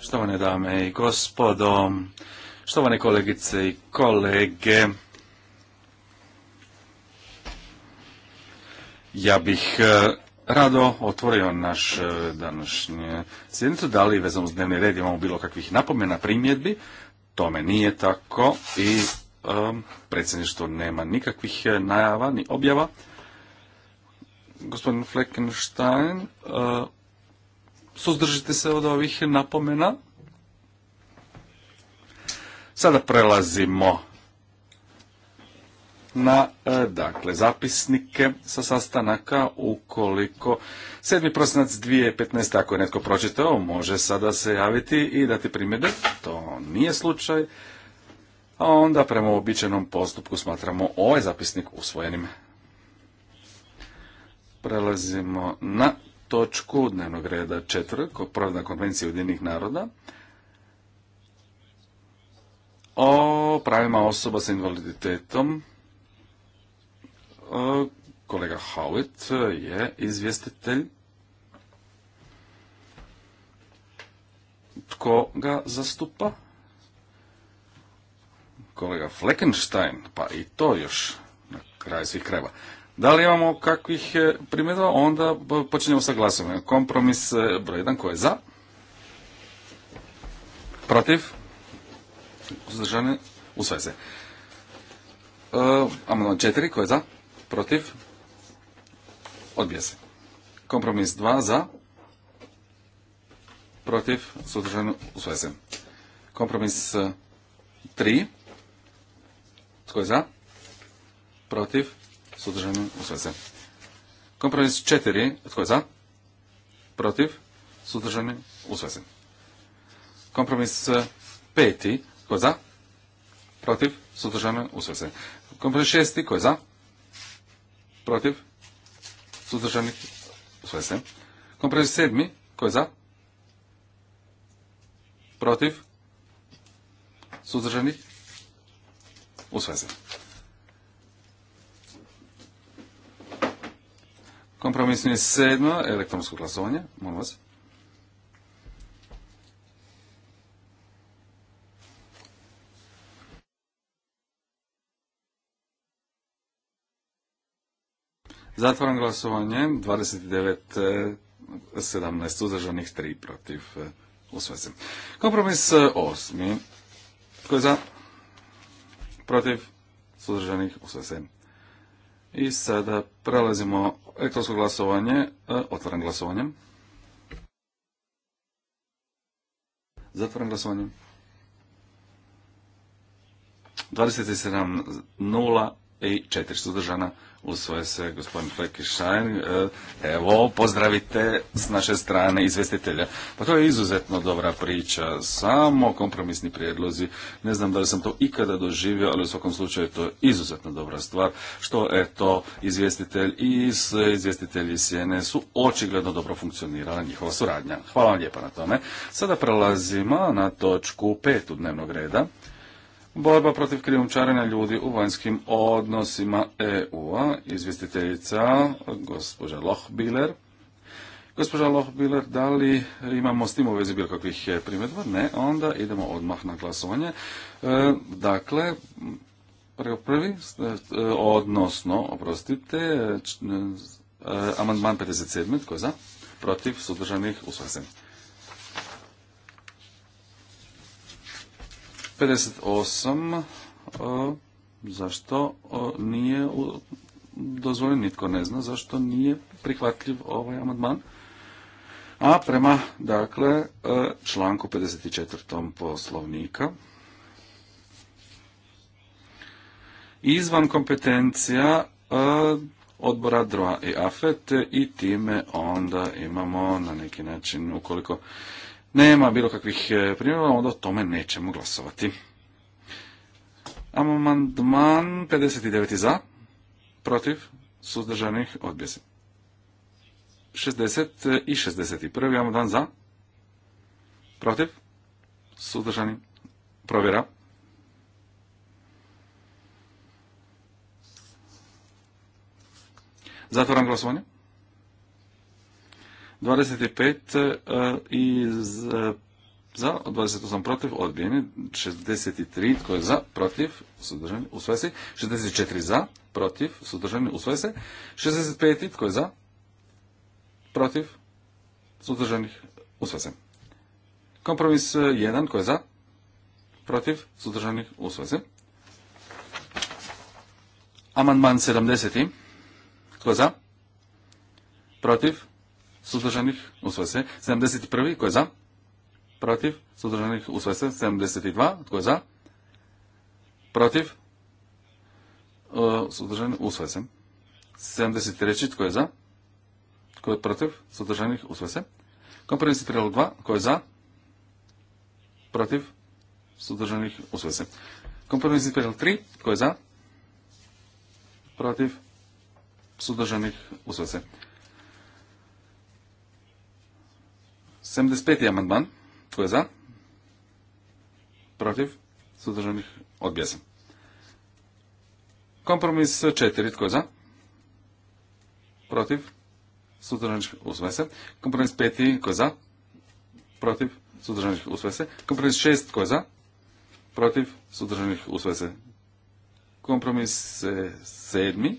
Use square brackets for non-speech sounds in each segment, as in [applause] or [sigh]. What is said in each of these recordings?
Štovane dame i gospodo, štovane kolegice i kolege, ja bih e, rado otvorio naš e, današnje sjednicu, da li vezano s dnevni red imamo bilo kakvih napomena, primjedbi, tome nije tako i e, predsjedništvo nema nikakvih najava ni objava. Gospodin Fleckenstein, suzdržite se od ovih napomena. Sada prelazimo na e, dakle, zapisnike sa sastanaka ukoliko 7. prosinac 2015. ako je netko pročitao, može sada se javiti i dati primjedbe. To nije slučaj. A onda prema uobičajenom postupku smatramo ovaj zapisnik usvojenim. Prelazimo na točku dnevnog reda četvrk, prvna konvencija Ujedinjenih naroda o pravima osoba sa invaliditetom. E, kolega Howitt je izvjestitelj. Tko ga zastupa? Kolega Fleckenstein, pa i to još na kraju svih krajeva. Da li imamo kakvih e, primjedba? Onda počinjemo sa glasovanjem. Kompromis e, broj 1 ko je za? Protiv? Uzdržane? u se. E, amandman 4 ko je za? Protiv? Odbija se. Kompromis 2 za? Protiv? Suzdržano? u se. Kompromis 3 tko je za? Protiv? suzdržani, u se. Kompromis četiri tko je za? Protiv, suzdržani, u Kompromis 5, e, tko je za? Protiv, suzdržani, u sveze. Kompromis 6, tko je za? Protiv, suzdržani, u se. Kompromis sedmi tko je za? Protiv, suzdržani, u Kompromisni sedma, elektronsko glasovanje, molim vas. Zatvaram glasovanje, 29, 17 eh, uzdržanih, 3 protiv, eh, usve Kompromis eh, osmi, tko je za, protiv, suzdržanih, u i sada prelazimo elektronsko glasovanje, e, Otvoren glasovanje. Zatvaram glasovanje. 27.0 i 4 suzdržana usvoje se gospodin Šajn. E, evo, pozdravite s naše strane izvestitelja. Pa to je izuzetno dobra priča, samo kompromisni prijedlozi. Ne znam da li sam to ikada doživio, ali u svakom slučaju to je izuzetno dobra stvar, što eto, izvjestitelj i izvjestitelji Sjene su očigledno dobro funkcionirala njihova suradnja. Hvala vam lijepa na tome. Sada prelazimo na točku petu dnevnog reda. Borba protiv krijumčarenja ljudi u vanjskim odnosima EU-a, izvjestiteljica gospođa Lochbiller. Gospođa Lochbiller, da li imamo s tim u vezi bilo kakvih eh, primjedba? Ne, onda idemo odmah na glasovanje. Eh, dakle, prvi, eh, odnosno, oprostite, e, amandman 57. Tko je za? Protiv, sudržanih, usvasen. 58. O, e, zašto e, nije dozvoljen, nitko ne zna zašto nije prihvatljiv ovaj amandman. A prema, dakle, e, članku 54. poslovnika, izvan kompetencija odbora DROA i AFET i time onda imamo na neki način, ukoliko nema bilo kakvih e, primjera, onda o tome nećemo glasovati. Amandman 59. za, protiv, suzdržanih, odbija se. 60 e, i 61. amandman za, protiv, suzdržani, provjera. Zatvoram glasovanje. 25 e, i za, 28 protiv, odbijeni, 63, tko je za, protiv, sudržani, usvoje se, 64 za, protiv, sudržani, usvoje se, 65, tko je za, protiv, sudržanih, usvoje se. Kompromis 1, e, tko je za, protiv, sudržanih, usvoje se. Amandman 70, tko je za, protiv, suzdržanih, usvaja se. 71. Tko je za? Protiv, suzdržanih, usvaja se. 72. Tko je za? Protiv, e, suzdržanih, usvaja se. 73. Tko je za? Tko je protiv, suzdržanih, usvaja se. Kompromisni 2. Tko je za? Protiv, suzdržanih, usvaja se. Kompromisni 3. Tko je za? Protiv, suzdržanih, usvaja se. 75. amandman. Tko je za? Protiv? Sudržanih? Odbija se. Kompromis 4. Tko je za? Protiv? Sudržanih? Usvaj se. Kompromis 5. Tko je za? Protiv? Sudržanih? Usvaj se. Kompromis 6. Tko je za? Protiv? Sudržanih? Usvaj se. Kompromis 7. Eh,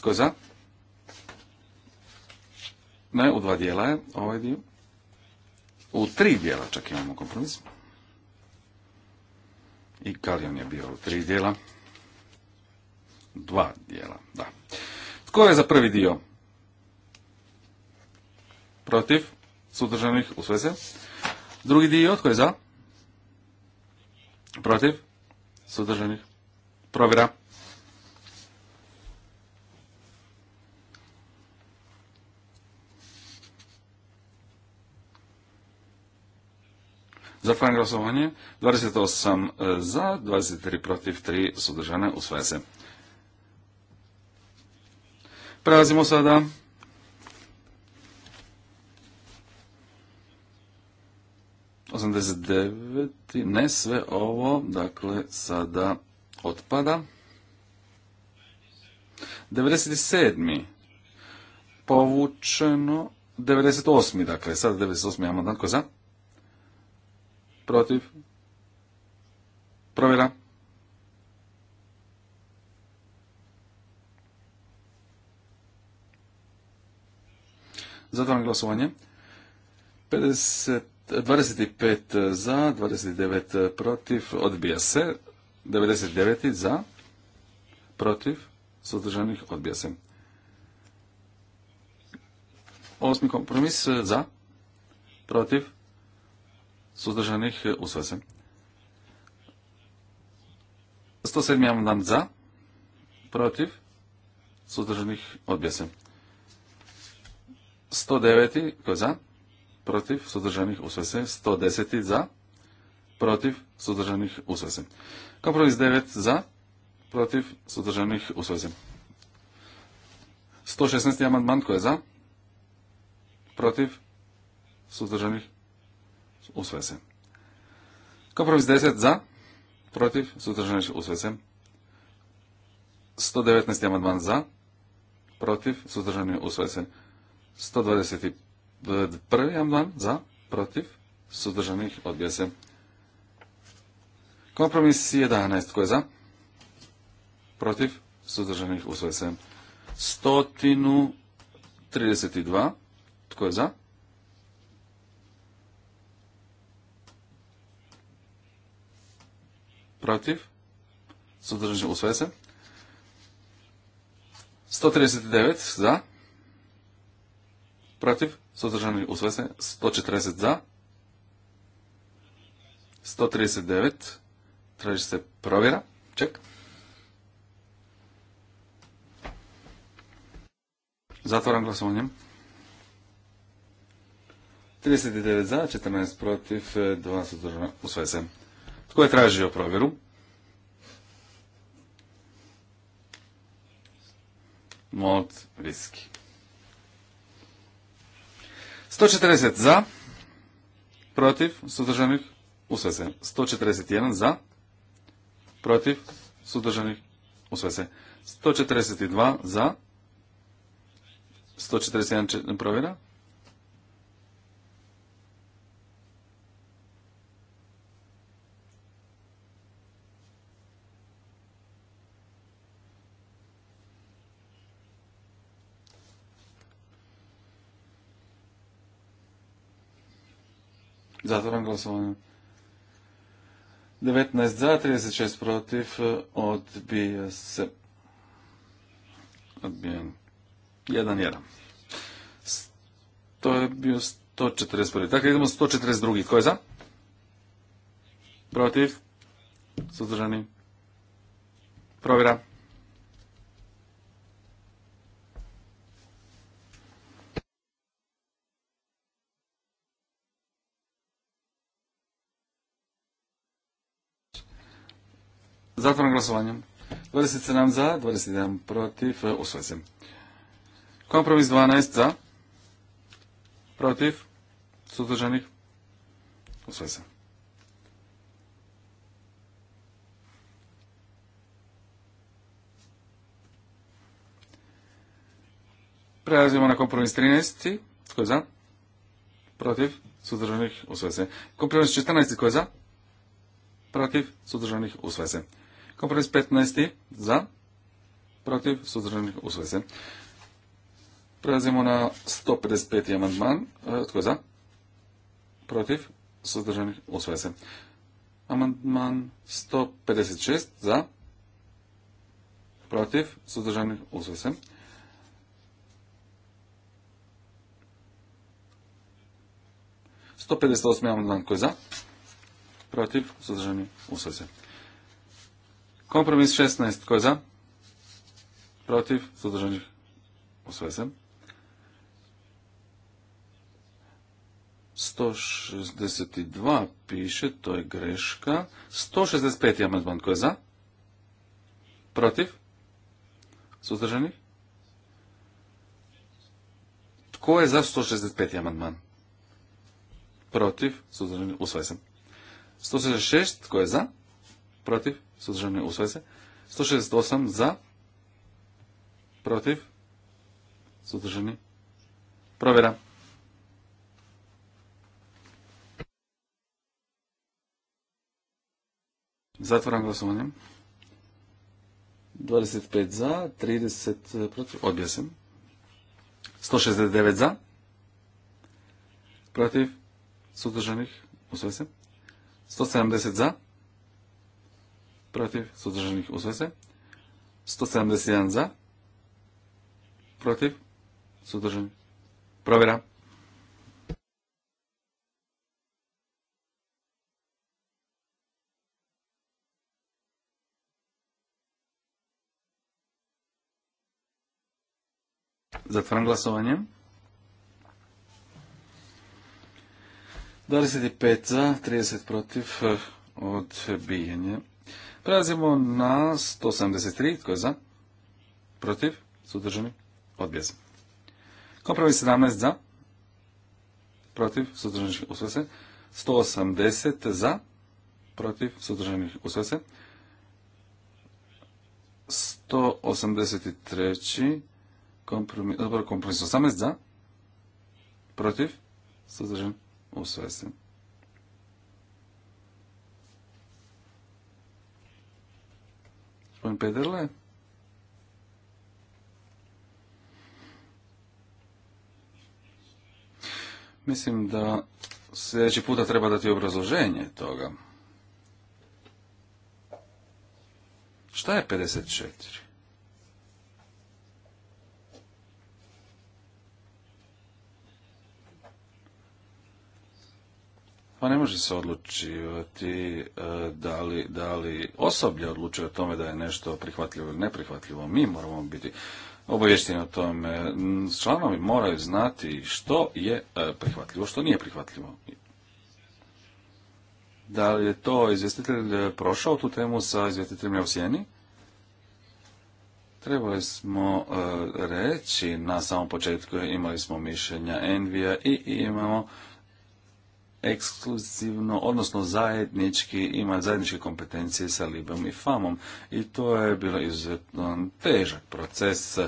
Tko je za? Ne, u dva dijela je ovaj dio. U tri dijela čak imamo kompromis. I Kalion je bio u tri dijela. Dva dijela, da. Tko je za prvi dio? Protiv? Sudržanih u Drugi dio, tko je za? Protiv? Sudržanih? Provjera. Zatvaram glasovanje. 28 e, za, 23 protiv, 3 sudržane u sveze. Prelazimo sada ne sve ovo, dakle, sada otpada. 97. Povučeno. 98. Dakle, sada 98. amandman, ko za? Protiv? Provjera. Zatvaram glasovanje. 50, 25 za, 29 protiv, odbija se. 99 za, protiv, suzdržanih, odbija se. Osmi kompromis za, protiv, suzdržanih, eh, usvaja 107. amandman za, protiv, suzdržanih, odbija se. 109. koji je za, protiv, suzdržanih, usvaja 110. za, protiv, suzdržanih, usvaja se. Kompromis 9 za, protiv, suzdržanih, usvaja 116. amandman koji je za, protiv, suzdržanih, usvesen. Kompromis 10 za, protiv, suzdržani, usve se. 119. amandman za, protiv, suzdržani, usve se. 121. amandman za, protiv, suzdržanih, odbija se. Kompromis 11. Ko je za? Protiv, suzdržanih, usve se. 132. Tko je za? Protiv? Suzdržani u svese. 139 za. Protiv? Suzdržani u svese. 140 za. 139. Traži se provjera. Ček. Zatvoran glasovanjem. 39 za, 14 protiv, 12 u u se. Tko je tražio provjeru? Malt viski. 140 za, protiv, sudržanih, usve se. 141 za, protiv, sudržanih, usve se. 142 za, 141 provjera, Zatvaram glasovanje. 19 za, 36 protiv, e, odbija se. Odbijen. 1-1. To je bio 141. Dakle, idemo 142. Ko je za? Protiv? Suzdržani? Provjera. Zatvorom glasovanjem. 27 za, 21 protiv, e, usvoje Kompromis 12 za, protiv, suzdržanih, usvoje Prelazimo na kompromis 13. koji je za? Protiv? Suzdržanih? Usvaja Kompromis 14. koji je za? Protiv? Suzdržanih? Usvaja Kompromis 15. za, protiv, suzdržanih, usvoje Prelazimo na 155. E, amandman. Tko je za? Protiv, suzdržanih, usvoje Amandman 156. za, protiv, suzdržanih, usvoje se. amandman koji je za, protiv, suzdržani, usvoje Kompromis 16. Tko je za? Protiv? U sve se. 162 piše, to je greška. 165. amandman. Tko je za? Protiv? Suzdržanih? Tko je za 165. amandman? Protiv? Suzdržanih? sve se. 166. Tko je za? protiv, suzdržani, usvaja se. 168 za, protiv, suzdržani, provjera. Zatvoram glasovanje. 25 za, 30 eh, protiv, odbija 169 za, protiv, sudržanih Usve se. 170 za, protiv, suzdržanih, u se. 171 za, protiv, suzdržanih, provjera. Zatvaram glasovanje. 25 za, 30 protiv, odbijenje. Prelazimo na 173, tko je za? Protiv? Sudržani? Odbija se. Kompromis 17 za? Protiv? Sudržani? Usve se. 180 za? Protiv? Sudržani? Usve se. 183. Kompromis, kompromis 18 za? Protiv? Sudržani? Usve se. gospodin Pederle. Mislim da sljedeći puta treba dati obrazloženje toga. Šta je 54? Pa ne može se odlučivati e, da li, osoblje odlučuje o tome da je nešto prihvatljivo ili neprihvatljivo. Mi moramo biti obavješteni o tome. Članovi moraju znati što je e, prihvatljivo, što nije prihvatljivo. Da li je to izvjestitelj e, prošao tu temu sa izvjestiteljem u sjeni? Trebali smo reći na samom početku imali smo mišljenja Envija i imamo ekskluzivno, odnosno zajednički, ima zajedničke kompetencije sa Libom i FAMom. I to je bilo izuzetno težak proces.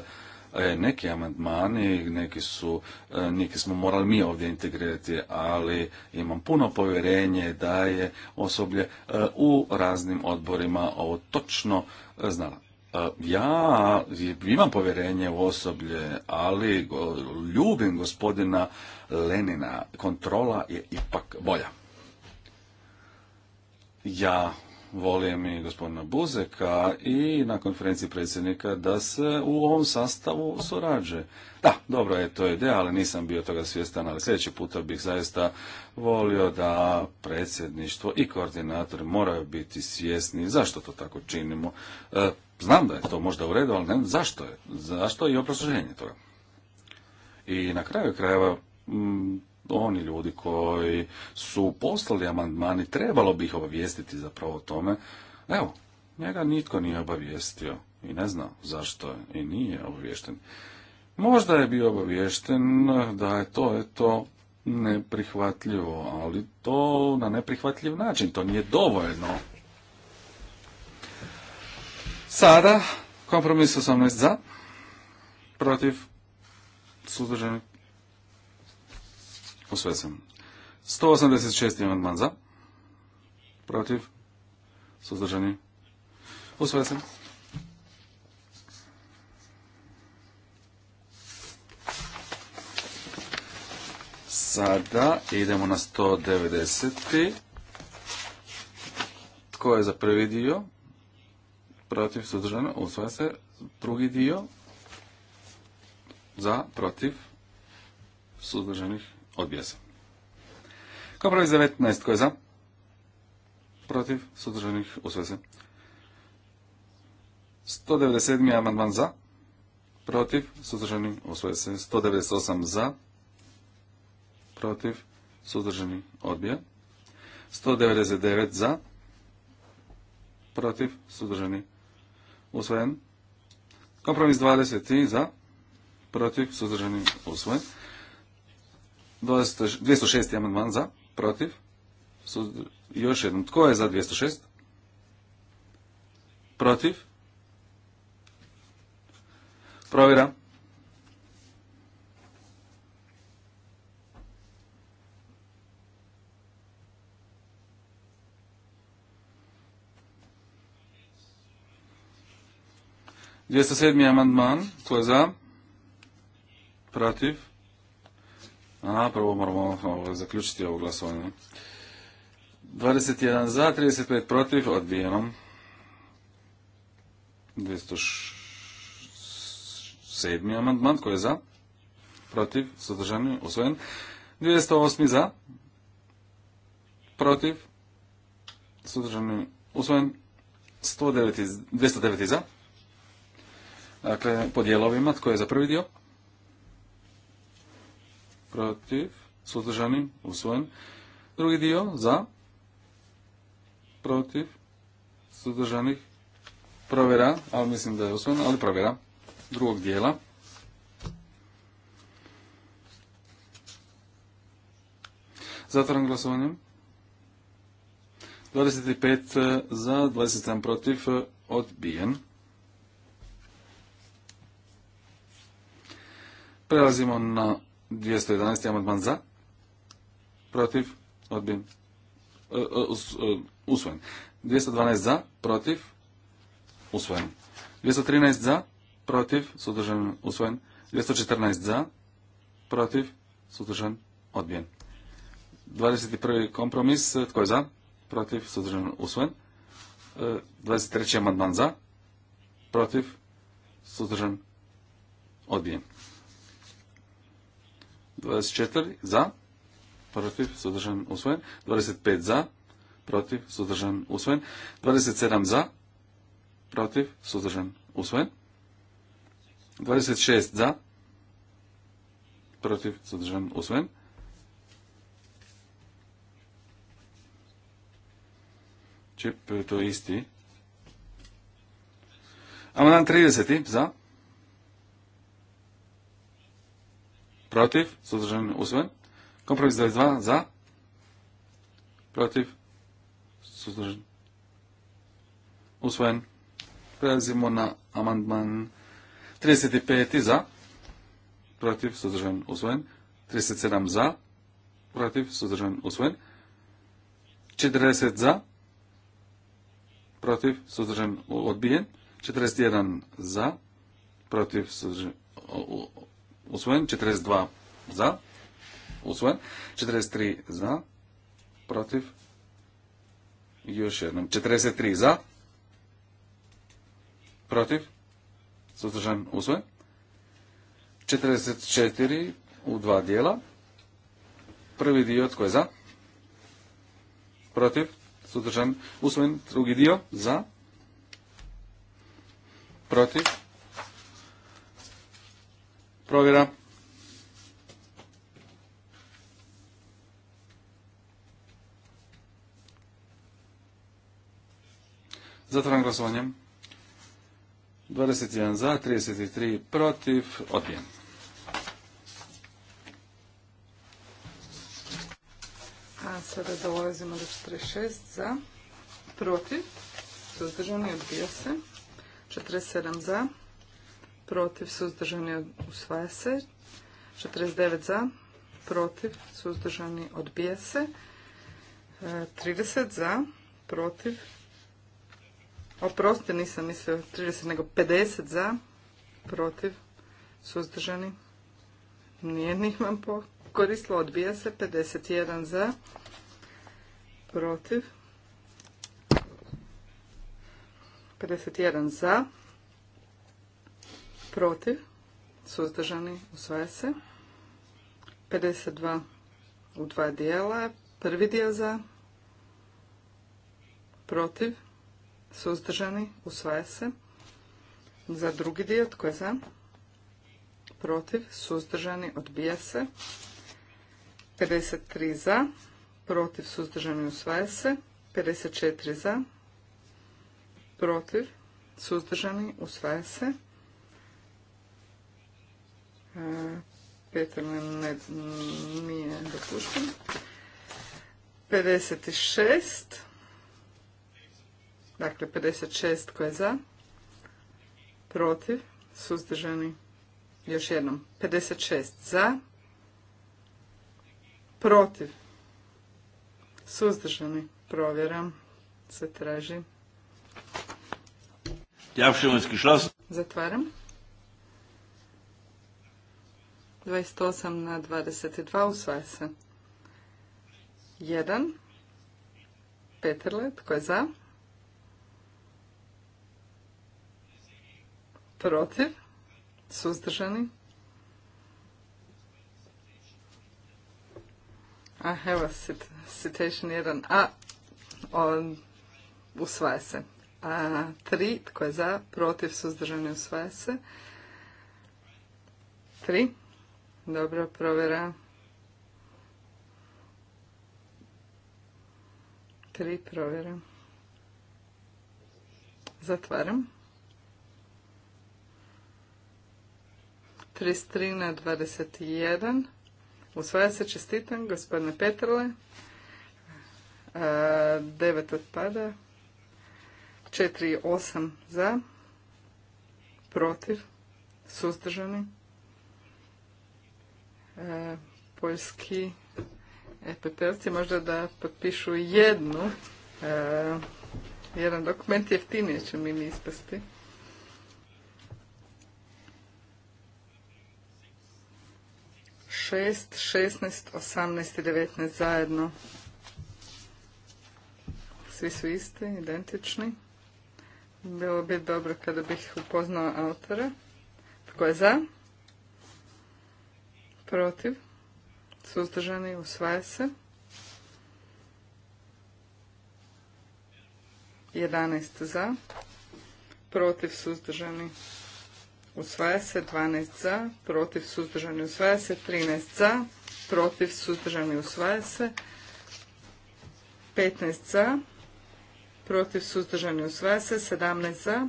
E, neki amandmani, neki su, e, neki smo morali mi ovdje integrirati, ali imam puno povjerenje da je osoblje e, u raznim odborima ovo točno znala. Ja imam povjerenje u osoblje, ali ljubim gospodina Lenina. Kontrola je ipak bolja. Ja volim i gospodina Buzeka i na konferenciji predsjednika da se u ovom sastavu surađuje. Da, dobro e, je to ideja, ali nisam bio toga svjestan, ali sljedeći puta bih zaista volio da predsjedništvo i koordinator moraju biti svjesni zašto to tako činimo. E, znam da je to možda u redu, ali ne zašto je. Zašto i obrazloženje toga. I na kraju krajeva, oni ljudi koji su poslali amandmani, trebalo bi ih obavijestiti zapravo o tome. Evo, njega nitko nije obavijestio i ne zna zašto i nije obaviješten. Možda je bio obaviješten da je to, eto, neprihvatljivo, ali to na neprihvatljiv način, to nije dovoljno. Sada, kompromis 18 za, protiv, suzdržanih. Usve 186. amandman za. Protiv. Suzdržani. Usve Sada idemo na 190. Tko je za prvi dio? Protiv, suzdržano, usvaja se. Drugi dio, za, protiv, suzdržanih, Odbija se. Kompromis 19. Ko je za? Protiv? Sudržanih? Usve se. 197. amandman za? Protiv? Sudržani? usvese se. 198. za? Protiv? Sudržani? Odbija. 199. za? Protiv? Sudržani? Usvojen. Kompromis 20. za? Protiv? Sudržani? Usvojen. 206. amandman za, protiv, još jednom, tko je za 206? Protiv? Provjera. Dvjesto sedmi amandman, tko je za? Protiv? A, prvo moramo ovaj, zaključiti ovo glasovanje. 21 za, 35 protiv, odbijeno. 207. amandman, koji je za? Protiv, sadržani, osvojen. 208. za, protiv, sadržan, usvojen. 109, 209 za. Dakle, po dijelovima, tko je za prvi dio? protiv, suzdržani, usvojen. Drugi dio, za, protiv, suzdržanih, provjera, ali mislim da je usvojen, ali provjera drugog dijela. Zatvaram glasovanje. 25 eh, za, 27 protiv, eh, odbijen. Prelazimo na 211. amandman za, protiv, odbijen, e, e, usvojen. 212 za, protiv, usvojen. 213 za, protiv, sudržan, usvojen. 214 za, protiv, sudržan, odbijen. 21. kompromis, e, tko je za, protiv, sudržan, usvojen. 23. amandman za, protiv, sudržan, odbijen. 24 za, protiv, sudržan, usvojen. 25 za, protiv, sudržan, usvojen. 27 za, protiv, sudržan, usvojen. 26 za, protiv, sudržan, usvojen. Čip to isti. Amandman 30. za. protiv, suzdržan, usvojen. Kompromis 22 za, protiv, suzdržan, usvojen. Prelazimo na amandman 35 za, protiv, suzdržan, usvojen. 37 za, protiv, suzdržan, usvojen. 40 za, protiv, suzdržan, odbijen. 41 za, protiv, suzdržan, Usvojen. 42 za. Usvojen. 43 za. Protiv. Još jednom. 43 za. Protiv. Suzdržan. Usvojen. 44 u dva dijela. Prvi dio tko je za? Protiv? Sudržan? Usvojen? Drugi dio? Za? Protiv? Provjera. Zatvaram glasovanje. 21 za, 33 protiv, odbijem. A sada dolazimo do 46 za, protiv, i odbija se. 47 za, protiv, suzdržani, usvaja se. 49 za, protiv, suzdržani, odbija se. 30 e, za, protiv, oprosti, nisam mislio 30, nego 50 za, protiv, suzdržani, nije vam koristilo, odbija se, 51 za, protiv, 51 za, protiv, suzdržani, usvaja se. 52 u dva dijela, prvi dio za, protiv, suzdržani, usvaja se. Za drugi dio, tko je za? Protiv, suzdržani, odbija se. 53 za, protiv, suzdržani, usvaja se. 54 za, protiv, suzdržani, usvaja se. Petar ne, nije dopušten. 56. Dakle, 56 koje je za. Protiv. Suzdržani. Još jednom. 56 za. Protiv. Suzdržani. Provjeram. Se traži. Zatvaram. 28 na 22 usvaja se. 1. Peterle, tko je za? Protiv? Suzdržani? A evo, citation 1a, on usvaja se. A 3, tko je za, protiv, suzdržani, usvaja se. 3, dobro, provjera. Tri provjera. Zatvaram. 33 na 21. Usvaja se čestitam, gospodine Petrle. E, 9 odpada. 4 8 za. Protiv. Suzdržani. E, poljski EPP-ovci možda da potpišu jednu, e, jedan dokument jeftinije će mi ispasti. Šest, šestnaest, osamnaest i devetnaest zajedno. Svi su isti, identični. Bilo bi dobro kada bih upoznao autora. Tko je za? protiv, suzdržani, usvaja se. 11 za, protiv, suzdržani, usvaja se. 12 za, protiv, suzdržani, usvaja se. 13 za, protiv, suzdržani, usvaja se. 15 za, protiv, suzdržani, usvaja se. 17 za,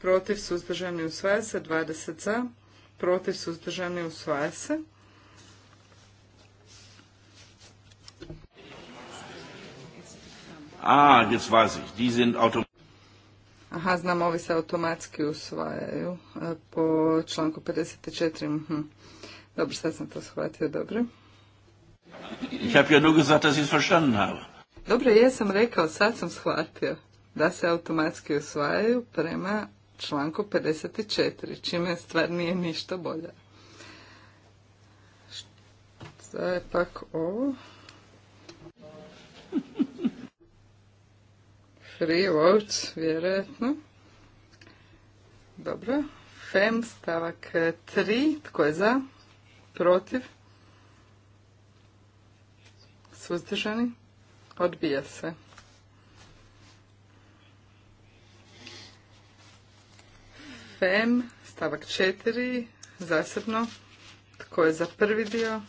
protiv, suzdržani, usvaja se. 20 za, protiv, suzdržani, usvaja se. A, Aha, znam, ovi se automatski usvajaju e, po članku 54. četiri mhm. Dobro, sad sam to shvatio, dobro. Ich habe ja nur gesagt, dass ich es verstanden habe. Dobro, jesam rekao, sad sam shvatio da se automatski usvajaju prema članku 54, čime stvar nije ništa bolja. Šta je pak ovo? 3, Votes, vjerojatno. Dobro. Fem, stavak 3. Tko je za? Protiv? Suzdržani? Odbija se. Fem, stavak 4. Zasebno. Tko je za prvi dio?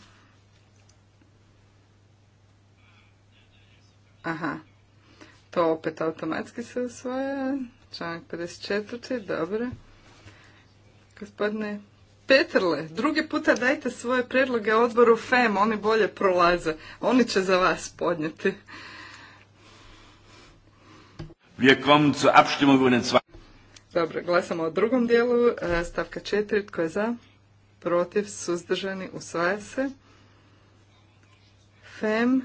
Aha. To opet automatski se usvaja. Članak 54. Dobro. Gospodine Petrle, drugi puta dajte svoje predloge odboru FEM, oni bolje prolaze. Oni će za vas podnijeti. Dobro, glasamo o drugom dijelu. E, stavka 4. Tko je za? Protiv, suzdržani, usvaja se. FEM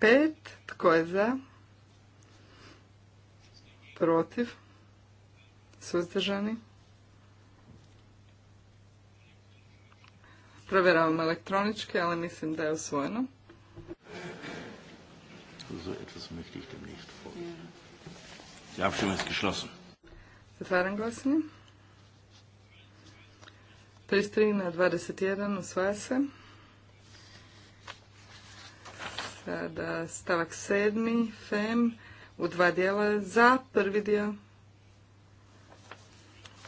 5. Tko je za? protiv, suzdržani. Provjeravam elektroničke, ali mislim da je usvojeno. So etwas möchte ich dem nicht vor. Die Abstimmung ist geschlossen. Zatvaram glasanje. 33 na 21 usvaja se. Sada stavak 7. FEM u dva dijela za prvi dio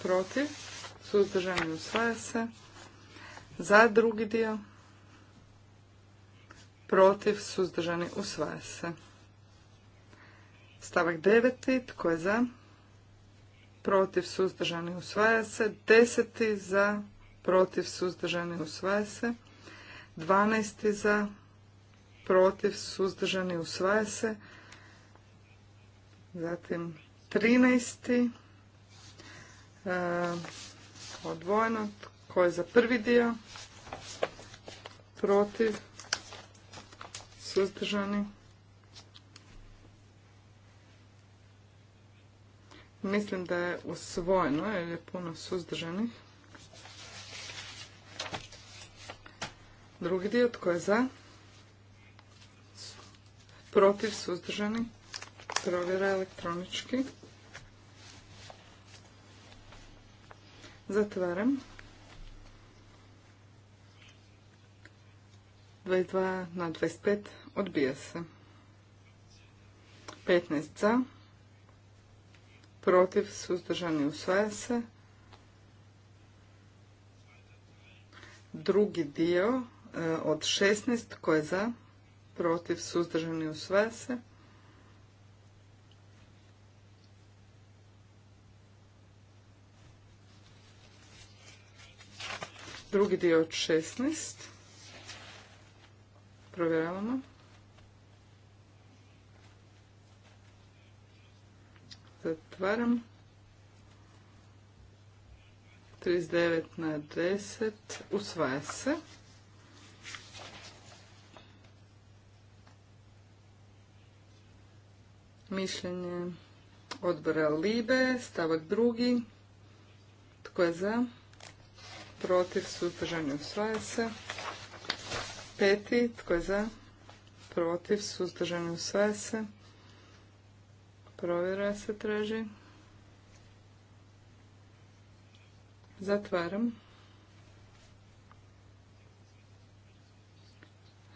protiv suzdržani usvaja se za drugi dio protiv suzdržani usvaja se stavak 9 tko je za protiv suzdržani usvaja se 10 za protiv suzdržani usvaja se 12 za protiv suzdržani usvaja se Zatim 13. E, odvojeno. Tko je za prvi dio? Protiv? Suzdržani? Mislim da je usvojeno jer je puno suzdržanih. Drugi dio, tko je za? Protiv, suzdržani? provjera elektronički. Zatvaram. 22 na 25 odbija se. 15 za. Protiv suzdržani usvaja se. Drugi dio e, od 16 koje za. Protiv suzdržani usvaja se. Drugi dio od 16. Provjeravamo. Zatvaram. 39 na 10. Usvaja se. Mišljenje odbora Libe, stavak drugi. Tko je za? protiv, suzdržani, usvaja se. Peti, tko je za, protiv, suzdržani, usvaja se. Provjera se traži. Zatvaram.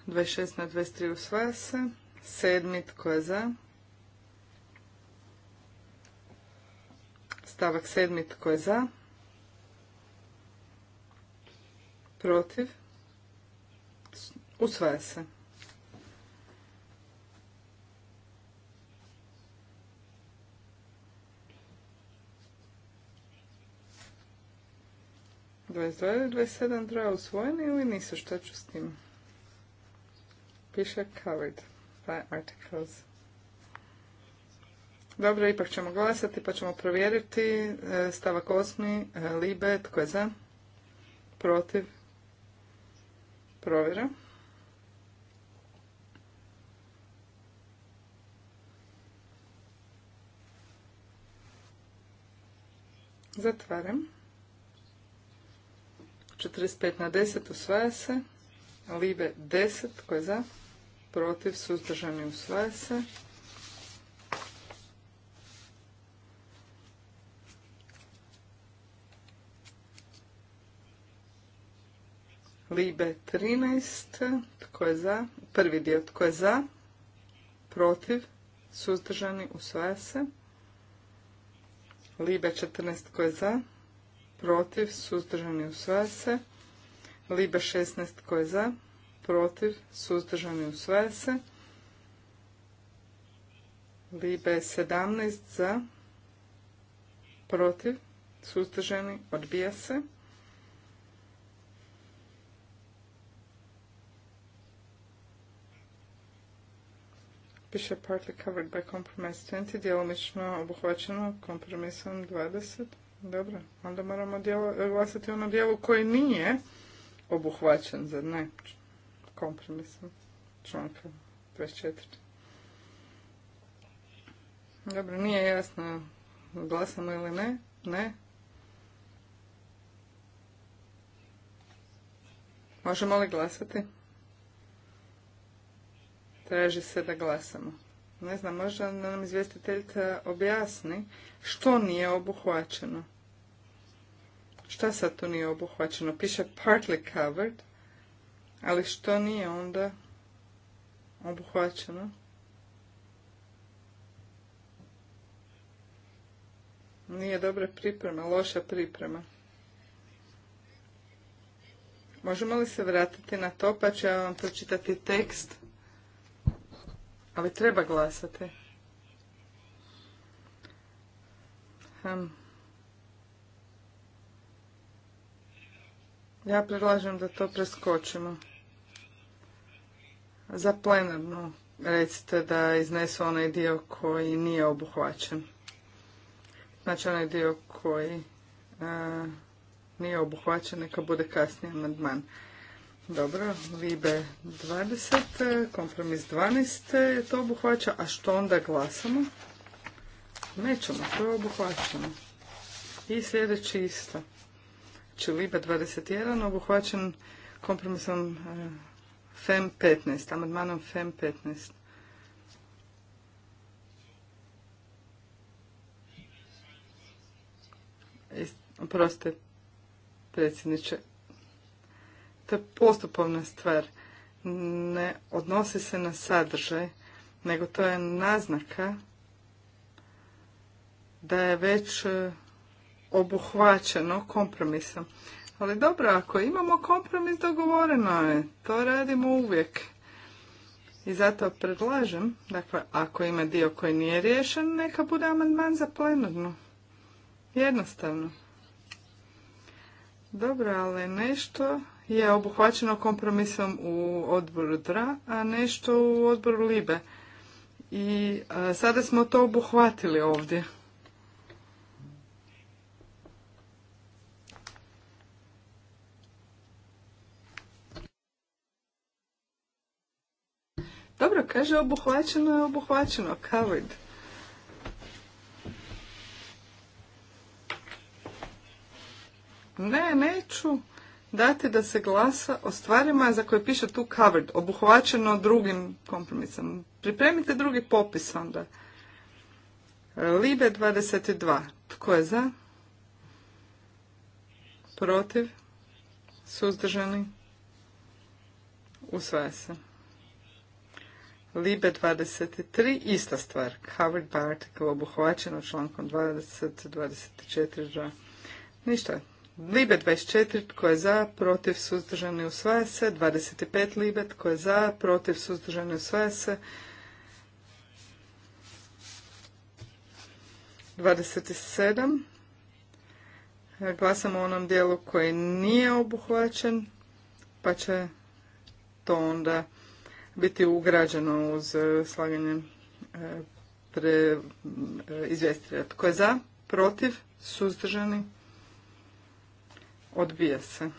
26 na 23 usvaja se. Sedmi, tko je za? Stavak sedmi, tko je za? protiv, usvaja se. Dvadeset dva ili sedam dva usvojeni ili nisu, Što ću s tim? Piše covered by articles. Dobro, ipak ćemo glasati pa ćemo provjeriti e, stavak osmi, e, libe, tko je za, protiv, Provjera. Zatvaram. 45 na 10 usvaja se. Libe 10 koje za. Protiv suzdržani usvaja se. Libe 13, tko je za, prvi dio tko je za, protiv, suzdržani, usvaja se. Libe 14 tko je za, protiv, suzdržani, usvaja se. Libe 16 tko je za, protiv, suzdržani, usvaja se. Libe 17 za, protiv, suzdržani, odbija se. piše partly covered by compromise 20, djelomično obuhvaćeno kompromisom 20. Dobro, onda moramo djelo, glasati ono dijelu koji nije obuhvaćen, zar ne? Kompromisom članka 24. Dobro, nije jasno glasamo ili ne. Ne. Možemo li glasati? traži se da glasamo. Ne znam, možda nam izvjestiteljica objasni što nije obuhvaćeno. Šta sad tu nije obuhvaćeno? Piše partly covered, ali što nije onda obuhvaćeno? Nije dobra priprema, loša priprema. Možemo li se vratiti na to, pa ću ja vam pročitati tekst ali treba glasati. Hm. Ja predlažem da to preskočimo. Za plenarno recite da iznesu onaj dio koji nije obuhvaćen. Znači onaj dio koji eh, nije obuhvaćen neka bude kasnije amandman. Dobro, Libe 20, kompromis 12 je to obuhvaća, a što onda glasamo? Nećemo, to je obuhvaćeno. I sljedeći isto. Znači Libe 21 obuhvaćen kompromisom e, FEM 15, amadmanom FEM 15. Proste, predsjedniče, postupovna stvar. Ne odnosi se na sadržaj, nego to je naznaka da je već e, obuhvaćeno kompromisom. Ali dobro, ako imamo kompromis, dogovoreno je. To radimo uvijek. I zato predlažem, dakle, ako ima dio koji nije riješen, neka bude amandman za plenarnu. Jednostavno. Dobro, ali nešto je obuhvaćeno kompromisom u odboru DRA, a nešto u odboru LIBE. I e, sada smo to obuhvatili ovdje. Dobro, kaže obuhvaćeno je obuhvaćeno, covered. Ne, neću dati da se glasa o stvarima za koje piše tu covered, obuhvaćeno drugim kompromisom. Pripremite drugi popis onda. E, Libe 22. Tko je za? Protiv? Suzdržani? Usvaja se. Libe 23, ista stvar. Covered by article obuhvaćeno člankom 20, 24. Ništa, Libe 24, tko je za, protiv, suzdržani, usvaja se. 25 Libe, tko je za, protiv, suzdržani, usvaja se. 27. Glasamo o onom dijelu koji nije obuhvaćen, pa će to onda biti ugrađeno uz e, slaganje e, pre, e, izvjestitelja. Tko je za, protiv, suzdržani, Odbija se.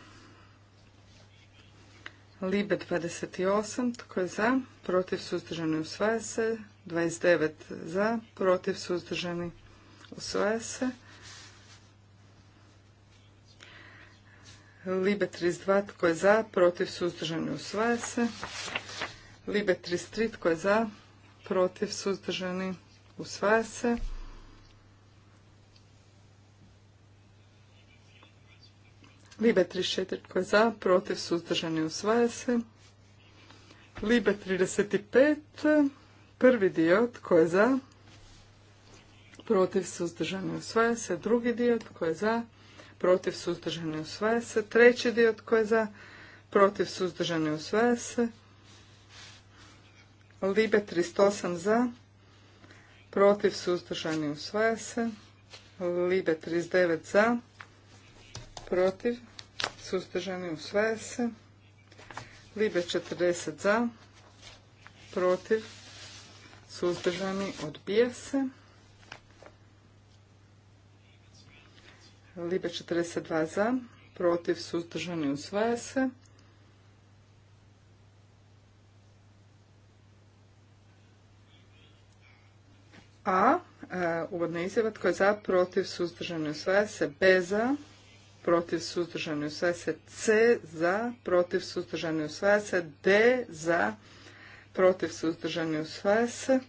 Libe 28, tko je za, protiv suzdržani usvaja se. 29 za, protiv suzdržani usvaja se. Libe 32, tko je za, protiv suzdržani usvaja se. Libe 33, tko je za, protiv suzdržani usvaja se. Libe 34 tko je za, protiv, suzdržani, usvaja se. Libe 35, prvi dio tko je za, protiv, suzdržani, usvaja se. Drugi dio tko je za, protiv, suzdržani, usvaja se. Treći dio tko je za, protiv, suzdržani, usvaja se. Libe 38 za, protiv, suzdržani, usvaja se. Libe 39 za, protiv, suzdržani, usvaja se. Libe 40 za, protiv, suzdržani, odbija se. Libe 42 za, protiv, suzdržani, usvaja se. A, e, uvodna izjava, tko je za, protiv, suzdržani, usvaja se, B za, protiv suzdržani usvaja se C za, protiv suzdržani usvaja se D za, protiv suzdržani usvaja se.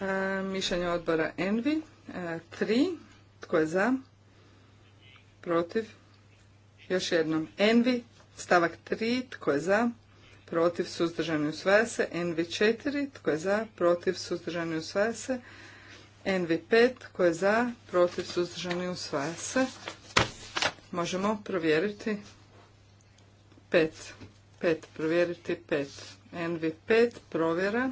E, mišljenje odbora Envi. 3. E, Tko je za? Protiv? Još jednom. Envi. Stavak 3. Tko je za? protiv, suzdržani, usvaja se. NV4, tko je za, protiv, suzdržani, usvaja se. NV5, tko je za, protiv, suzdržani, usvaja se. Možemo provjeriti 5. 5, provjeriti 5. NV5, provjera.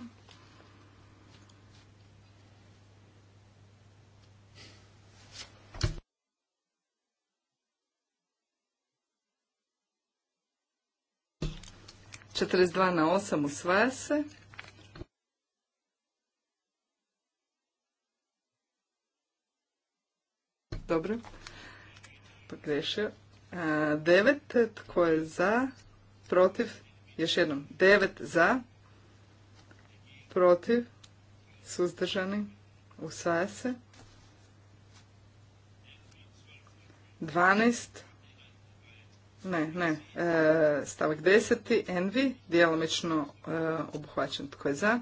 42 na 8 usvaja se. Dobro. Pogrešio. 9 tko je za, protiv, još jednom, 9 za, protiv, suzdržani, usvaja se. 12 ne, ne. E, stavak deseti Envi, djelomično e, obuhvaćen tko je za,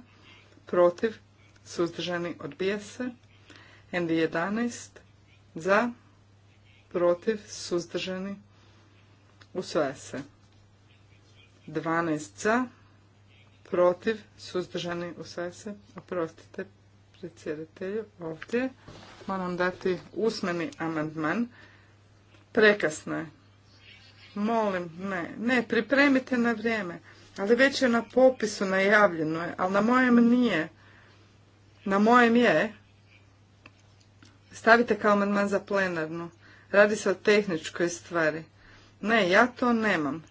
protiv, suzdržani, odbija se. Envi 11, za, protiv, suzdržani, usvaja se. 12 za, protiv, suzdržani, usvaja se. Oprostite, predsjedatelju, ovdje moram dati usmeni amandman. Prekasno je molim ne, ne, pripremite na vrijeme. Ali već je na popisu najavljeno ali na mojem nije. Na mojem je. Stavite kao amandman za plenarnu. Radi se o tehničkoj stvari. Ne, ja to nemam.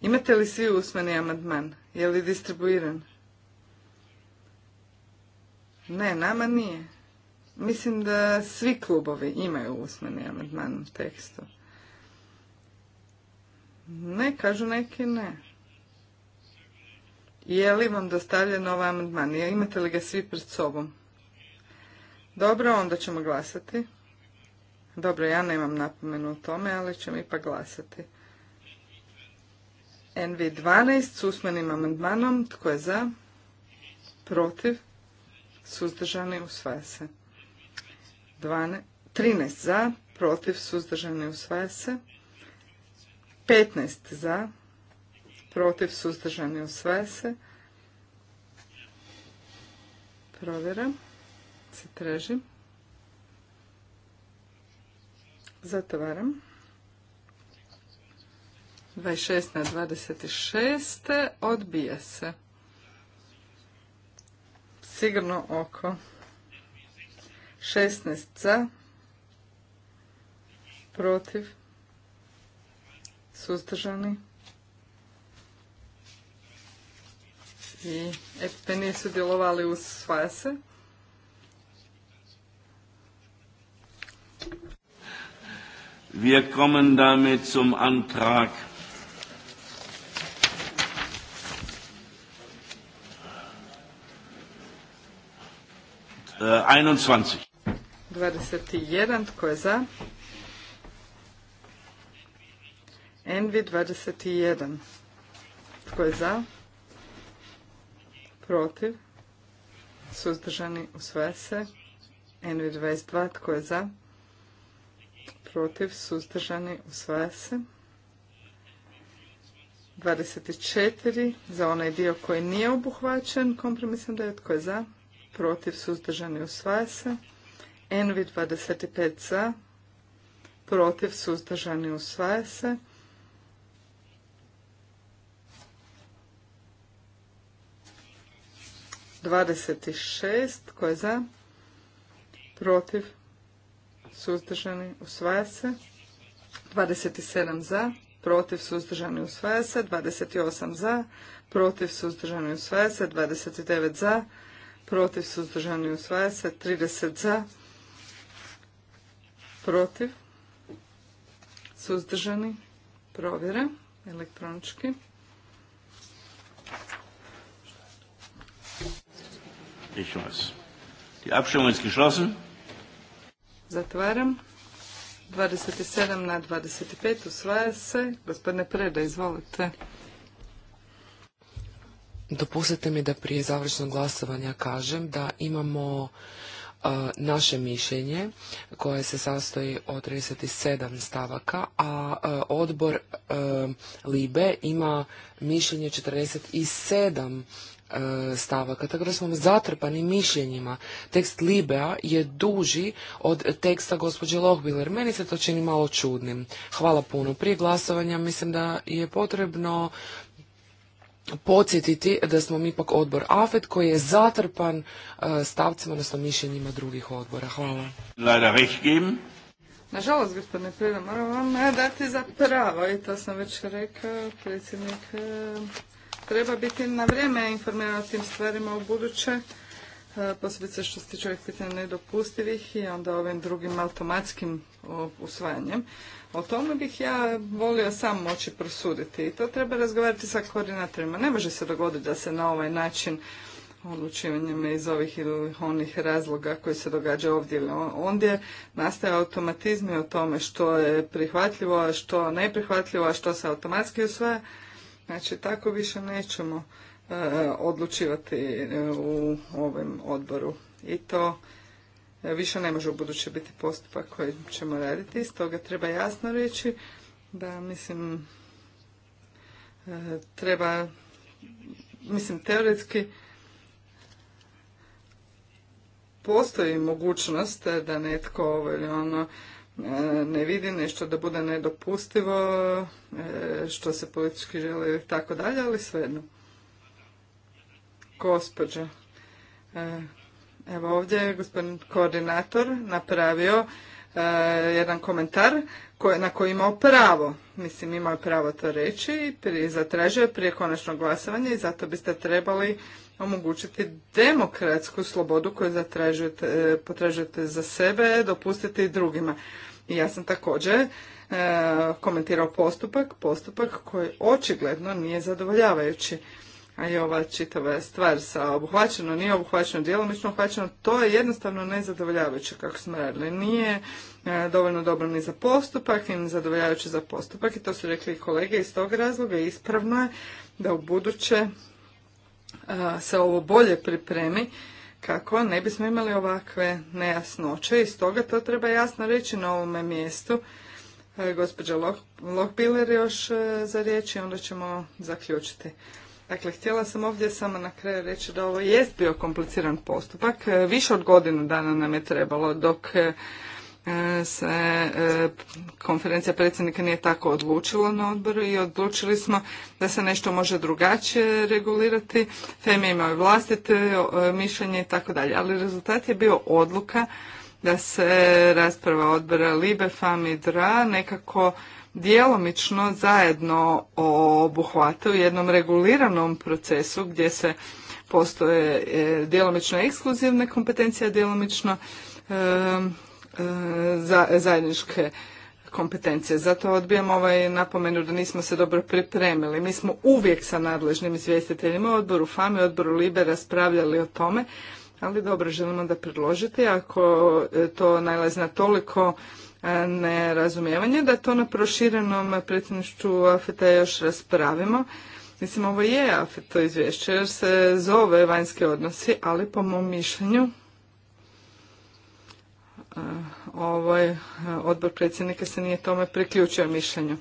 Imate li svi usmeni amandman? Je li distribuiran? Ne, nama nije. Mislim da svi klubovi imaju usmeni amandman u tekstu. Ne, kažu neki ne. Je li vam dostavljen ovaj amandman? Imate li ga svi pred sobom? Dobro, onda ćemo glasati. Dobro, ja nemam napomenu o tome, ali ćemo ipak glasati. NV12 s usmenim amandmanom. Tko je za? Protiv? Suzdržani usvaja se. 12, 13 za, protiv, suzdržani usvaja se. 15 za, protiv, suzdržani, sve se. Provjera se traži. Zatvaram. 26 na 26. Odbija se. Sigurno oko. 16 za. Protiv suzdržani. I EPP nije uz uz se. Wir kommen damit zum Antrag Uh, 21. 21. Tko je za? Envi 21. Tko je za? Protiv? Suzdržani usvaja se. Envi 22. Tko je za? Protiv? Suzdržani usvaja se. 24. Za onaj dio koji nije obuhvaćen kompromisom da je tko je za? Protiv? Suzdržani usvaja se. Envi 25. Za? Protiv? Suzdržani usvaja se. 26. Tko je za? Protiv? Suzdržani? Usvaja se. 27 za, protiv suzdržani usvaja se, 28 za, protiv suzdržani usvaja se, 29 za, protiv suzdržani usvaja se, 30 za, protiv suzdržani provjera elektronički. Ich weiß. Abstimmung ist geschlossen. Zatvaram. 27 na 25 usvaja se. Gospodine Preda, izvolite. Dopustite mi da prije završnog glasovanja kažem da imamo naše mišljenje koje se sastoji od 37 stavaka, a odbor Libe ima mišljenje 47 stavaka, tako da smo zatrpani mišljenjima. Tekst Libea je duži od teksta gospođe Lohbiler. Meni se to čini malo čudnim. Hvala puno. Prije glasovanja mislim da je potrebno podsjetiti da smo mi ipak odbor AFET koji je zatrpan e, stavcima, odnosno mišljenjima drugih odbora. Hvala. Nažalost, gospodine Prida, moram vam e, dati za pravo i to sam već rekao, predsjednik e, treba biti na vrijeme informiran o tim stvarima u buduće, e, posebice što se tiče ovih pitanja nedopustivih i onda ovim drugim automatskim usvajanjem. O tome bih ja volio sam moći prosuditi i to treba razgovarati sa koordinatorima. Ne može se dogoditi da se na ovaj način odlučivanjem iz ovih ili onih razloga koji se događa ovdje ili ondje, nastaje automatizmi o tome što je prihvatljivo, a što neprihvatljivo, a što se automatski usvaja. Znači, tako više nećemo e, odlučivati e, u ovom odboru. I to e, više ne može u buduće biti postupak koji ćemo raditi. toga treba jasno reći da, mislim, treba, mislim, teoretski postoji mogućnost da netko ovo ovaj, ili ono ne vidim nešto da bude nedopustivo, e, što se politički želi i tako dalje, ali svejedno. Gospođa, e, evo ovdje je gospodin koordinator napravio e, jedan komentar na koji imao pravo, mislim imao pravo to reći, zatražio je prije konačnog glasovanja i zato biste trebali omogućiti demokratsku slobodu koju potražujete za sebe, dopustiti i drugima. Ja sam također e, komentirao postupak, postupak koji očigledno nije zadovoljavajući. A i ova čitava stvar sa obuhvaćeno, nije obuhvaćeno, djelomično obuhvaćeno, to je jednostavno nezadovoljavajuće kako smo radili. Nije e, dovoljno dobro ni za postupak, ni zadovoljavajuće za postupak i to su rekli i kolege iz tog razloga. Ispravno je da u buduće e, se ovo bolje pripremi kako ne bismo imali ovakve nejasnoće i stoga to treba jasno reći na ovome mjestu. E, gospođa gospođa Lokbiler još e, za riječ i onda ćemo zaključiti. Dakle, htjela sam ovdje samo na kraju reći da ovo jest bio kompliciran postupak. E, više od godinu dana nam je trebalo dok E, se e, konferencija predsjednika nije tako odlučila na odboru i odlučili smo da se nešto može drugačije regulirati. FEM je imao vlastite e, mišljenje i tako dalje. Ali rezultat je bio odluka da se rasprava odbora Libe, FAM i DRA nekako djelomično zajedno obuhvate u jednom reguliranom procesu gdje se postoje djelomično ekskluzivne kompetencije, a djelomično E, za, zajedničke kompetencije. Zato odbijam ovaj napomenu da nismo se dobro pripremili. Mi smo uvijek sa nadležnim izvjestiteljima u odboru FAMI, odboru LIBE raspravljali o tome, ali dobro želimo da predložite. Ako e, to najlazi na toliko e, nerazumijevanje, da to na proširenom predsjedništvu AFETA još raspravimo. Mislim, ovo je AFET izvješće jer se zove vanjske odnosi, ali po mom mišljenju E, ovaj e, odbor predsjednika se nije tome priključio mišljenju.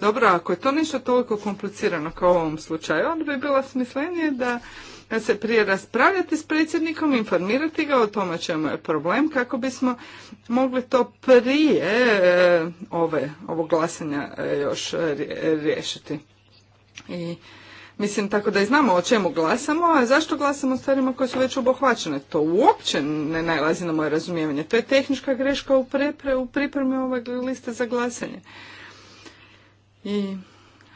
Dobro, ako je to nešto toliko komplicirano kao u ovom slučaju, onda bi bilo smislenije da se prije raspravljati s predsjednikom, informirati ga o tome čemu je problem, kako bismo mogli to prije e, ove, ovog glasanja još riješiti. I Mislim, tako da i znamo o čemu glasamo, a zašto glasamo o stvarima koje su već obuhvaćene. To uopće ne najlazi na moje razumijevanje. To je tehnička greška u, u pripremi ove liste za glasanje. I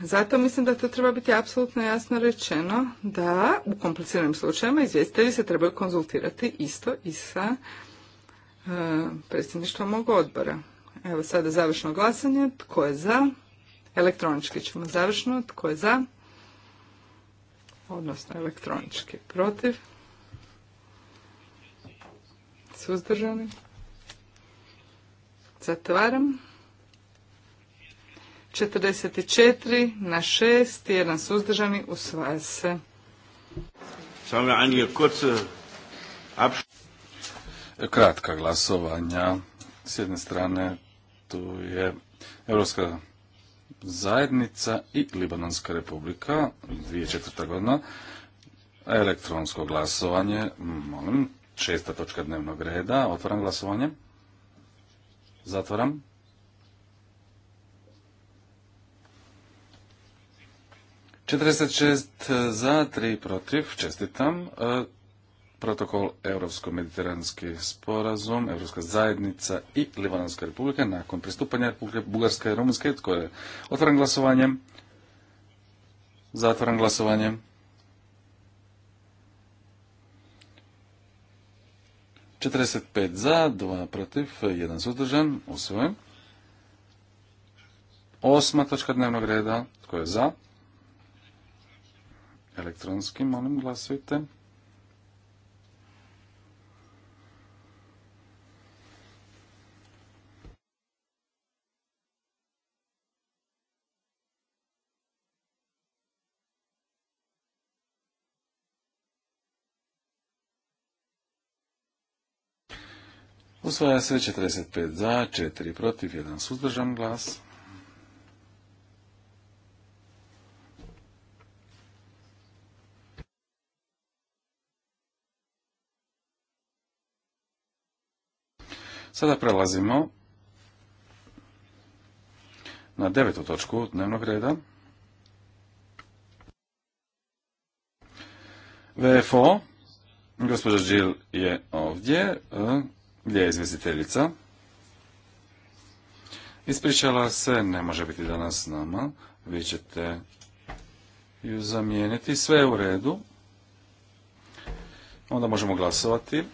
zato mislim da to treba biti apsolutno jasno rečeno da u kompliciranim slučajevima izvjestitelji se trebaju konzultirati isto i sa e, predsjedništvom mog odbora. Evo sada završno glasanje. Tko je za? Elektronički ćemo završno. Tko je za? odnosno elektronički protiv, suzdržani, zatvaram, 44 na 6 jedan suzdržani usvaja se. Kratka glasovanja. S jedne strane tu je Europska zajednica i Libanonska republika 2004. godina elektronsko glasovanje molim česta točka dnevnog reda otvaram glasovanje zatvaram Četrdeset šest za, tri protiv, čestitam. E, protokol Europsko-mediteranski sporazum, Europska zajednica i Libanonska republika nakon pristupanja Republike Bugarske i Rumunjske. Tko je otvoren glasovanjem? Zatvoren glasovanjem? pet za, dva protiv, jedan suzdržan, usvojen. Osma točka dnevnog reda, tko je za? Elektronski, molim, glasujte. Usvaja se 45 za, 4 protiv, 1 suzdržan glas. Sada prelazimo na devetu točku dnevnog reda. VFO, gospođa Žil je ovdje, e, gdje je izvjestiteljica? Ispričala se, ne može biti danas s nama. Vi ćete ju zamijeniti. Sve je u redu. Onda možemo glasovati.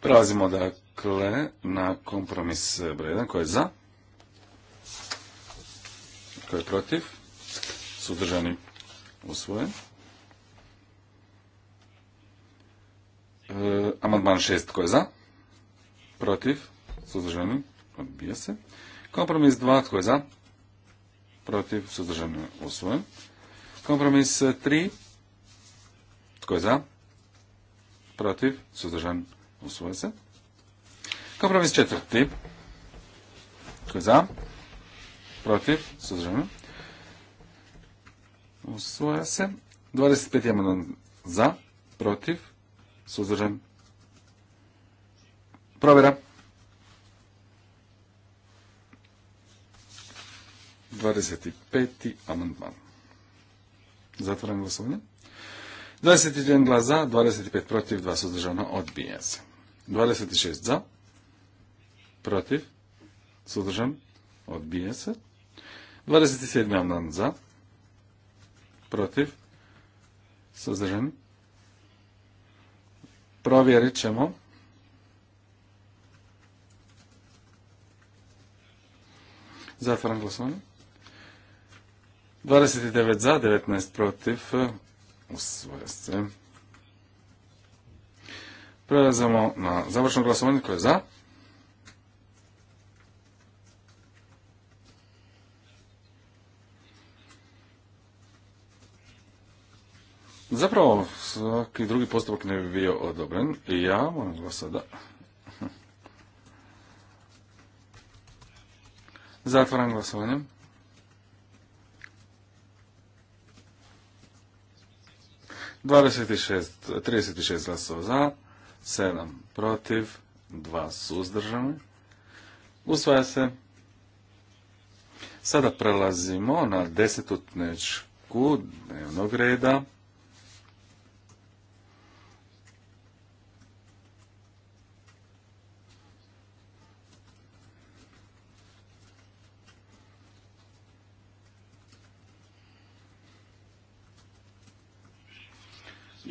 Prelazimo dakle na kompromis broj 1. koji je za? Ko je protiv? suzdržani usvojen. E, amandman 6 tko je za? Protiv? Suzdržani? Odbija se. Kompromis 2 tko je za? Protiv? Suzdržani usvojen. Kompromis 3 tko je za? Protiv? Suzdržan usvoje se. Kompromis četvrti. Tko je za? Protiv? Suzdržan Usvoja se. 25. amandman za, protiv, suzdržan. Provera. 25. amandman. Zatvoram glasovanje. 21 glas za, 25 protiv, 2 suzdržano, odbija se. 26 za, protiv, suzdržan, odbija se. 27. amandman za, protiv, suzdržani. Provjerit ćemo. Zatvaram glasovanje. 29 za, 19 protiv. Usvoja se. Prelazimo na završno glasovanje koje je za. Zapravo, svaki drugi postupak ne bi bio odobren i ja moram ga sada... Zatvaram glasovanje. Dvadeset šest, trideset šest glasova za, sedam protiv, dva suzdržani. Usvaja se. Sada prelazimo na desetutnečku dnevnog reda.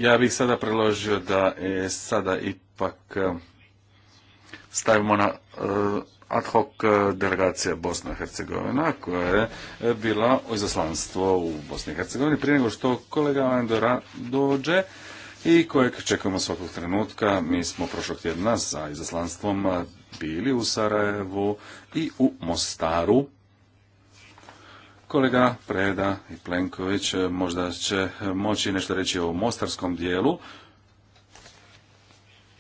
Ja bih sada preložio da je sada ipak e, stavimo na e, ad hoc e, delegacija Bosna i Hercegovina koja je bila u izaslanstvo u Bosni i Hercegovini prije nego što kolega Andora dođe i kojeg čekamo svakog trenutka. Mi smo prošlog tjedna sa izaslanstvom bili u Sarajevu i u Mostaru Kolega Preda i Plenković e, možda će moći nešto reći o mostarskom dijelu.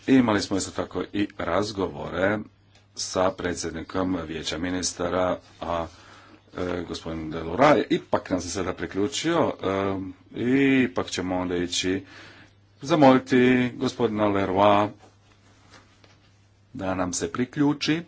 Imali smo isto tako i razgovore sa predsjednikom vijeća ministara, a e, gospodin Delora ipak nam se sada priključio e, i ipak ćemo onda ići zamoliti gospodina Leroy da nam se priključi.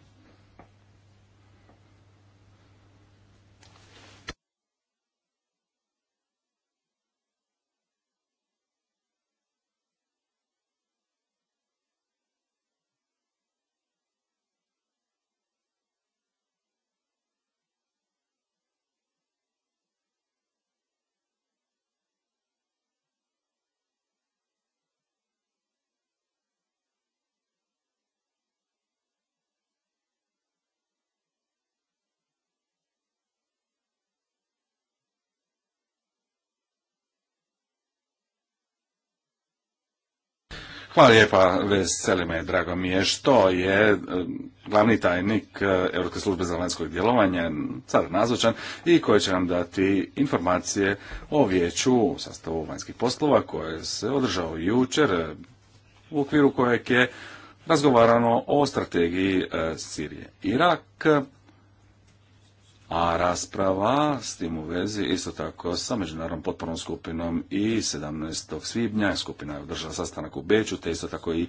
Hvala lijepa, veseli me, drago mi je što je e, glavni tajnik e, Europske službe za vanjsko djelovanje sada nazočan i koji će nam dati informacije o vijeću sastavu vanjskih poslova koje se održao jučer e, u okviru kojeg je razgovarano o strategiji Sirije. Irak a rasprava s tim u vezi isto tako sa međunarodnom potpornom skupinom i 17. svibnja skupina je održala sastanak u Beću, te isto tako i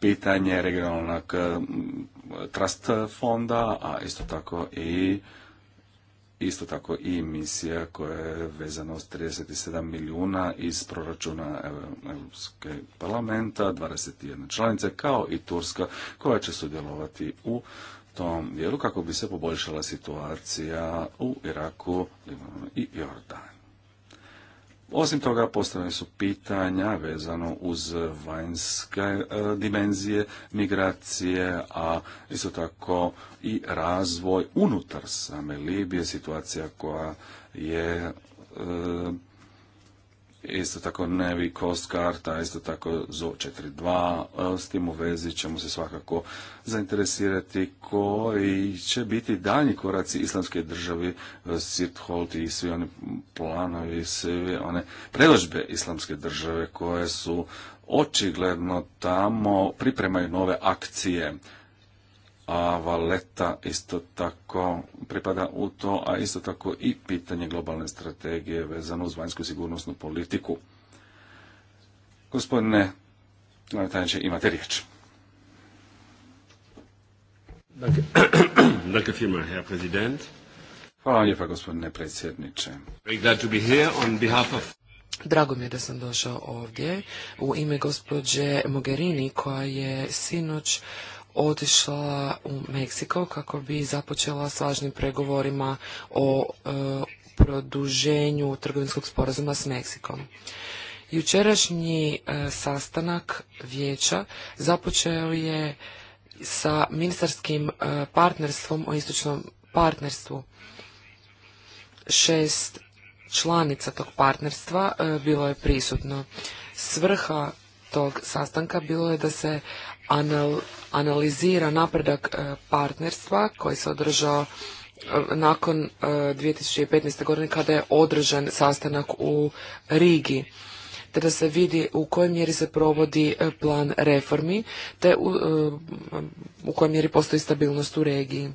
pitanje regionalnog mm, trust fonda, a isto tako i Isto tako i misija koja je vezana s 37 milijuna iz proračuna Europske parlamenta, 21 članice, kao i Turska koja će sudjelovati u tom dijelu kako bi se poboljšala situacija u Iraku, Libanonu i Jordanu. Osim toga, postavljene su pitanja vezano uz vanjske e, dimenzije migracije, a isto tako i razvoj unutar same Libije, situacija koja je e, Isto tako nevi cost karta, isto tako ZO 4.2, e, s tim u vezi ćemo se svakako zainteresirati koji će biti daljnji koraci islamske države, e, Holt i svi oni planovi, sve one preložbe islamske države koje su očigledno tamo pripremaju nove akcije a Valeta isto tako pripada u to, a isto tako i pitanje globalne strategije vezano uz vanjsku sigurnosnu politiku. Gospodine tajniče, imate riječ. [coughs] Hvala vam lijepa, gospodine predsjedniče. Drago mi je da sam došao ovdje u ime gospođe Mogherini koja je sinoć otišla u Meksiko kako bi započela s važnim pregovorima o e, produženju trgovinskog sporazuma s Meksikom. Jučerašnji e, sastanak vijeća započeo je sa ministarskim e, partnerstvom o istočnom partnerstvu. Šest članica tog partnerstva bilo je prisutno. Svrha tog sastanka bilo je da se analizira napredak e, partnerstva koji se održao e, nakon 2015. E, godine kada je održan sastanak u Rigi te da se vidi u kojoj mjeri se provodi plan reformi, te u, kojoj mjeri postoji stabilnost u regiji.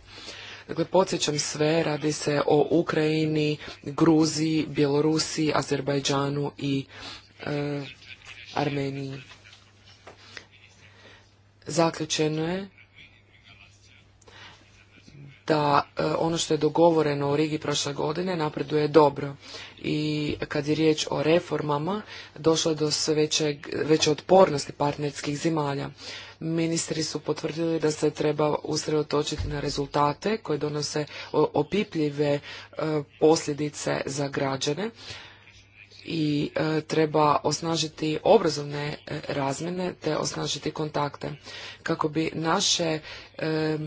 Dakle, podsjećam sve, radi se o Ukrajini, Gruziji, Bjelorusiji, Azerbajdžanu i Armeniji zaključeno je da e, ono što je dogovoreno u Rigi prošle godine napreduje dobro. I kad je riječ o reformama, došlo je do veće, veće otpornosti partnerskih zimalja. Ministri su potvrdili da se treba usredotočiti na rezultate koje donose opipljive e, posljedice za građane i e, treba osnažiti obrazovne e, razmjene te osnažiti kontakte kako bi naše, e,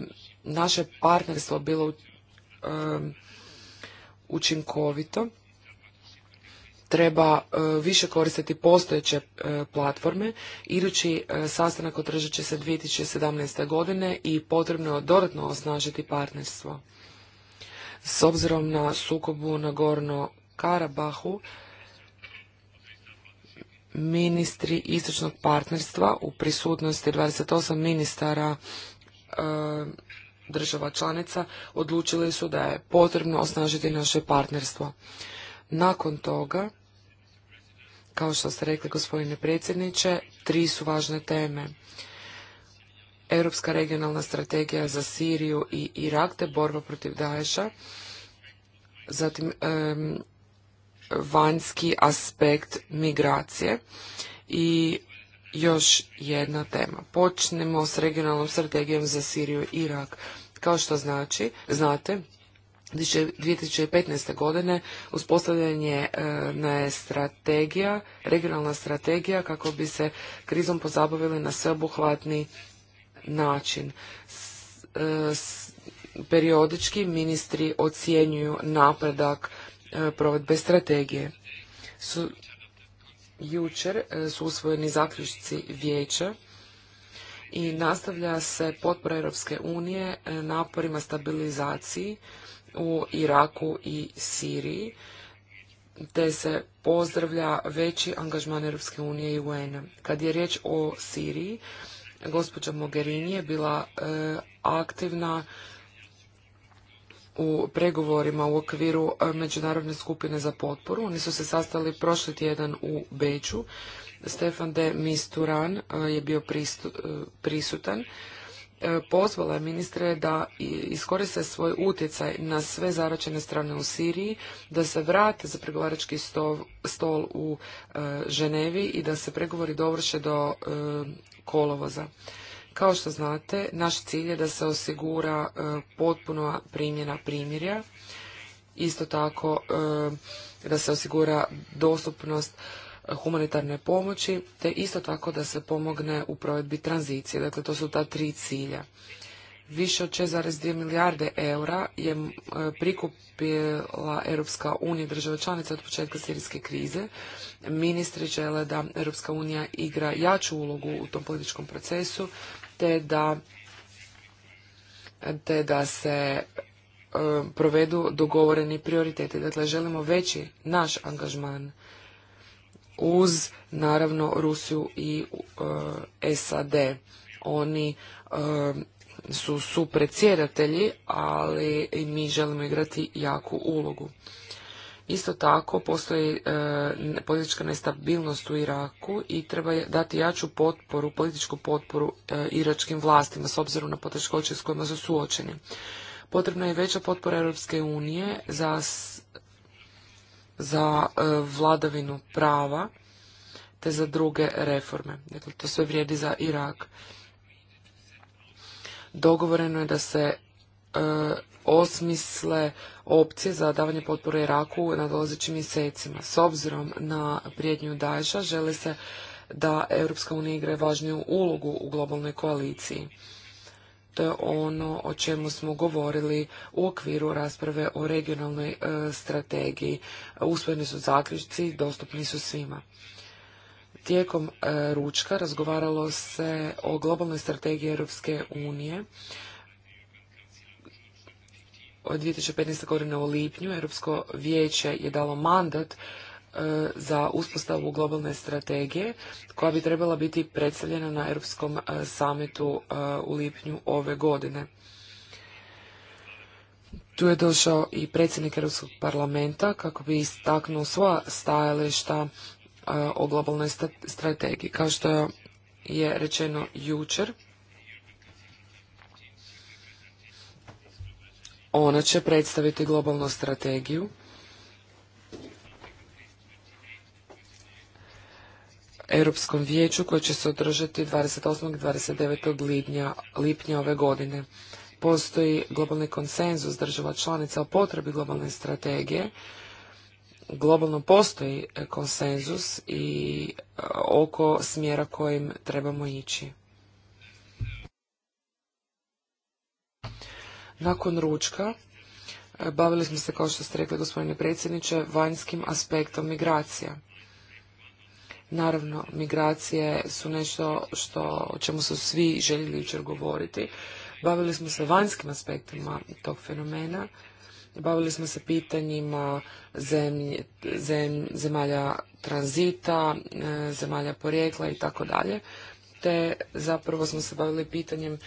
naše partnerstvo bilo učinkovito treba više koristiti postojeće platforme. Idući sastanak održat će se 2017. godine i potrebno je dodatno osnažiti partnerstvo. S obzirom na sukobu na Gorno Karabahu, ministri istočnog partnerstva u prisutnosti 28 ministara e, država članica odlučili su da je potrebno osnažiti naše partnerstvo. Nakon toga, kao što ste rekli gospodine predsjedniče, tri su važne teme. Europska regionalna strategija za Siriju i Irak te borba protiv Daesha, zatim vanjski aspekt migracije i još jedna tema. Počnemo s regionalnom strategijom za Siriju i Irak. Kao što znači, znate, 2015. godine uspostavljen e, je strategija, regionalna strategija kako bi se krizom pozabavili na sveobuhvatni način. E, periodički ministri ocjenjuju napredak E, provedbe strategije. Su, jučer e, su usvojeni zaključci vijeća i nastavlja se potpora Europske unije e, naporima stabilizaciji u Iraku i Siriji, te se pozdravlja veći angažman Europske unije i un Kad je riječ o Siriji, gospođa Mogherini je bila aktivna u pregovorima u okviru e, međunarodne skupine za potporu. Oni su se sastali prošli tjedan u Beću. Stefan de Misturan e, je bio e, prisutan. Pozvala je ministre da iskoriste svoj utjecaj na sve zaračene strane u Siriji, da se vrate za pregovarački stol u Ženevi i da se pregovori dovrše do kolovoza. Kao što znate, naš cilj je da se osigura e, potpuna primjena primjerja, isto tako e, da se osigura dostupnost e, humanitarne pomoći, te isto tako da se pomogne u provedbi tranzicije. Dakle, to su ta tri cilja. Više od 6,2 milijarde eura je prikupila Europska unija država članica od početka sirijske krize. Ministri žele da Europska unija igra jaču ulogu u tom političkom procesu te da, da se e, provedu dogovoreni prioriteti. Dakle, želimo veći naš angažman uz, naravno, Rusiju i e, SAD. Oni e, su su predsjedatelji, ali mi želimo igrati jaku ulogu. Isto tako postoji e, politička nestabilnost u Iraku i treba dati jaču potporu, političku potporu e, iračkim vlastima s obzirom na poteškoće s kojima su suočeni. Potrebna je veća potpora Europske unije za, za e, vladavinu prava te za druge reforme. Dakle, to sve vrijedi za Irak. Dogovoreno je da se osmisle opcije za davanje potpore Iraku na nadolazećim mjesecima. S obzirom na prijednju Dajša želi se da Europska unija igre važniju ulogu u globalnoj koaliciji. To je ono o čemu smo govorili u okviru rasprave o regionalnoj e, strategiji. Usvojeni su zaključci, dostupni su svima. Tijekom e, ručka razgovaralo se o globalnoj strategiji Europske unije 2015. godine u lipnju Europsko vijeće je dalo mandat e, za uspostavu globalne strategije koja bi trebala biti predstavljena na Europskom e, samitu e, u lipnju ove godine. Tu je došao i predsjednik Europskog parlamenta kako bi istaknuo svoja stajališta o globalnoj strategiji. Kao što je rečeno jučer, Ona će predstaviti globalnu strategiju Europskom vijeću koje će se održati 28. i 29. Lipnja, lipnja ove godine. Postoji globalni konsenzus država članica o potrebi globalne strategije. Globalno postoji e, konsenzus i e, oko smjera kojim trebamo ići. Nakon ručka e, bavili smo se, kao što ste rekli, gospodine predsjedniče, vanjskim aspektom migracija. Naravno, migracije su nešto što, o čemu su svi željeli jučer govoriti. Bavili smo se vanjskim aspektima tog fenomena. Bavili smo se pitanjima zemalja tranzita, e, zemalja porijekla i tako dalje te zapravo smo se bavili pitanjem e,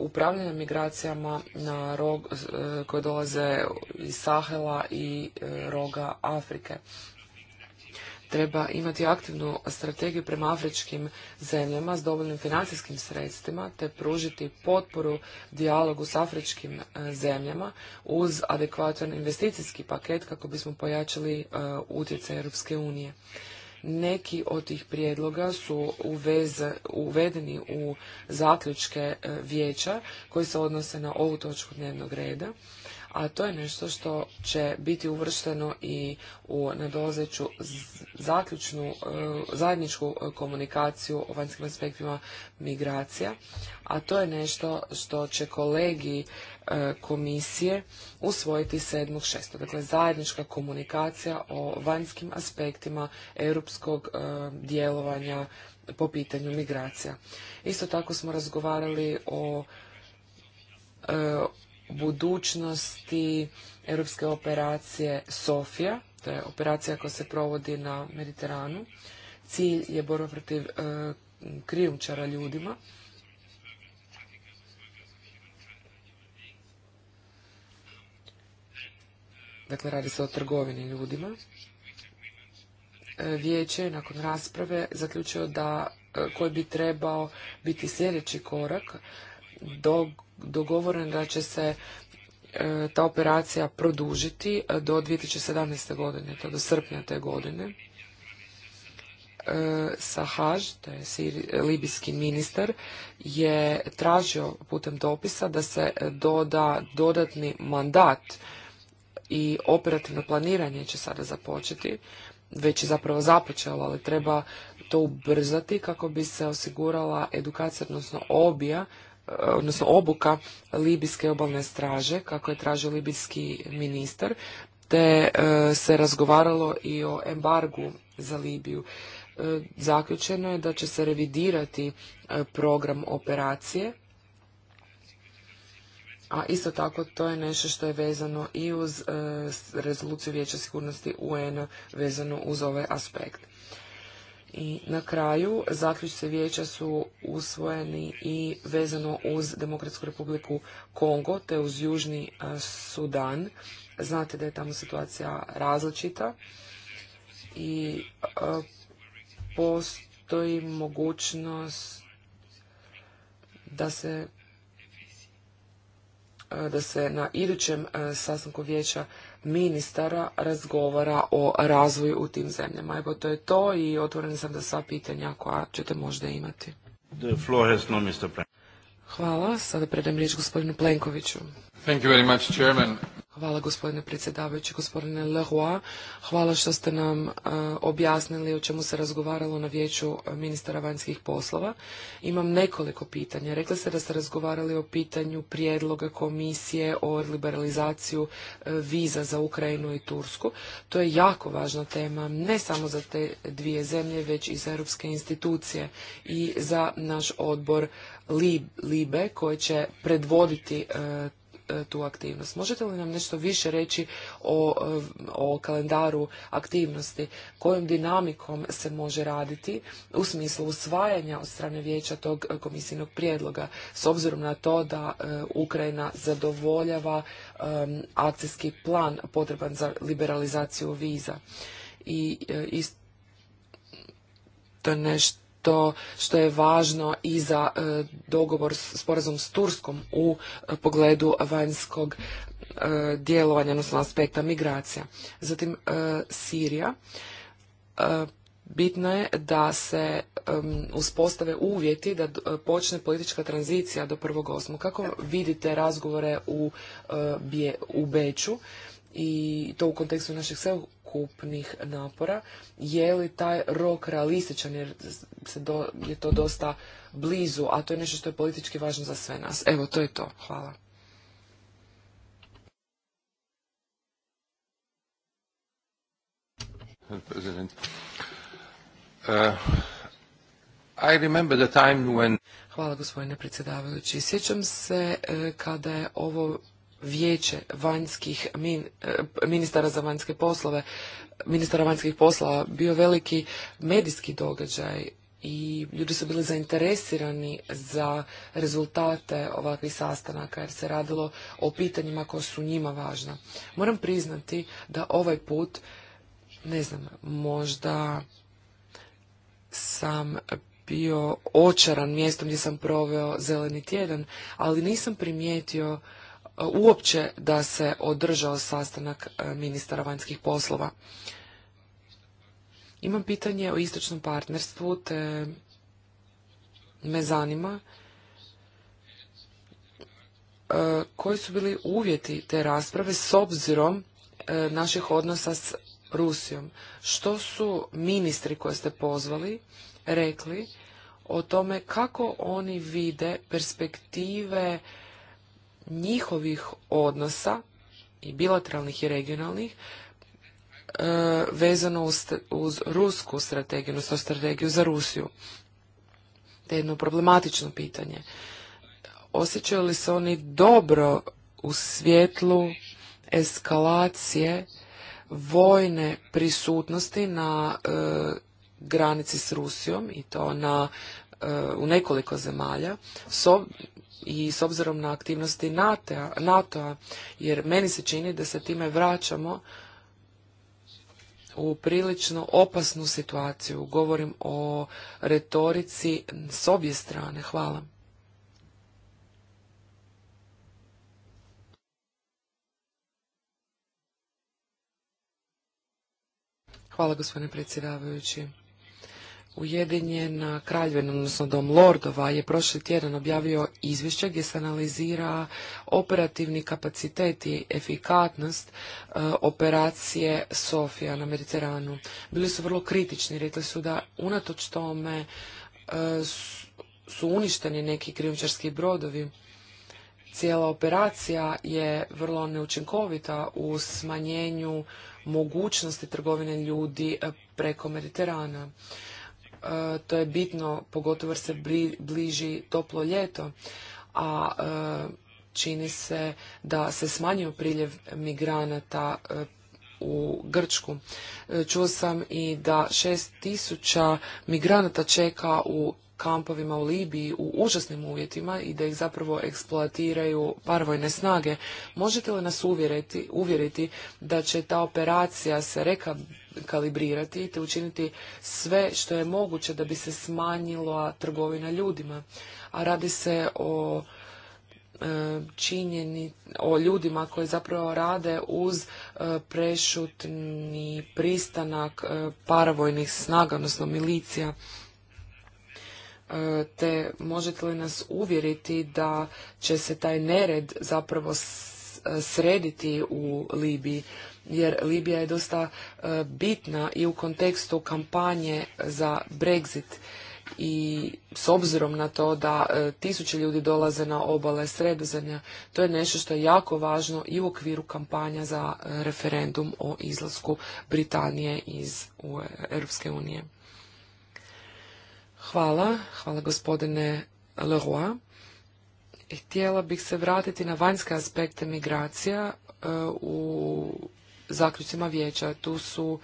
upravljanja migracijama na rog e, koje dolaze iz Sahela i e, roga Afrike. Treba imati aktivnu strategiju prema afričkim zemljama s dovoljnim financijskim sredstvima te pružiti potporu dijalogu s afričkim zemljama uz adekvatan investicijski paket kako bismo pojačali utjecaj Europske unije. Neki od tih prijedloga su uvedeni u zaključke e, vijeća koji se odnose na ovu točku dnevnog reda, a to je nešto što će biti uvršteno i u nadolazeću zaključnu e, zajedničku e, komunikaciju o vanjskim aspektima migracija, a to je nešto što će kolegi E, komisije usvojiti 7.6. Dakle, zajednička komunikacija o vanjskim aspektima europskog e, djelovanja po pitanju migracija. Isto tako smo razgovarali o e, budućnosti europske operacije Sofia, to je operacija koja se provodi na Mediteranu. Cilj je borba protiv krijumčara ljudima Dakle, radi se o trgovini ljudima. E, vijeće je nakon rasprave zaključio da e, koji bi trebao biti sljedeći korak dogovoren da će se e, ta operacija produžiti do 2017. godine, to do srpnja te godine. Sahaj, to je libijski ministar, je tražio putem dopisa da se doda dodatni mandat i operativno planiranje će sada započeti, već je zapravo započelo, ali treba to ubrzati kako bi se osigurala edukacija, odnosno obija, eh, odnosno obuka libijske obalne straže, kako je tražio libijski ministar, te eh, se razgovaralo i o embargu za Libiju. Eh, zaključeno je da će se revidirati program operacije a isto tako to je nešto što je vezano i uz e, rezoluciju Vijeća sigurnosti UN vezano uz ovaj aspekt. I na kraju zaključci vijeća su usvojeni i vezano uz Demokratsku republiku Kongo te uz Južni e, Sudan. Znate da je tamo situacija različita i e, postoji mogućnost da se da se na idućem e, sastanku vijeća ministara razgovara o razvoju u tim zemljama. Evo to je to i otvoren sam za sva pitanja koja ćete možda imati. The floor has no Hvala. Sada predajem riječ gospodinu Plenkoviću. Thank you very Hvala gospodine predsjedavajući, gospodine Leroy. Hvala što ste nam e, objasnili o čemu se razgovaralo na vijeću e, ministara vanjskih poslova. Imam nekoliko pitanja. Rekli ste da ste razgovarali o pitanju prijedloga komisije o liberalizaciju e, viza za Ukrajinu i Tursku. To je jako važna tema, ne samo za te dvije zemlje, već i za europske institucije i za naš odbor LIBE koji će predvoditi E, tu aktivnost. Možete li nam nešto više reći o, e, o kalendaru aktivnosti, kojom dinamikom se može raditi u smislu usvajanja od strane vijeća tog e, komisijnog prijedloga, s obzirom na to da Ukrajina zadovoljava akcijski plan potreban za liberalizaciju viza. I, i to je nešto to što je važno i za e, dogovor, sporazum s Turskom u e, pogledu vanjskog e, djelovanja, odnosno aspekta migracija. Zatim Sirija. Bitno je da se uspostave uvjeti da počne politička tranzicija do 1.8. Kako vidite razgovore u, Beću u Beču i to u kontekstu naših ukupnih napora. Je li taj rok realističan jer se do, je to dosta blizu, a to je nešto što je politički važno za sve nas. Evo, to je to. Hvala. Uh, I remember the time Hvala gospodine predsjedavajući. Sjećam se eh, kada je ovo vijeće vanjskih e, ministara za vanjske poslove, ministara vanjskih poslova bio veliki medijski događaj i ljudi su bili zainteresirani za rezultate ovakvih sastanaka jer se radilo o pitanjima koja su njima važna. Moram priznati da ovaj put, ne znam, možda sam bio očaran mjestom gdje sam proveo zeleni tjedan, ali nisam primijetio E, uopće da se održao sastanak e, ministara vanjskih poslova. Imam pitanje o istočnom partnerstvu, te me zanima e, koji su bili uvjeti te rasprave s obzirom naših odnosa s Rusijom. Što su ministri koje ste pozvali rekli o tome kako oni vide perspektive njihovih odnosa i bilateralnih i regionalnih e, vezano uz, rusku strategiju, odnosno strategiju za Rusiju. To je jedno problematično pitanje. Osjećaju li se oni dobro u svjetlu eskalacije vojne prisutnosti na e, granici s Rusijom i to na, e, u nekoliko zemalja, so, i s obzirom na aktivnosti NATO-a, jer meni se čini da se time vraćamo u prilično opasnu situaciju. Govorim o retorici s obje strane. Hvala. Hvala gospodine predsjedavajući. Ujedinjena kraljevina, odnosno Dom Lordova, je prošli tjedan objavio izvješće gdje se analizira operativni kapacitet i efikatnost e, operacije Sofija na Mediteranu. Bili su vrlo kritični, rekli su da unatoč tome e, su uništeni neki krijumčarski brodovi. Cijela operacija je vrlo neučinkovita u smanjenju mogućnosti trgovine ljudi e, preko Mediterana. E, to je bitno, pogotovo se bliži toplo ljeto, a e, čini se da se smanjio priljev migranata e, u Grčku. Čuo sam i da šest tisuća migranata čeka u kampovima u Libiji u užasnim uvjetima i da ih zapravo eksploatiraju parvojne snage. Možete li nas uvjeriti, uvjeriti da će ta operacija se reka kalibrirati te učiniti sve što je moguće da bi se smanjila trgovina ljudima. A radi se o e, činjeni o ljudima koji zapravo rade uz e, prešutni pristanak e, paravojnih snaga, odnosno milicija. Te možete li nas uvjeriti da će se taj nered zapravo srediti u Libiji? jer Libija je dosta e, bitna i u kontekstu kampanje za Brexit i s obzirom na to da e, tisuće ljudi dolaze na obale sredozemlja, to je nešto što je jako važno i u okviru kampanja za e, referendum o izlasku Britanije iz Europske unije. Hvala, hvala gospodine Leroy. Htjela bih se vratiti na vanjske aspekte migracija u zaključcima vijeća. Tu su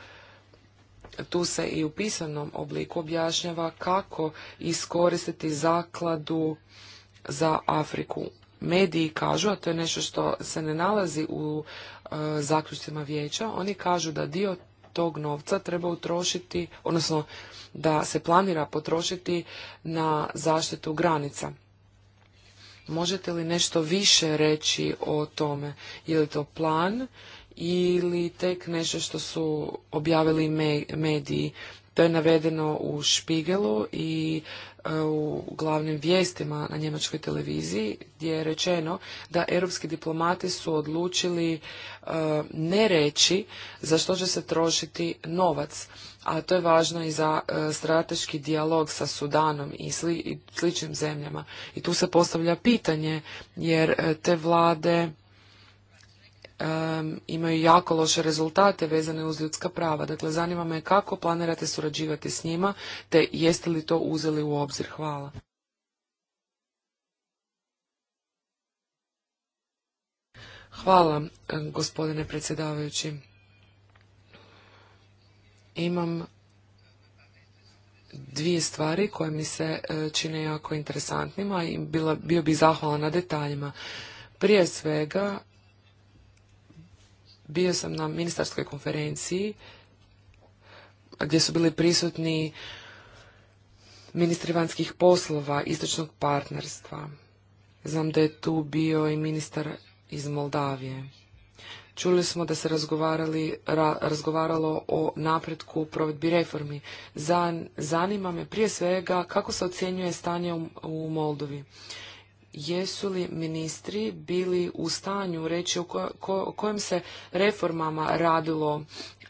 tu se i u pisanom obliku objašnjava kako iskoristiti zakladu za Afriku. Mediji kažu, a to je nešto što se ne nalazi u e, zaključcima vijeća, oni kažu da dio tog novca treba utrošiti, odnosno da se planira potrošiti na zaštitu granica. Možete li nešto više reći o tome? Je li to plan? ili tek nešto što su objavili mediji. To je navedeno u Špigelu i e, u glavnim vijestima na njemačkoj televiziji gdje je rečeno da europski diplomati su odlučili e, ne reći za što će se trošiti novac, a to je važno i za e, strateški dijalog sa Sudanom i sličnim zemljama. I tu se postavlja pitanje jer te vlade imaju jako loše rezultate vezane uz ljudska prava. Dakle, zanima me kako planirate surađivati s njima, te jeste li to uzeli u obzir. Hvala. Hvala, gospodine predsjedavajući. Imam dvije stvari koje mi se e, čine jako interesantnima i bio bi zahvala na detaljima. Prije svega, bio sam na ministarskoj konferenciji gdje su bili prisutni ministri vanjskih poslova istočnog partnerstva. Znam da je tu bio i ministar iz Moldavije. Čuli smo da se razgovarali, razgovaralo o napretku provedbi reformi. zanima me prije svega kako se ocjenjuje stanje u, u Moldovi jesu li ministri bili u stanju reći o ko, kojim se reformama radilo e,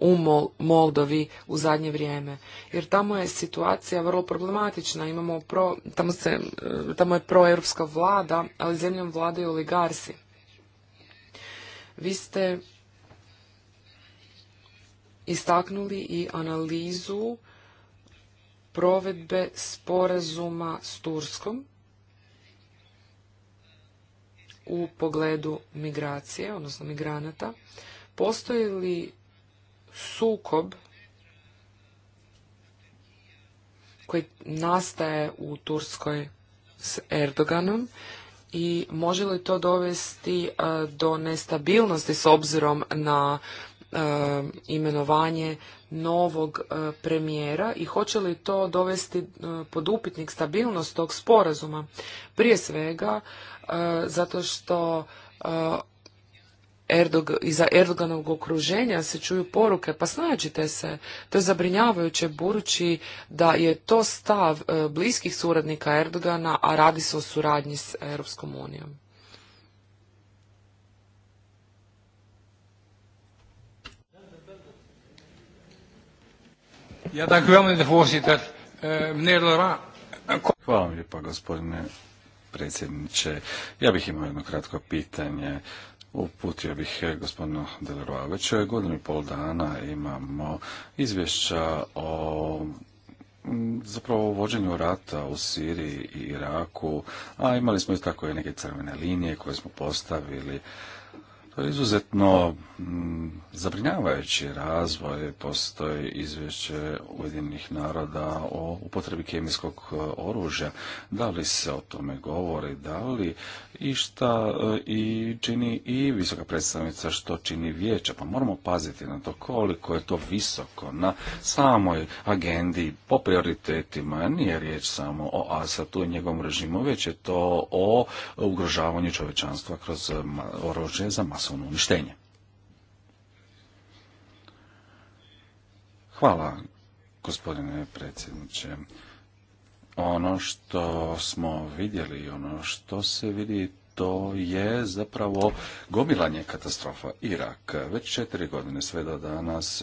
u Mol, Moldovi u zadnje vrijeme. Jer tamo je situacija vrlo problematična. Imamo tamo, se, e, tamo je proeuropska vlada, ali zemljom vladaju oligarsi. Vi ste istaknuli i analizu provedbe sporazuma s Turskom u pogledu migracije, odnosno migranata, postoji li sukob koji nastaje u Turskoj s Erdoganom i može li to dovesti e, do nestabilnosti s obzirom na e, imenovanje novog e, premijera i hoće li to dovesti pod upitnik stabilnost tog sporazuma. Prije svega E, zato što e, Erdog, iza Erdoganovog okruženja se čuju poruke, pa snađite se. To je zabrinjavajuće budući da je to stav e, bliskih suradnika Erdogana, a radi se o suradnji s Europskom unijom. Ja, eh, eh, Hvala vam lijepa, gospodine predsjedniče. Ja bih imao jedno kratko pitanje. Uputio bih gospodinu Deleroa. Već godinu i pol dana imamo izvješća o zapravo vođenju rata u Siriji i Iraku, a imali smo i tako i neke crvene linije koje smo postavili izuzetno mm, zabrinjavajući razvoj postoji izvješće Ujedinih naroda o upotrebi kemijskog e, oružja. Da li se o tome govori, da li šta e, i čini i visoka predstavnica što čini vijeće, pa moramo paziti na to koliko je to visoko na samoj agendi po prioritetima, nije riječ samo o Asatu i njegovom režimu, već je to o ugrožavanju čovečanstva kroz e, oružje za masu masovno uništenje. Hvala, gospodine predsjedniče. Ono što smo vidjeli ono što se vidi to je zapravo gomilanje katastrofa Irak. Već četiri godine sve do danas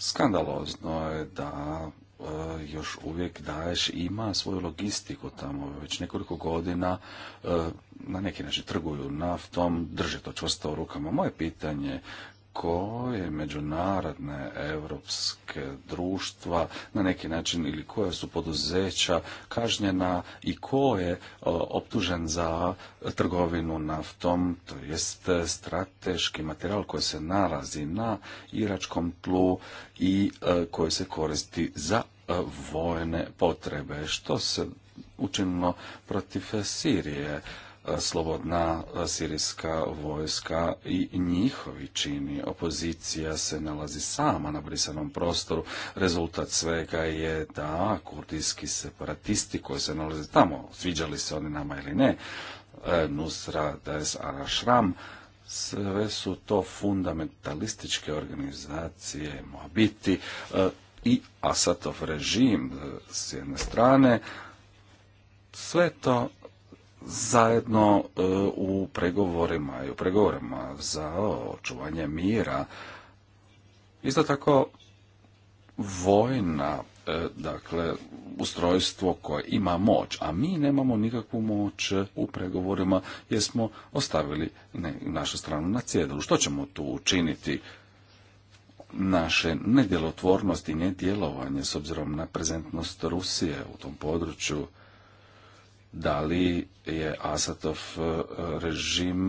skandalozno je da E, još uvijek Daesh ima svoju logistiku tamo već nekoliko godina e, na neki način trguju naftom, drže to čvrsto u rukama. Moje pitanje koje međunarodne europske društva na neki način ili koja su poduzeća kažnjena i ko je e, optužen za trgovinu naftom, to jest strateški materijal koji se nalazi na iračkom tlu i e, koji se koristi za e, vojne potrebe. Što se učinilo protiv Sirije? E, slobodna sirijska vojska i njihovi čini. Opozicija se nalazi sama na brisanom prostoru. Rezultat svega je da kurdijski separatisti koji se nalaze tamo, sviđali se oni nama ili ne, e, Nusra Daes Arašram, sve su to fundamentalističke organizacije, biti e, i Asatov režim s jedne strane, sve to zajedno e, u pregovorima i u pregovorima za očuvanje mira. Isto tako vojna e, dakle ustrojstvo koje ima moć, a mi nemamo nikakvu moć u pregovorima jer smo ostavili ne, našu stranu na cjedilu. Što ćemo tu učiniti? naše nedjelotvornost i nedjelovanje s obzirom na prezentnost Rusije u tom području da li je Asatov e, režim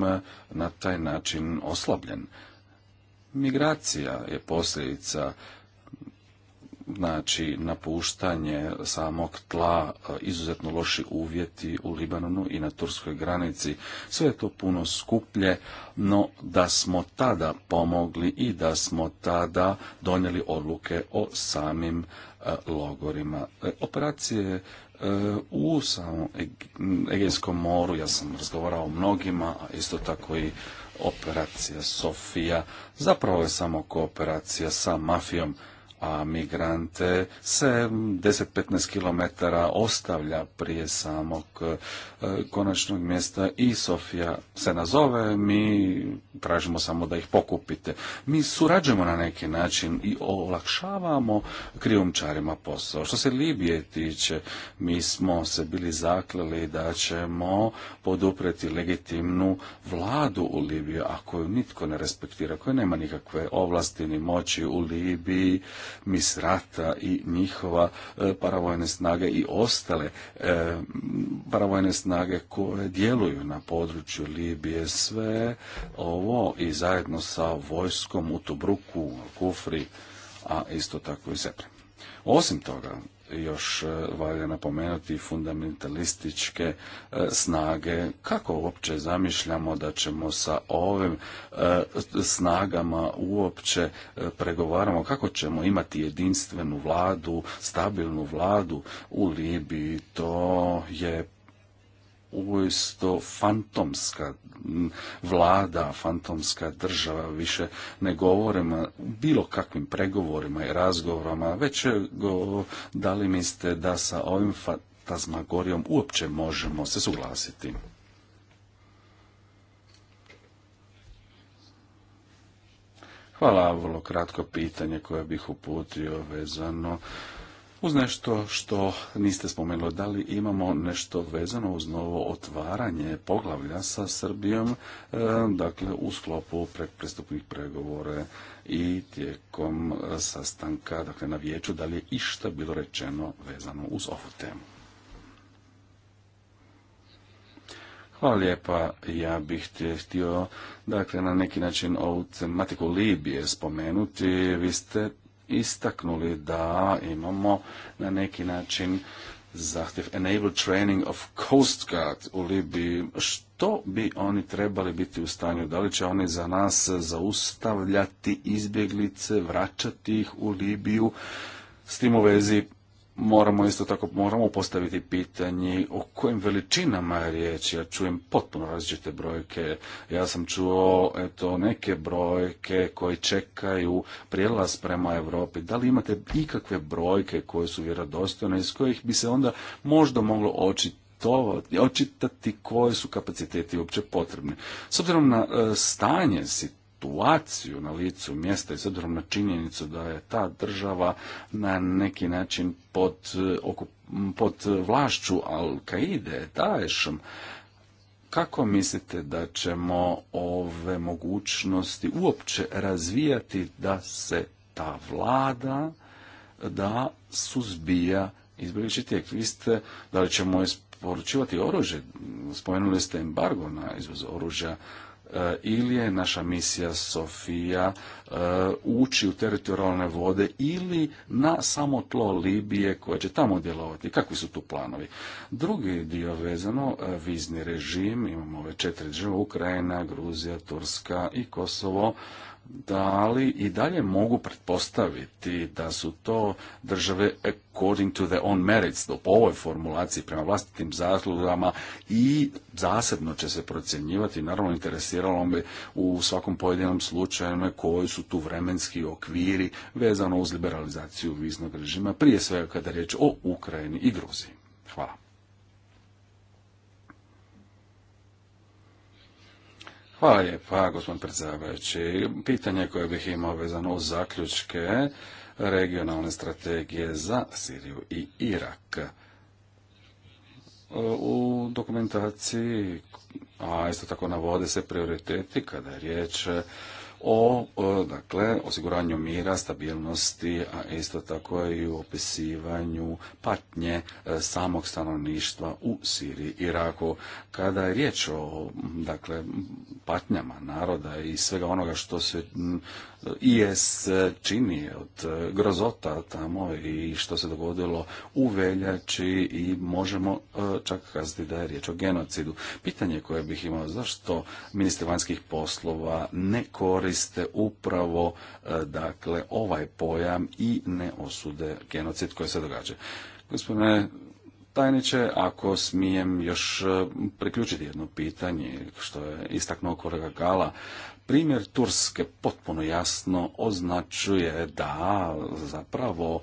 na taj način oslabljen. Migracija je posljedica znači napuštanje samog tla, e, izuzetno loši uvjeti u Libanonu i na turskoj granici. Sve je to puno skuplje, no da smo tada pomogli i da smo tada donijeli odluke o samim e, logorima. Operacije u samom Egejskom moru ja sam razgovarao o mnogima, a isto tako i operacija Sofija zapravo je samo kooperacija sa mafijom a migrante se 10-15 km ostavlja prije samog e, konačnog mjesta i Sofija se nazove, mi tražimo samo da ih pokupite. Mi surađujemo na neki način i olakšavamo krijumčarima posao. Što se Libije tiče, mi smo se bili zakleli da ćemo podupreti legitimnu vladu u Libiji a koju nitko ne respektira, koja nema nikakve ovlasti ni moći u Libiji, Misrata i njihova e, paravojne snage i ostale e, paravojne snage koje djeluju na području Libije. Sve ovo i zajedno sa vojskom u Tobruku, Kufri, a isto tako i Zebre. Osim toga, još e, valja napomenuti fundamentalističke e, snage. Kako uopće zamišljamo da ćemo sa ovim e, snagama uopće pregovaramo? Kako ćemo imati jedinstvenu vladu, stabilnu vladu u Libiji? To je uisto fantomska vlada, fantomska država, više ne govorimo bilo kakvim pregovorima i razgovorima, već go, da li mislite da sa ovim fantazmagorijom uopće možemo se suglasiti? Hvala, vrlo kratko pitanje koje bih uputio vezano uz nešto što niste spomenuli. Da li imamo nešto vezano uz novo otvaranje poglavlja sa Srbijom, e, dakle u sklopu predpristupnih pregovore i tijekom sastanka dakle, na vijeću, da li je išta bilo rečeno vezano uz ovu temu? Hvala lijepa. Ja bih htio dakle, na neki način ovu tematiku Libije spomenuti. Vi ste istaknuli da imamo na neki način zahtjev enable training of Coast Guard u Libiji. Što bi oni trebali biti u stanju? Da li će oni za nas zaustavljati izbjeglice, vraćati ih u Libiju? S tim u vezi moramo isto tako moramo postaviti pitanje o kojim veličinama je riječ. Ja čujem potpuno različite brojke. Ja sam čuo eto, neke brojke koje čekaju prijelaz prema Europi. Da li imate ikakve brojke koje su vjerodostojne iz kojih bi se onda možda moglo očiti očitati koje su kapaciteti uopće potrebni. S obzirom na e, stanje, situaciju na licu mjesta i s obzirom na činjenicu da je ta država na neki način pod, pod vlašću Al-Kaide, kako mislite da ćemo ove mogućnosti uopće razvijati da se ta vlada da suzbija izbjegličiti? tijek? da li ćemo isporučivati oružje? Spomenuli ste embargo na izvoz oružja E, ili je naša misija Sofija e, ući u teritorijalne vode ili na samo tlo Libije koje će tamo djelovati. Kakvi su tu planovi? Drugi dio vezano, e, vizni režim, imamo ove četiri države, Ukrajina, Gruzija, Turska i Kosovo da li i dalje mogu pretpostaviti da su to države according to their own merits, do po ovoj formulaciji prema vlastitim zaslugama i zasebno će se procjenjivati, naravno interesiralo me u svakom pojedinom slučaju koji su tu vremenski okviri vezano uz liberalizaciju viznog režima, prije svega kada je riječ o Ukrajini i Gruziji. Hvala. Hvala lijepa, gospodin predsjedavajući. Pitanje koje bih imao vezano uz zaključke regionalne strategije za Siriju i Irak. E, u dokumentaciji, a isto tako navode se prioriteti kada je riječ o dakle, osiguranju mira, stabilnosti, a isto tako i u opisivanju patnje e, samog stanovništva u Siriji i Iraku. Kada je riječ o dakle, patnjama naroda i svega onoga što se IS čini od e, grozota tamo i što se dogodilo u veljači i možemo e, čak kazati da je riječ o genocidu. Pitanje koje bih imao, zašto ministri vanjskih poslova ne koriste ste upravo e, dakle ovaj pojam i ne osude genocid koji se događa. Gospodine tajniče, ako smijem još e, priključiti jedno pitanje što je istaknuo kolega Gala, primjer Turske potpuno jasno označuje da zapravo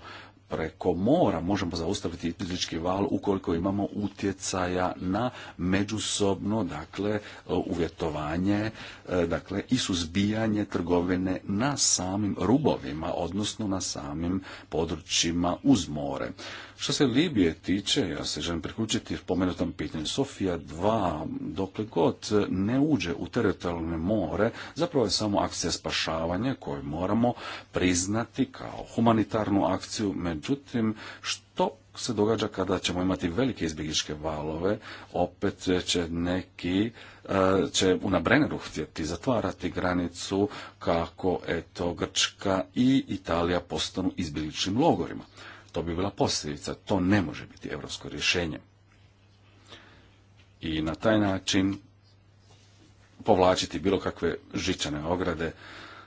preko mora možemo zaustaviti fizički val ukoliko imamo utjecaja na međusobno dakle uvjetovanje e, dakle i suzbijanje trgovine na samim rubovima odnosno na samim područjima uz more. Što se Libije tiče, ja se želim priključiti pomenutom pitanju, Sofija 2, dokle god ne uđe u teritorijalne more, zapravo je samo akcija spašavanja koju moramo priznati kao humanitarnu akciju, međutim, što se događa kada ćemo imati velike izbjegličke valove, opet će neki e, će u Nabreneru htjeti zatvarati granicu kako eto Grčka i Italija postanu izbjegličnim logorima. To bi bila posljedica, to ne može biti europsko rješenje. I na taj način povlačiti bilo kakve žičane ograde.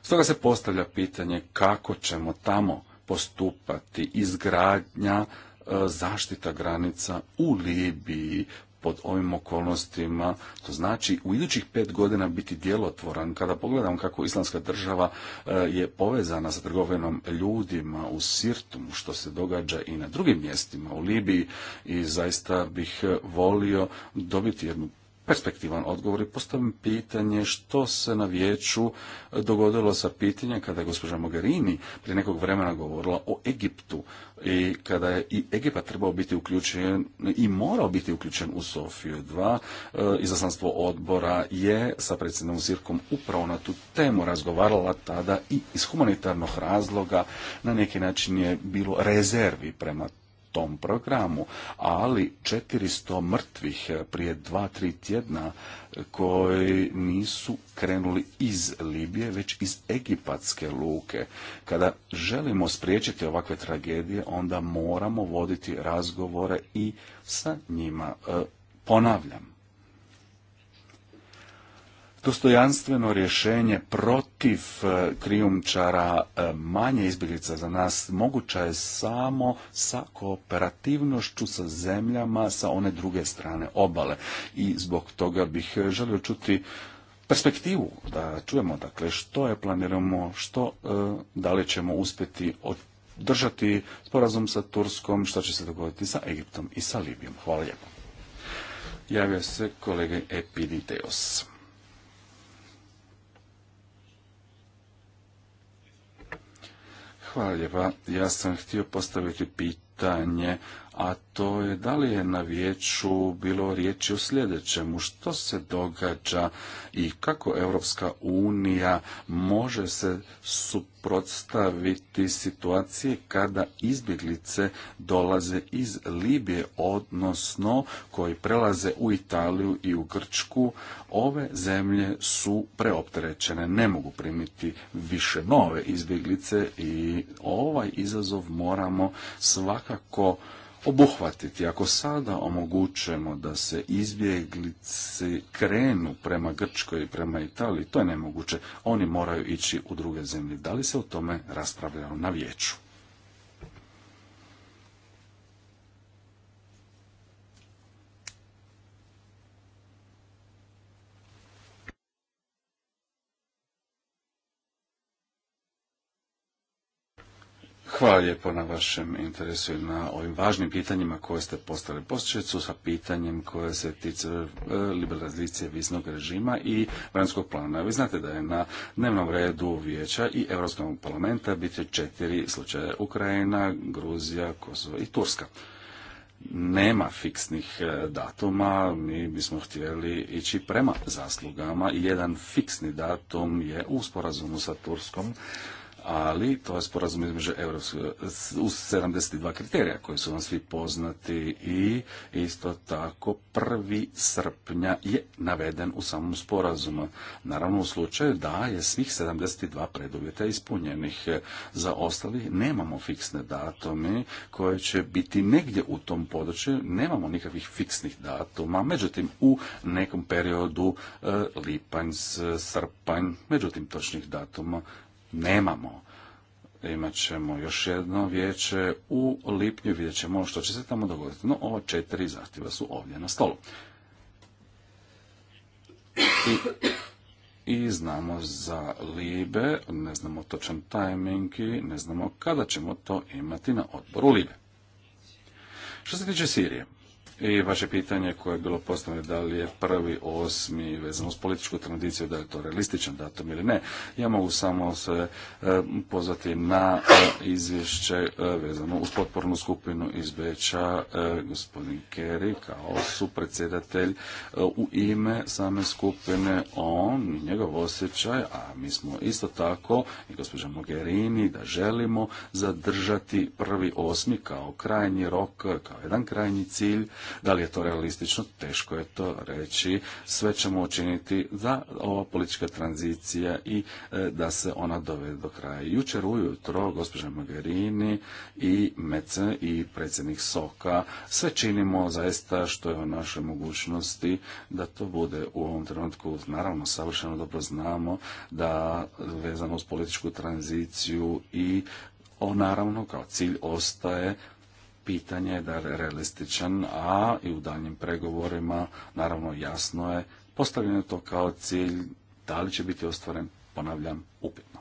Stoga se postavlja pitanje kako ćemo tamo postupati izgradnja e, zaštita granica u Libiji, pod ovim okolnostima, to znači u idućih pet godina biti djelotvoran. Kada pogledam kako islamska država e, je povezana sa trgovinom ljudima u Sirtumu, što se događa i na drugim mjestima u Libiji i zaista bih e, volio dobiti jednu perspektivan odgovor i postavim pitanje što se na vijeću dogodilo sa pitanjem kada je gospođa Mogherini prije nekog vremena govorila o Egiptu i kada je i Egipat trebao biti uključen i morao biti uključen u Sofiju 2. Eh, izaslanstvo odbora je sa predsjednom Sirkom upravo na tu temu razgovarala tada i iz humanitarnog razloga na neki način je bilo rezervi prema tom programu, ali 400 mrtvih eh, prije dva, tri tjedna eh, koji nisu krenuli iz Libije, već iz egipatske luke. Kada želimo spriječiti ovakve tragedije, onda moramo voditi razgovore i sa njima. Eh, ponavljam, dostojanstveno rješenje protiv e, krijumčara e, manje izbjeglica za nas moguća je samo sa kooperativnošću sa zemljama sa one druge strane obale. I zbog toga bih e, želio čuti perspektivu da čujemo dakle što je planiramo, što da li ćemo uspjeti održati sporazum sa Turskom, što će se dogoditi sa Egiptom i sa Libijom. Hvala lijepo. Javio se kolega Epiditeos. Hvala lijepa. Ja sam htio postaviti pitanje a to je da li je na vijeću bilo riječi o sljedećemu, što se događa i kako Europska unija može se suprotstaviti situacije kada izbjeglice dolaze iz Libije, odnosno koji prelaze u Italiju i u Grčku, ove zemlje su preopterećene, ne mogu primiti više nove izbjeglice i ovaj izazov moramo svakako obuhvatiti. Ako sada omogućemo da se izbjeglice krenu prema Grčkoj i prema Italiji, to je nemoguće. Oni moraju ići u druge zemlje. Da li se o tome raspravljalo na vijeću? Hvala lijepo na vašem interesu i na ovim važnim pitanjima koje ste postavili posjeću sa pitanjem koje se tiče e, liberalizacije viznog režima i vanjskog plana. Vi znate da je na dnevnom redu vijeća i Europskog parlamenta biti četiri slučaja Ukrajina, Gruzija, Kosovo i Turska nema fiksnih e, datuma, mi bismo htjeli ići prema zaslugama. Jedan fiksni datum je u sporazumu sa Turskom ali to je sporazum između Europske, u 72 kriterija koji su vam svi poznati i isto tako 1. srpnja je naveden u samom sporazumu. Naravno u slučaju da je svih 72 preduvjeta ispunjenih. Za ostali nemamo fiksne datume koje će biti negdje u tom području, nemamo nikakvih fiksnih datuma, međutim u nekom periodu e, lipanj, srpanj, međutim točnih datuma nemamo. Imaćemo ćemo još jedno vijeće u lipnju, vidjet ćemo što će se tamo dogoditi. No, ova četiri zahtjeva su ovdje na stolu. I, znamo za Libe, ne znamo točan tajming i ne znamo kada ćemo to imati na odboru Libe. Što se tiče Sirije, i vaše pitanje koje je bilo postavljeno da li je prvi osmi vezano s političku tradiciju, da li je to realističan datum ili ne. Ja mogu samo se e, pozvati na e, izvješće e, vezano uz potpornu skupinu iz Beča, gospodin Kerry kao supredsjedatelj u ime same skupine on i njegov osjećaj, a mi smo isto tako i gospođa Mogherini da želimo zadržati prvi osmi kao krajnji rok, kao jedan krajnji cilj da li je to realistično? Teško je to reći. Sve ćemo učiniti da ova politička tranzicija i e, da se ona dovede do kraja. Jučer ujutro gospođa Mogherini i Mece i predsjednik Soka sve činimo zaista što je u našoj mogućnosti da to bude u ovom trenutku. Naravno, savršeno dobro znamo da vezano uz političku tranziciju i o, naravno kao cilj ostaje pitanje je da je realističan, a i u daljnjim pregovorima naravno jasno je postavljeno to kao cilj, da li će biti ostvaren, ponavljam, upitno.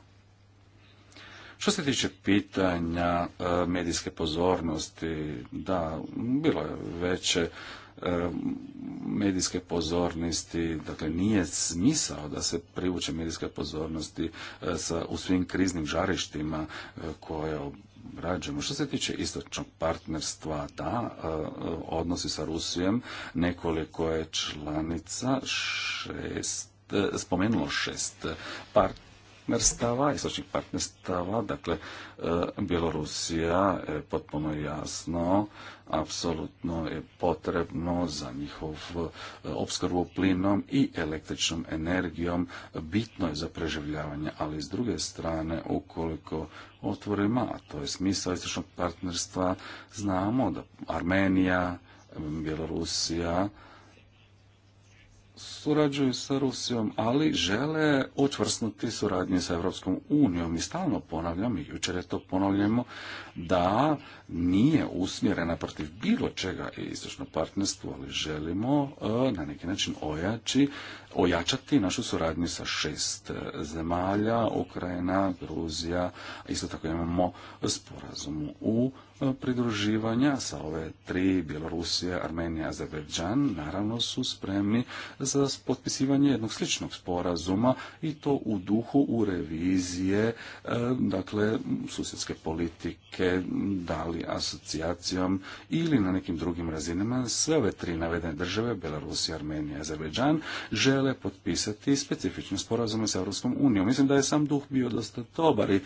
Što se tiče pitanja e, medijske pozornosti, da, bilo je veće e, medijske pozornosti, dakle nije smisao da se privuče medijske pozornosti e, sa, u svim kriznim žarištima koje obrađujemo. Što se tiče istočnog partnerstva, da, e, odnosi sa Rusijom, nekoliko je članica šest e, spomenulo šest partnerstva partnerstava, istočnih partnerstava, dakle e, Bjelorusija je potpuno jasno, apsolutno je potrebno za njihov e, opskrbu plinom i električnom energijom, bitno je za preživljavanje, ali s druge strane ukoliko otvorimo, a to je smisao istočnog partnerstva, znamo da Armenija, Bjelorusija, surađuju sa Rusijom, ali žele očvrsnuti suradnje sa Europskom unijom i stalno ponavljam i jučer je to ponavljamo da nije usmjerena protiv bilo čega i istočno partnerstvo, ali želimo e, na neki način ojači, ojačati našu suradnju sa šest e, zemalja, Ukrajina, Gruzija, isto tako imamo sporazumu u pridruživanja sa ove tri, Bjelorusija, Armenija, Azerbejdžan, naravno su spremni za potpisivanje jednog sličnog sporazuma i to u duhu u revizije, e, dakle, susjedske politike, da li asocijacijom ili na nekim drugim razinama. Sve ove tri navedene države, Bjelorusija, Armenija i Azerbejdžan, žele potpisati specifične sporazume sa Europskom unijom. Mislim da je sam duh bio dosta dobar i e,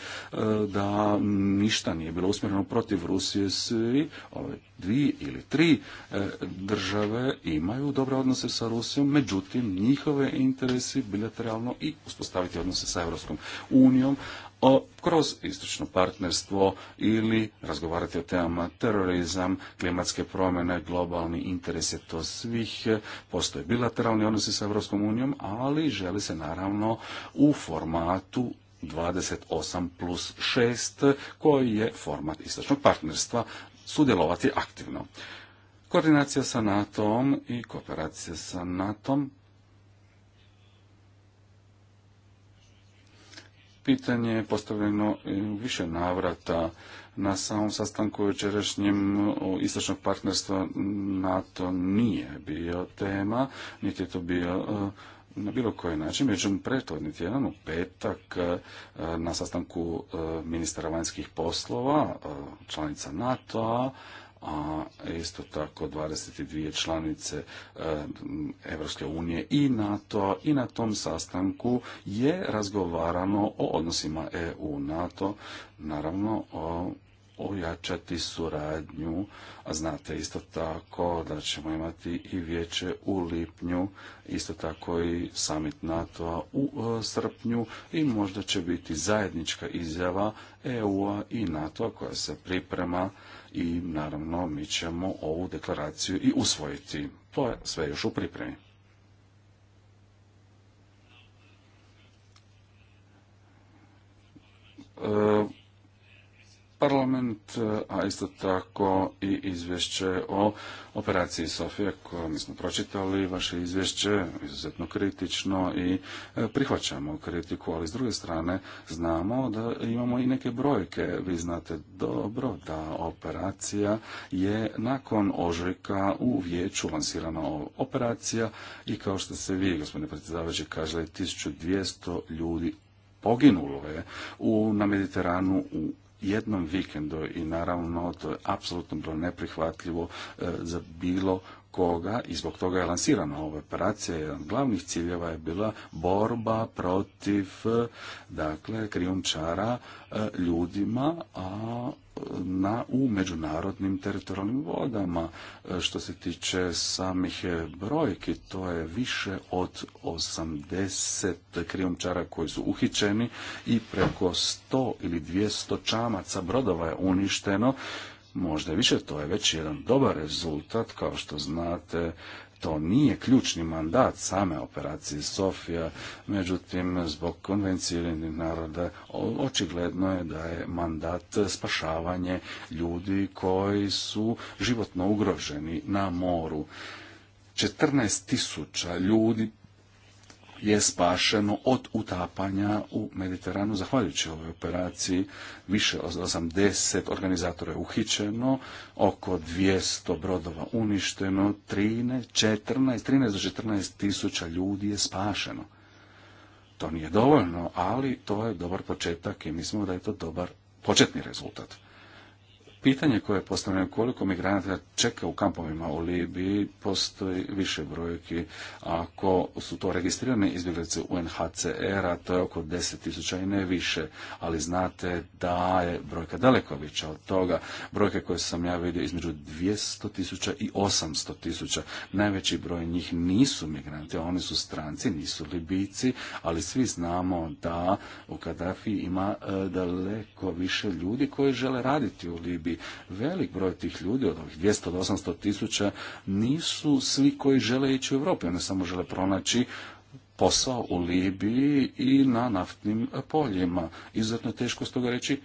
da ništa nije bilo usmjereno protiv Rusije Rusije, svi ove ovaj, dvije ili tri e, države imaju dobre odnose sa Rusijom, međutim njihove interesi bilateralno i uspostaviti odnose sa Europskom unijom, o, kroz istočno partnerstvo ili razgovarati o temama terorizam, klimatske promjene, globalni interesi, to svih. E, postoje bilateralni odnosi sa Europskom unijom, ali želi se naravno u formatu 28 plus 6 koji je format istočnog partnerstva sudjelovati aktivno. Koordinacija sa NATO-om i kooperacija sa NATO-om pitanje je postavljeno više navrata na samom sastanku jučerašnjem istočnog partnerstva NATO nije bio tema, niti je to bio na bilo koji način. Međutim, prethodni tjedan u petak e, na sastanku e, ministara vanjskih poslova, e, članica NATO-a, a isto tako 22 članice Evropske unije i NATO i na tom sastanku je razgovarano o odnosima EU-NATO, naravno o ojačati suradnju, a znate isto tako da ćemo imati i vijeće u lipnju, isto tako i summit NATO-a u e, srpnju i možda će biti zajednička izjava EU-a i NATO-a koja se priprema i naravno mi ćemo ovu deklaraciju i usvojiti. To je sve još u pripremi. E, parlament, e, a isto tako i izvješće o operaciji Sofija koje mi smo pročitali, vaše izvješće izuzetno kritično i e, prihvaćamo kritiku, ali s druge strane znamo da imamo i neke brojke. Vi znate dobro da operacija je nakon ožujka u vijeću lansirana operacija i kao što se vi, gospodine predsjedavajući, kaželi 1200 ljudi poginulo je u, na Mediteranu u jednom vikendu i naravno to je apsolutno bilo neprihvatljivo e, za bilo koga i zbog toga je lansirana ova operacija. Jedan od glavnih ciljeva je bila borba protiv dakle, krijumčara e, ljudima, a na, u međunarodnim teritorijalnim vodama. E, što se tiče samih brojki, to je više od 80 krijumčara koji su uhićeni i preko 100 ili 200 čamaca brodova je uništeno možda više. To je već jedan dobar rezultat, kao što znate, to nije ključni mandat same operacije Sofija, međutim, zbog konvencije naroda očigledno je da je mandat spašavanje ljudi koji su životno ugroženi na moru. 14.000 tisuća ljudi je spašeno od utapanja u Mediteranu. Zahvaljujući ovoj operaciji više od 80 organizatora je uhićeno, oko 200 brodova uništeno, 13, 14, 13 do 14 tisuća ljudi je spašeno. To nije dovoljno, ali to je dobar početak i mislimo da je to dobar početni rezultat. Pitanje koje je postavljeno koliko migranata čeka u kampovima u Libiji, postoji više brojki. Ako su to registrirane izbjeglice UNHCR-a, to je oko 10.000 i ne više, ali znate da je brojka daleko veća od toga. Brojke koje sam ja vidio između 200.000 i 800.000. Najveći broj njih nisu migranti, oni su stranci, nisu Libijci, ali svi znamo da u Kadafi ima e, daleko više ljudi koji žele raditi u Libiji velik broj tih ljudi od ovih 200 do 800 tisuća nisu svi koji žele ići u Europu, oni samo žele pronaći posao u Libiji i na naftnim poljima. Izuzetno je teško toga reći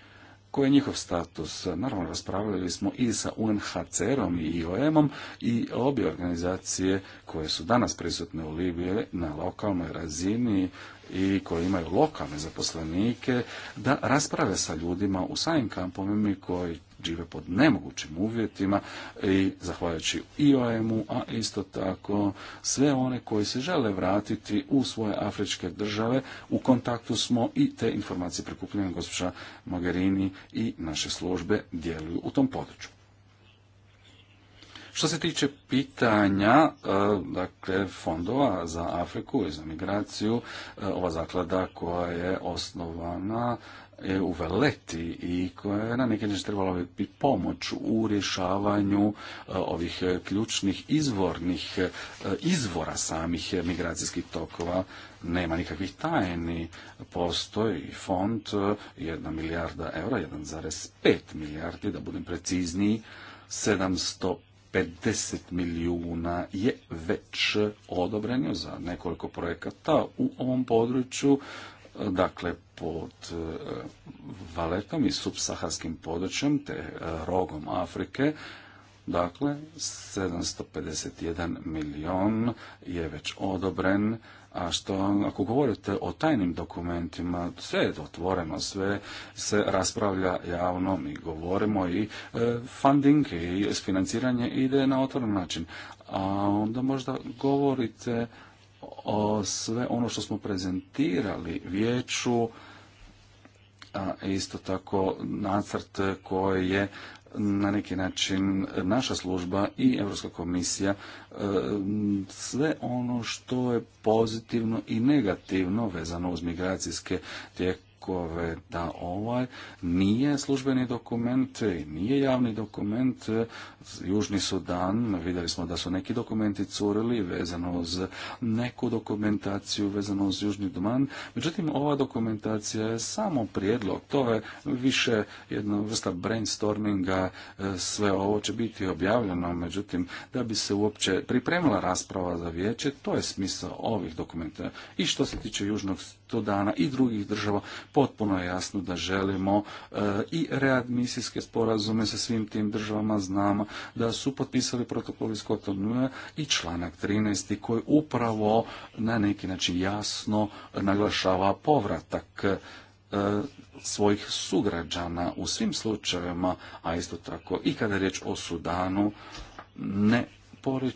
koji je njihov status. Naravno, raspravljali smo i sa UNHCR-om i IOM-om i obje organizacije koje su danas prisutne u Libiji na lokalnoj razini i koje imaju lokalne zaposlenike, da rasprave sa ljudima u samim kampovima koji žive pod nemogućim uvjetima i zahvaljujući IOM-u, a isto tako sve one koji se žele vratiti u svoje afričke države, u kontaktu smo i te informacije prikupljene gospođa Mogherini i naše službe djeluju u tom području. Što se tiče pitanja e, dakle, fondova za Afriku i za migraciju, e, ova zaklada koja je osnovana u veleti i koja je na neki način trebala bi pomoć u rješavanju e, ovih e, ključnih izvornih e, izvora samih migracijskih tokova. Nema nikakvih tajni. Postoji fond jedna milijarda eura, 1,5 milijardi, da budem precizniji, 750 50 milijuna je već odobreno za nekoliko projekata u ovom području dakle pod e, Valetom i subsaharskim područjem te e, rogom Afrike, dakle 751 milion je već odobren, a što ako govorite o tajnim dokumentima, sve je otvoreno, sve se raspravlja javno, mi govorimo i e, funding i financiranje ide na otvoren način. A onda možda govorite o sve ono što smo prezentirali vijeću, a isto tako nacrt koji je na neki način naša služba i Europska komisija e, sve ono što je pozitivno i negativno vezano uz migracijske tijekove da ovaj nije službeni dokument nije javni dokument. Južni Sudan, vidjeli smo da su neki dokumenti curili vezano uz neku dokumentaciju, vezano uz Južni Duman. Međutim, ova dokumentacija je samo prijedlog. To je više jedna vrsta brainstorminga. E, sve ovo će biti objavljeno, međutim, da bi se uopće pripremila rasprava za vijeće, to je smisao ovih dokumenta. I što se tiče Južnog Sudana i drugih država, potpuno je jasno da želimo e, i readmisijske sporazume sa svim tim državama znamo da su potpisali protokol iz Kotonuja i članak 13. koji upravo na neki način jasno naglašava povratak e, svojih sugrađana u svim slučajevima, a isto tako i kada je riječ o Sudanu, ne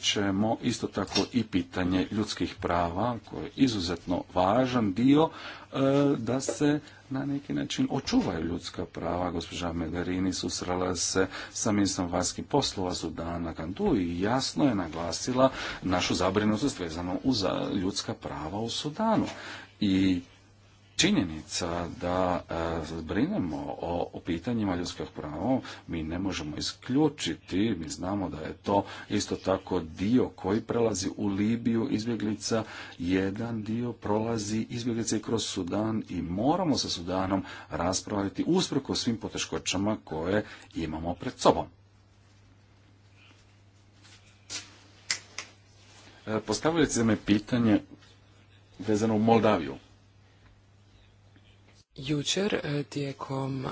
ćemo isto tako i pitanje ljudskih prava koje je izuzetno važan dio e, da se na neki način očuvaju ljudska prava. Gospođa Megarini susrela se sa ministrom vanjskih poslova Sudana Gandu i jasno je naglasila našu zabrinutost vezano uz ljudska prava u Sudanu. I činjenica da e, brinemo o, o pitanjima ljudskih prava, mi ne možemo isključiti, mi znamo da je to isto tako dio koji prelazi u Libiju izbjeglica, jedan dio prolazi izbjeglice kroz Sudan i moramo sa Sudanom raspraviti usprkos svim poteškoćama koje imamo pred sobom. E, postavili ste me pitanje vezano u Moldaviju. Jučer e, tijekom e,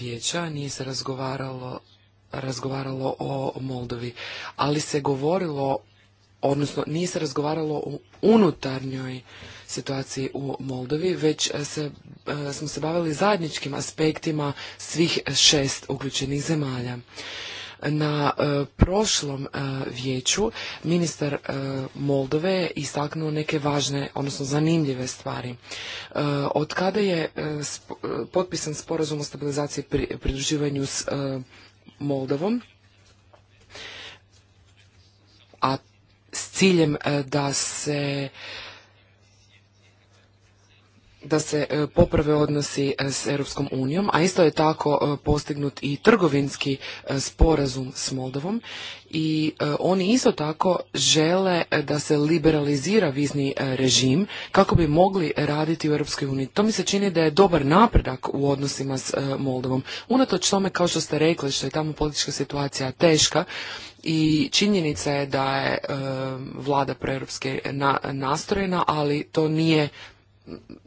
vijeća nije se razgovaralo, razgovaralo o Moldovi, ali se govorilo, odnosno nije se razgovaralo o unutarnjoj situaciji u Moldovi, već se, e, smo se bavili zajedničkim aspektima svih šest uključenih zemalja. Na e, prošlom e, vijeću ministar e, Moldove je istaknuo neke važne, odnosno zanimljive stvari. Od kada je potpisan sporazum o stabilizaciji i pridruživanju s Moldovom, a s ciljem da se da se e, poprave odnosi e, s Europskom unijom, a isto je tako e, postignut i trgovinski sporazum s Moldovom i oni isto tako žele da se liberalizira vizni režim kako bi mogli raditi u Europskoj uniji. To mi se čini da je dobar napredak u odnosima s Moldovom. Unatoč tome, kao što ste rekli, što je tamo politička situacija teška, i činjenica je da je vlada proeuropske europske nastrojena, ali to nije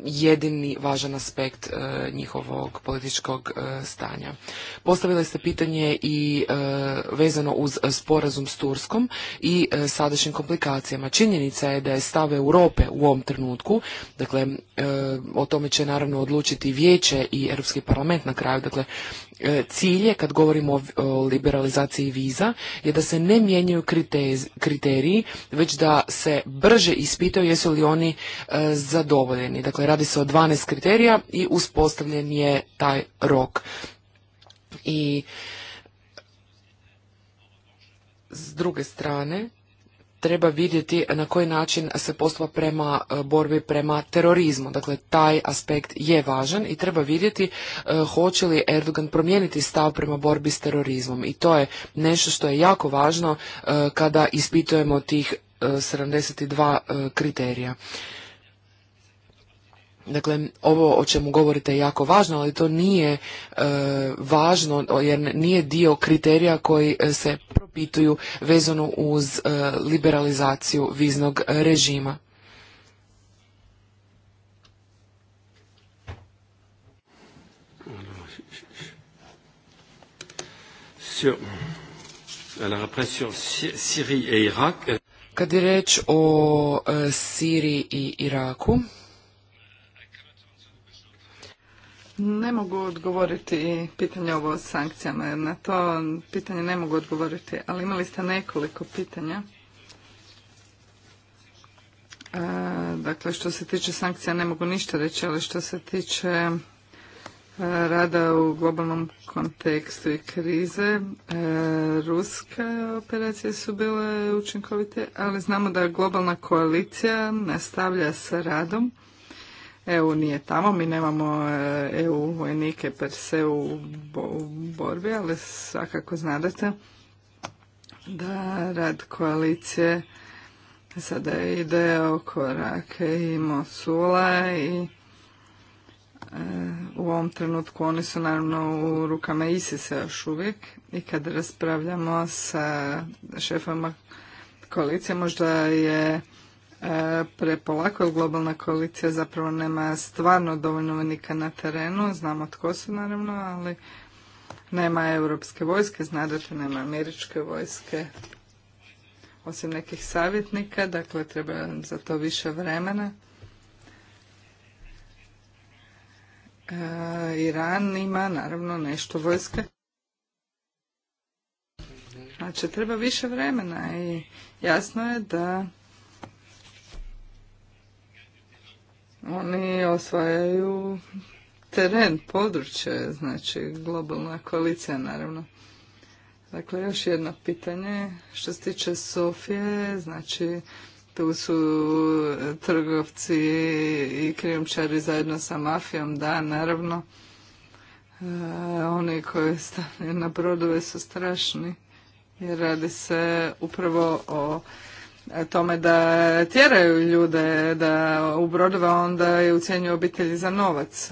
jedini važan aspekt e, njihovog političkog e, stanja. Postavili ste pitanje i e, vezano uz sporazum s Turskom i sadašnjim komplikacijama. Činjenica je da je stav Europe u ovom trenutku, dakle o tome će naravno odlučiti vijeće i Europski parlament na kraju, dakle E, cilj je, kad govorimo o liberalizaciji viza, je da se ne mijenjaju kriteriji, već da se brže ispitaju jesu li oni e, zadovoljeni. Dakle, radi se o 12 kriterija i uspostavljen je taj rok. I s druge strane, treba vidjeti na koji način se postupa prema e, borbi prema terorizmu. Dakle, taj aspekt je važan i treba vidjeti e, hoće li Erdogan promijeniti stav prema borbi s terorizmom. I to je nešto što je jako važno e, kada ispitujemo tih 72 kriterija. Dakle, ovo o čemu govorite je jako važno, ali to nije e, važno jer nije dio kriterija koji e, se propituju vezano uz e, liberalizaciju viznog režima. Euh, Kad je reč o Siriji i Iraku, Ne mogu odgovoriti pitanje ovo o sankcijama, jer na to pitanje ne mogu odgovoriti, ali imali ste nekoliko pitanja. E, dakle, što se tiče sankcija ne mogu ništa reći, ali što se tiče e, rada u globalnom kontekstu i krize, e, ruske operacije su bile učinkovite, ali znamo da globalna koalicija nastavlja sa radom EU nije tamo, mi nemamo e, EU vojnike per se u, borbi, ali svakako znate da rad koalicije sada ide oko Rake i Mosula i e, u ovom trenutku oni su naravno u rukama Isisa još uvijek i kad raspravljamo sa šefama koalicije možda je E, prepolako jer globalna koalicija zapravo nema stvarno dovoljno vojnika na terenu, znamo tko su naravno, ali nema europske vojske, znate, nema američke vojske, osim nekih savjetnika, dakle treba za to više vremena. E, Iran ima naravno nešto vojske. Znači, treba više vremena i jasno je da Oni osvajaju teren, područje, znači globalna koalicija naravno. Dakle, još jedno pitanje što se tiče Sofije, znači tu su e, trgovci i krijumčari zajedno sa mafijom, da, naravno. E, oni koji stavljaju na brodove su strašni jer radi se upravo o tome da tjeraju ljude da u brodove onda je ucijenju obitelji za novac.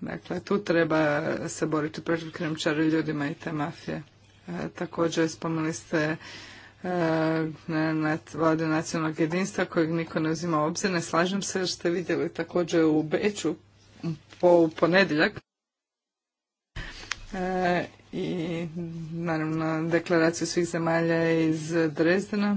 Dakle, tu treba se boriti protiv krimčara ljudima i te mafije. E, također spomenuli ste e, vlade nacionalnog jedinstva kojeg niko ne uzima u obzir. Ne slažem se jer ste vidjeli također u Beću po, u ponedjeljak e, i naravno deklaraciju svih zemalja iz Drezdena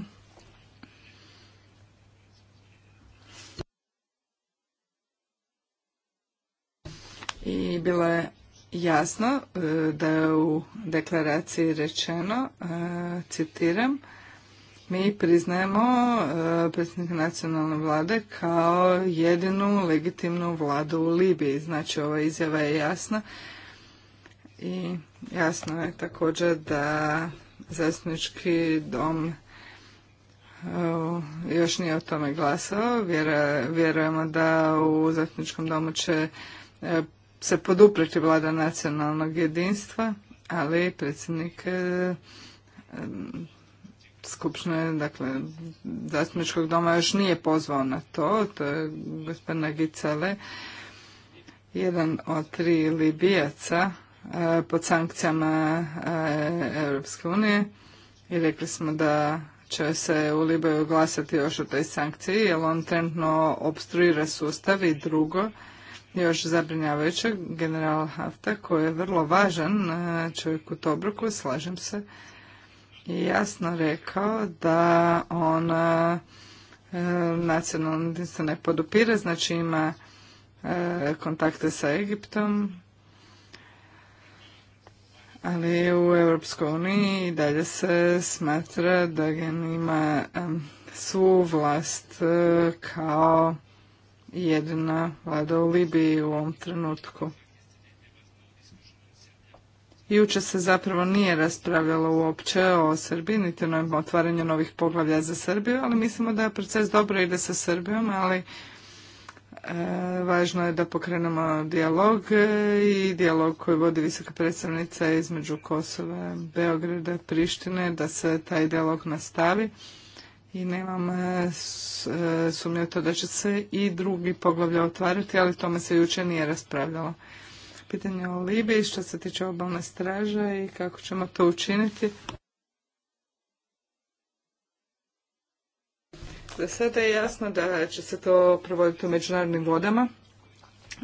i bilo je jasno e, da je u deklaraciji rečeno, e, citiram, mi priznajemo e, predsjednika nacionalne vlade kao jedinu legitimnu vladu u Libiji. Znači ova izjava je jasna i jasno je također da zastupnički dom još nije o tome glasao. Vjerujemo da u zastupničkom domu će se podupreti vlada nacionalnog jedinstva, ali predsjednik e, e, skupštine, dakle, zastupničkog doma još nije pozvao na to, to je gospodina Gicele, jedan od tri Libijaca e, pod sankcijama Europske unije i rekli smo da će se u Libiju glasati još o toj sankciji, jer on trenutno obstruira sustav i drugo, još zabrinjavajućeg general Hafta koji je vrlo važan e, čovjek u Tobruku, slažem se, i jasno rekao da on e, nacionalno se ne podupire, znači ima e, kontakte sa Egiptom, ali u Europskoj uniji dalje se smatra da gen ima svu vlast kao jedina vlada u Libiji u ovom trenutku. Juče se zapravo nije raspravljalo uopće o Srbiji, niti o otvaranju novih poglavlja za Srbiju, ali mislimo da proces dobro ide sa Srbijom, ali e, važno je da pokrenemo dijalog i dijalog koji vodi visoka predstavnica između Kosova, Beograda, Prištine, da se taj dijalog nastavi i nemam e, e, sumnje to da će se i drugi poglavlja otvarati, ali tome se jučer nije raspravljalo. Pitanje o Libiji, što se tiče obalne straže i kako ćemo to učiniti. Za sada je jasno da će se to provoditi u međunarodnim vodama.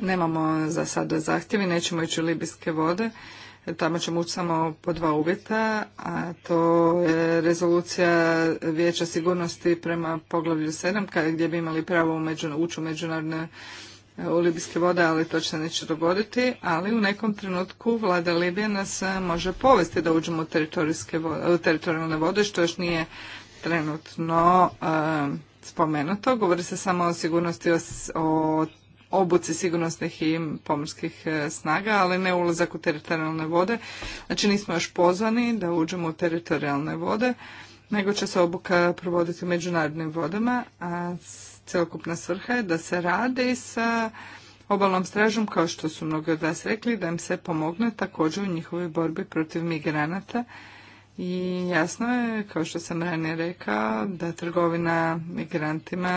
Nemamo za sada zahtjevi, nećemo ići u libijske vode Tamo ćemo ući samo po dva uvjeta, a to je rezolucija Vijeća sigurnosti prema poglavlju 7, gdje bi imali pravo ući u međunarodne u e, vode, ali to neće dogoditi, ali u nekom trenutku vlada Libije nas e, može povesti da uđemo u, teritorijalne vode, što još nije trenutno e, spomenuto. Govori se samo o sigurnosti o obuci sigurnosnih i pomorskih e, snaga, ali ne ulazak u teritorijalne vode. Znači nismo još pozvani da uđemo u teritorijalne vode, nego će se obuka provoditi u međunarodnim vodama, a celokupna svrha je da se radi sa obalnom stražom, kao što su mnogi od vas rekli, da im se pomogne također u njihovoj borbi protiv migranata i jasno je, kao što sam ranije rekao, da trgovina migrantima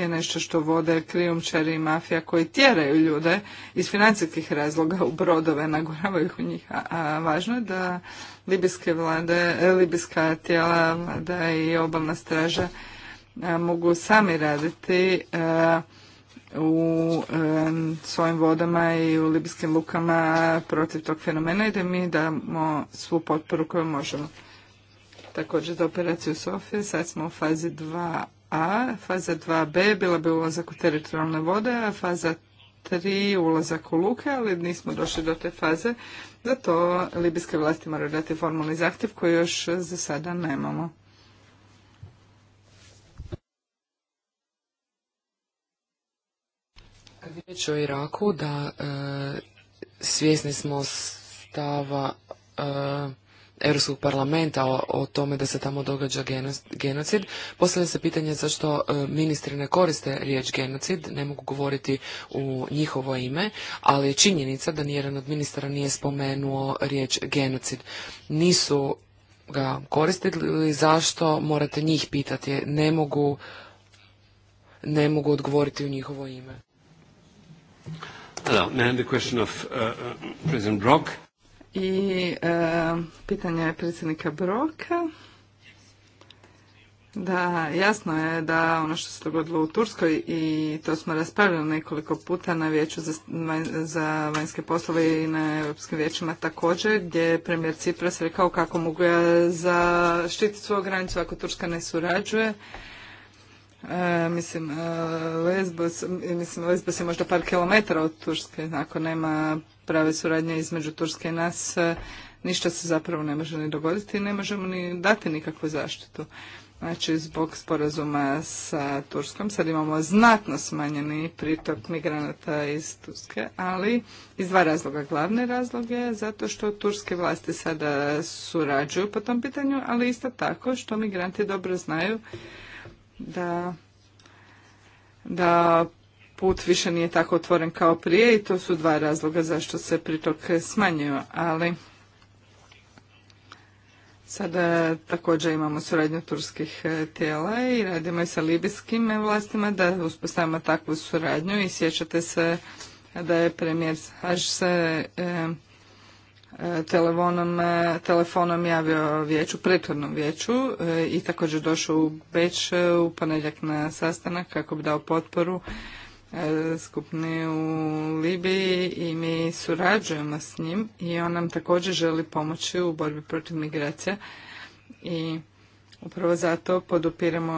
je nešto što vode krijumčari i mafija koji tjeraju ljude iz financijskih razloga u brodove, naguravaju ih u njih. A, važno je da libijske vlade, libijska tijela, vlada i obalna straža mogu sami raditi u e, svojim vodama i u libijskim lukama protiv tog fenomena i da mi damo svu potporu koju možemo također za operaciju Sofije. Sad smo u fazi 2a. Faza 2b bila bi ulazak u teritorijalne vode, a faza 3 ulazak u luke, ali nismo došli do te faze. Zato libijske vlasti moraju dati formalni zahtjev koji još za sada nemamo. o Iraku, da e, svjesni smo stava e, Europskog parlamenta o, tome da se tamo događa genocid. Postavlja se pitanje zašto e, ministri ne koriste riječ genocid, ne mogu govoriti u njihovo ime, ali je činjenica da nijedan od ministara nije spomenuo riječ genocid. Nisu ga koristili, zašto morate njih pitati, ne mogu, ne mogu odgovoriti u njihovo ime. Hello, the question of uh, uh, i e, pitanje predsjednika Broka. Da, jasno je da ono što se dogodilo u Turskoj i to smo raspravljali nekoliko puta na vijeću za, za vanjske poslove i na europskim vijećima također, gdje je premijer Cipras rekao kako mogu ja zaštititi svoju granicu ako Turska ne surađuje. E, mislim, e, Lesbos, mislim, Lesbos je možda par kilometara od Turske. Ako nema prave suradnje između Turske i nas, e, ništa se zapravo ne može ni dogoditi i ne možemo ni dati nikakvu zaštitu. Znači, zbog sporazuma sa Turskom sad imamo znatno smanjeni pritok migranata iz Turske, ali iz dva razloga. Glavni razlog je zato što turske vlasti sada surađuju po tom pitanju, ali isto tako što migranti dobro znaju da, da put više nije tako otvoren kao prije i to su dva razloga zašto se pritok smanjuju. ali sada također imamo suradnju turskih e, tijela i radimo i sa libijskim vlastima da uspostavimo takvu suradnju i sjećate se da je premijer hs se e, E, telefonom, javio vijeću, prethodnom vijeću e, i također došao u Beč e, u ponedjeljak na sastanak kako bi dao potporu skupni u Libiji i mi surađujemo s njim i on nam također želi pomoći u borbi protiv migracija i upravo zato podupiramo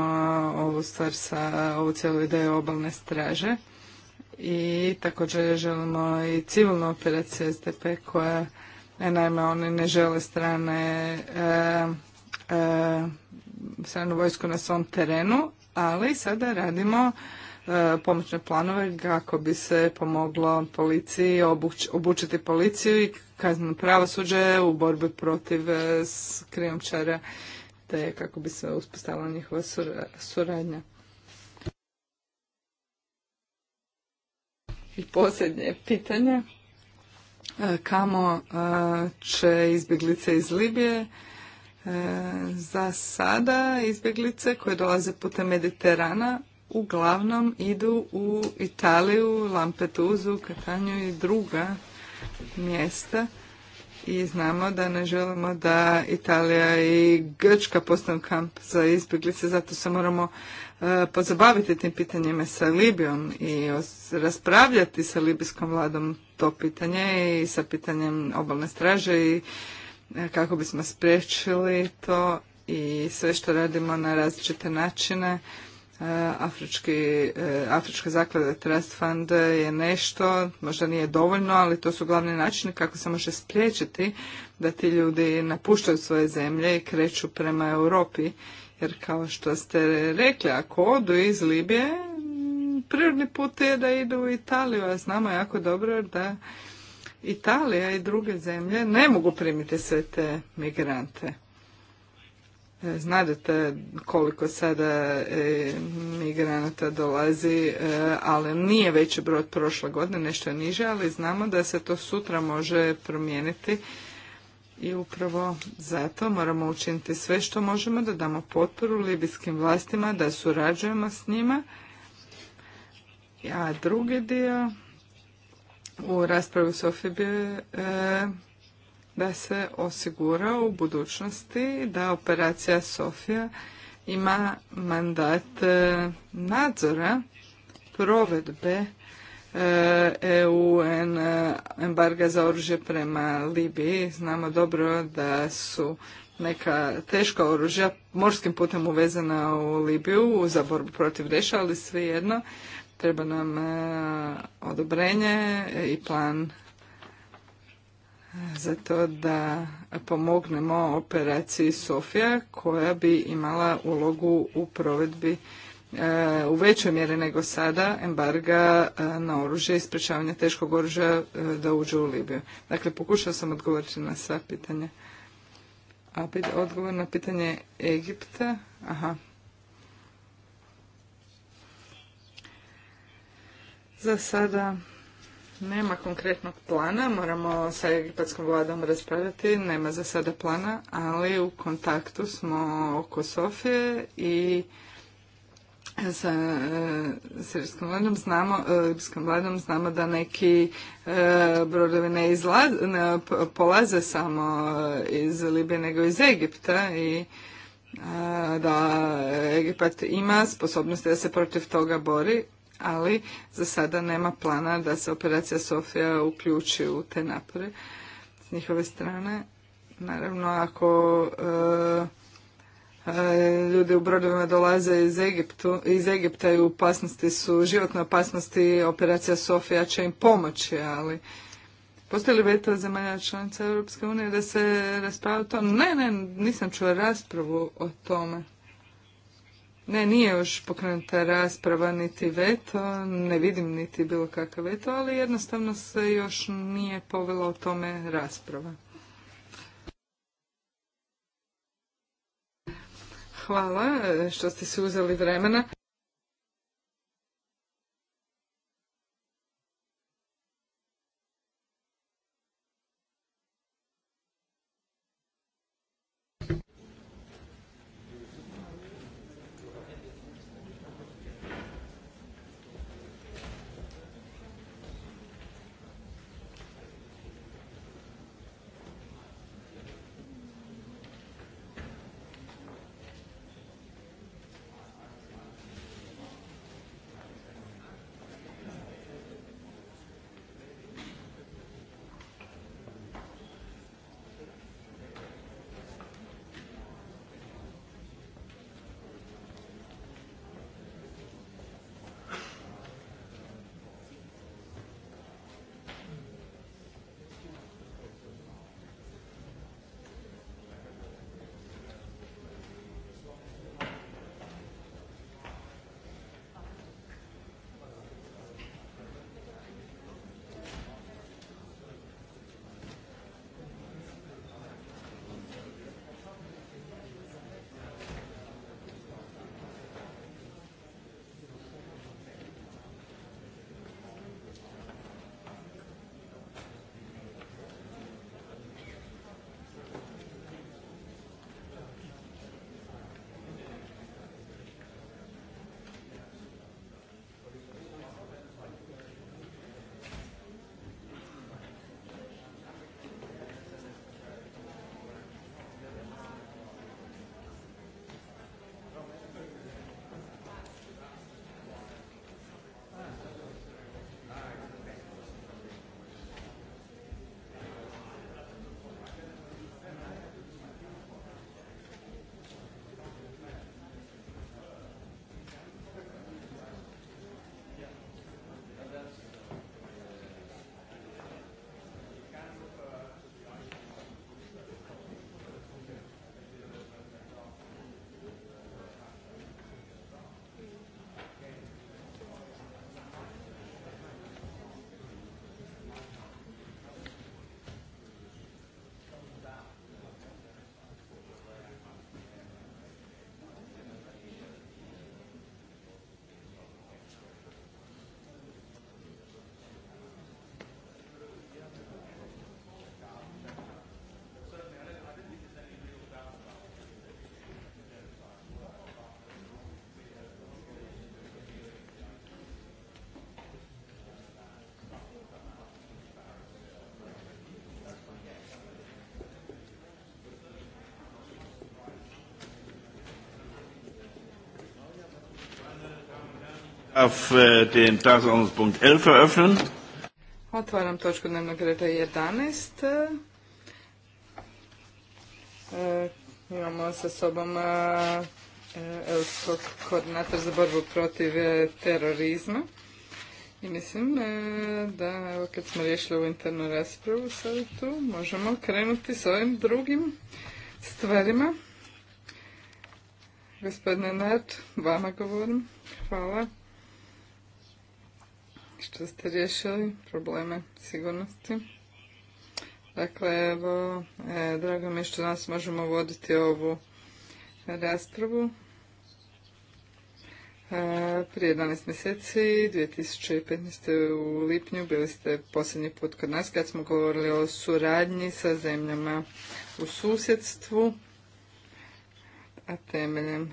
ovu stvar sa ovu cijelu ideju obalne straže i također želimo i civilnu operaciju SDP koja E, naime, oni ne žele strane, e, e, stranu vojsku na svom terenu, ali sada radimo pomoćne planove kako bi se pomoglo policiji obučiti policiju i kazneno pravosuđe u borbi protiv krijumčara te kako bi se uspostavila njihova suradnja. I posljednje pitanje. E, kamo e, će izbjeglice iz Libije. E, za sada izbjeglice koje dolaze putem Mediterana uglavnom idu u Italiju, lampetuzu Katanju i druga mjesta i znamo da ne želimo da Italija i Grčka postanu kamp za izbjeglice, zato se moramo pozabaviti tim pitanjima sa Libijom i raspravljati sa libijskom vladom to pitanje i sa pitanjem obalne straže i e, kako bismo spriječili to i sve što radimo na različite načine. E, Afrički, e, Afrička zaklada Trust Fund je nešto, možda nije dovoljno, ali to su glavni načini kako se može spriječiti da ti ljudi napuštaju svoje zemlje i kreću prema Europi jer kao što ste rekli, ako odu iz Libije, prirodni put je da idu u Italiju, a znamo jako dobro da Italija i druge zemlje ne mogu primiti sve te migrante. E, znate koliko sada e, migranata dolazi, e, ali nije veći brod prošle godine, nešto je niže, ali znamo da se to sutra može promijeniti i upravo zato moramo učiniti sve što možemo da damo potporu libijskim vlastima, da surađujemo s njima. A drugi dio u raspravi Sofi bi e, da se osigura u budućnosti da operacija Sofija ima mandat e, nadzora provedbe E, EU e, embarga za oružje prema Libiji. Znamo dobro da su neka teška oružja morskim putem uvezana u Libiju za borbu protiv Reša, ali svejedno treba nam e, odobrenje i plan za to da pomognemo operaciji Sofija koja bi imala ulogu u provedbi E, u većoj mjeri nego sada embarga e, na oružje i sprečavanje teškog oružja e, da uđe u Libiju. Dakle, pokušao sam odgovoriti na sva pitanja. A odgovor na pitanje Egipta? Aha. Za sada nema konkretnog plana, moramo sa egipatskom vladom raspravljati, nema za sada plana, ali u kontaktu smo oko Sofije i sa e, srpskom vladom znamo, e, srpskom vladom znamo da neki e, brodovi ne, polaze samo iz Libije nego iz Egipta i da Egipat ima sposobnosti da se protiv toga bori, ali za sada nema plana da se operacija Sofija uključi u te napore s njihove strane. Naravno, ako E, ljudi u brodovima dolaze iz, Egiptu, iz Egipta i u opasnosti su, životne opasnosti, operacija Sofija će im pomoći, ali postoji li veto zemalja članica Europske unije da se rasprava o tom? Ne, ne, nisam čula raspravu o tome. Ne, nije još pokrenuta rasprava niti veto, ne vidim niti bilo kakav veto, ali jednostavno se još nije povela o tome rasprava. hvala što ste se uzeli vremena. Äh, Otvaram točku dnevnog reda 11. Äh, imamo sa sobom äh, Europskog koordinator za borbu protiv terorizma. I mislim da evo kad smo riješili ovu internu raspravu sad tu možemo krenuti s ovim drugim stvarima. Gospodine Nart, vama govorim. Hvala što ste riješili probleme sigurnosti. Dakle, evo, e, drago mi je što nas možemo voditi ovu raspravu. E, prije 11 mjeseci, 2015. u lipnju, bili ste posljednji put kod nas kad smo govorili o suradnji sa zemljama u susjedstvu, a temeljem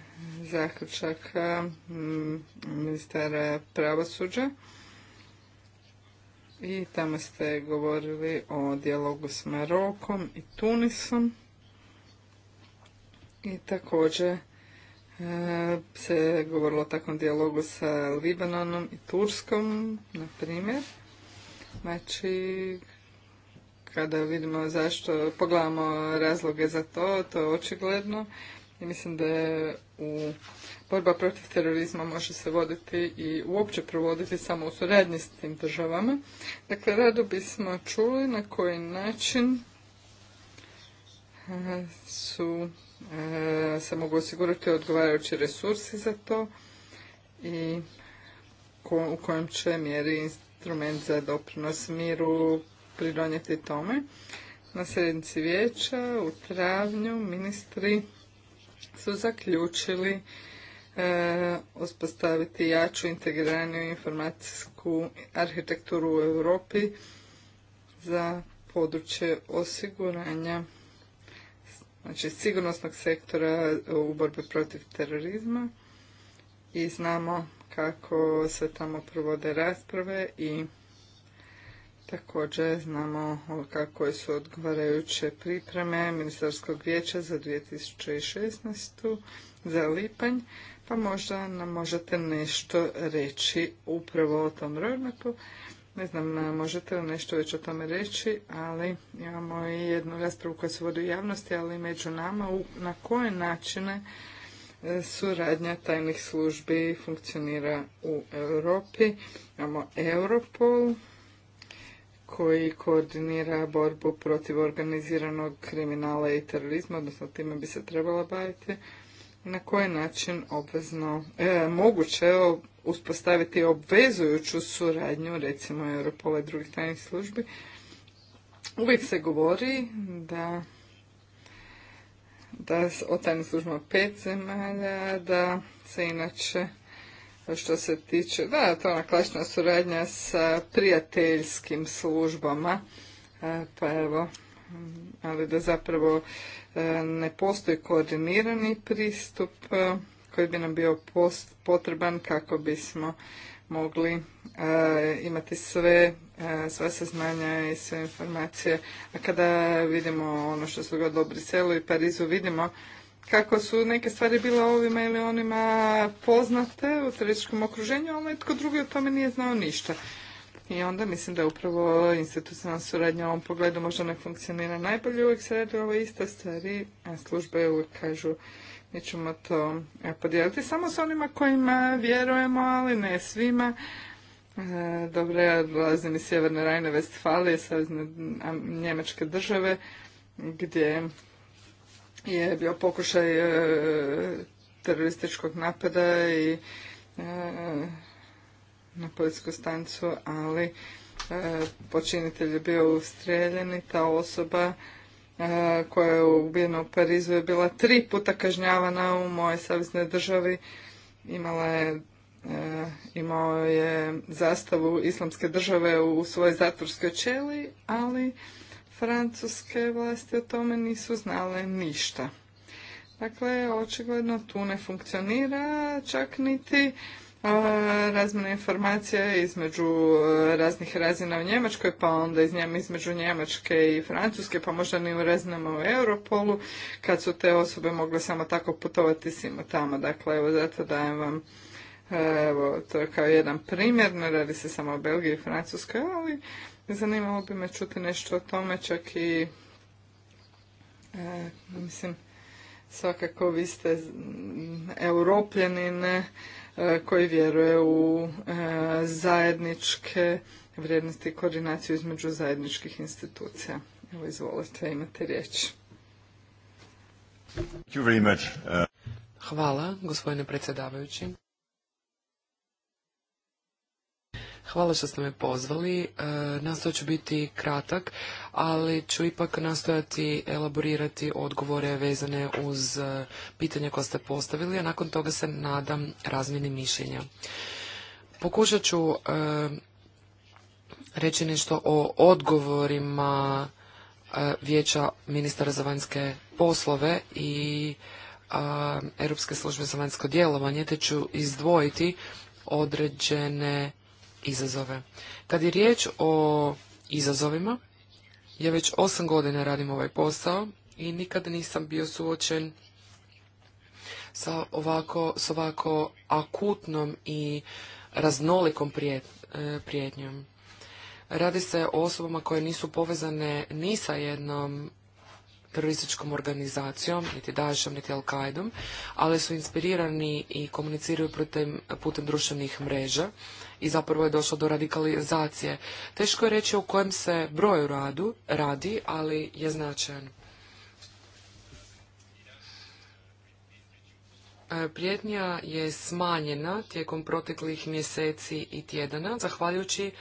zaključaka mm, ministara pravosuđa i tamo ste govorili o dijalogu s Marokom i Tunisom i također e, se govorilo o takvom dijalogu sa Libanonom i Turskom, na primjer. Znači, kada vidimo zašto, pogledamo razloge za to, to je očigledno i mislim da je u borba protiv terorizma može se voditi i uopće provoditi samo u suradnji s tim državama. Dakle, rado bismo čuli na koji način eh, su eh, se mogu osigurati odgovarajući resursi za to i u kojem će mjeri instrument za doprinos miru pridonijeti tome. Na sjednici vijeća u travnju ministri su zaključili e, uspostaviti jaču integriraniju informacijsku arhitekturu u Europi za područje osiguranja znači sigurnosnog sektora u borbi protiv terorizma i znamo kako se tamo provode rasprave i također znamo kako su odgovarajuće pripreme Ministarskog vijeća za 2016. za lipanj pa možda nam možete nešto reći upravo o tom roadmapu. Ne znam, možete li nešto već o tome reći, ali imamo i jednu raspravu koja se vodi u javnosti, ali i među nama, na koje načine e, suradnja tajnih službi funkcionira u Europi. Imamo Europol koji koordinira borbu protiv organiziranog kriminala i terorizma, odnosno time bi se trebala baviti na koji način obvezno e, moguće uspostaviti obvezujuću suradnju recimo Europola i drugih tajnih službi uvijek se govori da da o tajnim službama pet zemalja, da se inače što se tiče, da, to je ona klasična suradnja sa prijateljskim službama, e, pa evo, ali da zapravo E, ne postoji koordinirani pristup e, koji bi nam bio potreban kako bismo mogli e, imati sve, sva saznanja i sve informacije. A kada vidimo ono što se dogodilo u Briselu i Parizu, vidimo kako su neke stvari bile ovima ili onima poznate u turističkom okruženju, ali netko drugi o tome nije znao ništa. I onda mislim da upravo institucionalna suradnja u ovom pogledu možda ne funkcionira najbolje, uvijek se radi ove ista stvari, a službe uvijek kažu mi ćemo to e, podijeliti samo s onima kojima vjerujemo, ali ne svima. E, dobro, ja dolazim iz Sjeverne Rajne, Vestfalije, savjezne Njemačke države, gdje je bio pokušaj e, terorističkog napada i na policijsku stanicu, ali e, počinitelj je bio ustrijeljen i ta osoba e, koja je ubijena u Parizu je bila tri puta kažnjavana u moje saveznoj državi. Imala je e, imao je zastavu islamske države u svojoj zatvorskoj čeli, ali francuske vlasti o tome nisu znale ništa. Dakle, očigledno tu ne funkcionira čak niti razmjena informacije između e, raznih razina u Njemačkoj, pa onda iz Njema, između Njemačke i Francuske, pa možda ni u razinama u Europolu, kad su te osobe mogle samo tako putovati simo tamo. Dakle, evo zato dajem vam e, Evo, to je kao jedan primjer, ne radi se samo o Belgiji i Francuskoj, ali zanimalo bi me čuti nešto o tome, čak i e, mislim, svakako vi ste ne koji vjeruje u e, zajedničke vrijednosti i koordinaciju između zajedničkih institucija. Evo izvolite, imate riječ. Hvala, gospodine predsjedavajući. Hvala što ste me pozvali. E, nastojat ću biti kratak, ali ću ipak nastojati elaborirati odgovore vezane uz e, pitanja koja ste postavili, a nakon toga se nadam razmjeni mišljenja. Pokušat ću e, reći nešto o odgovorima Vijeća ministara za vanjske poslove i Europske službe za vanjsko djelovanje, te ću izdvojiti određene izazove. Kad je riječ o izazovima, ja već osam godina radim ovaj posao i nikada nisam bio suočen sa ovako, s ovako akutnom i raznolikom e, prijetnjom. Radi se o osobama koje nisu povezane ni sa jednom terorističkom organizacijom, niti Dašom, niti al ali su inspirirani i komuniciraju putem društvenih mreža i zapravo je došlo do radikalizacije. Teško je reći o kojem se broju radu radi, ali je značajan. E, prijetnja je smanjena tijekom proteklih mjeseci i tjedana, zahvaljujući e,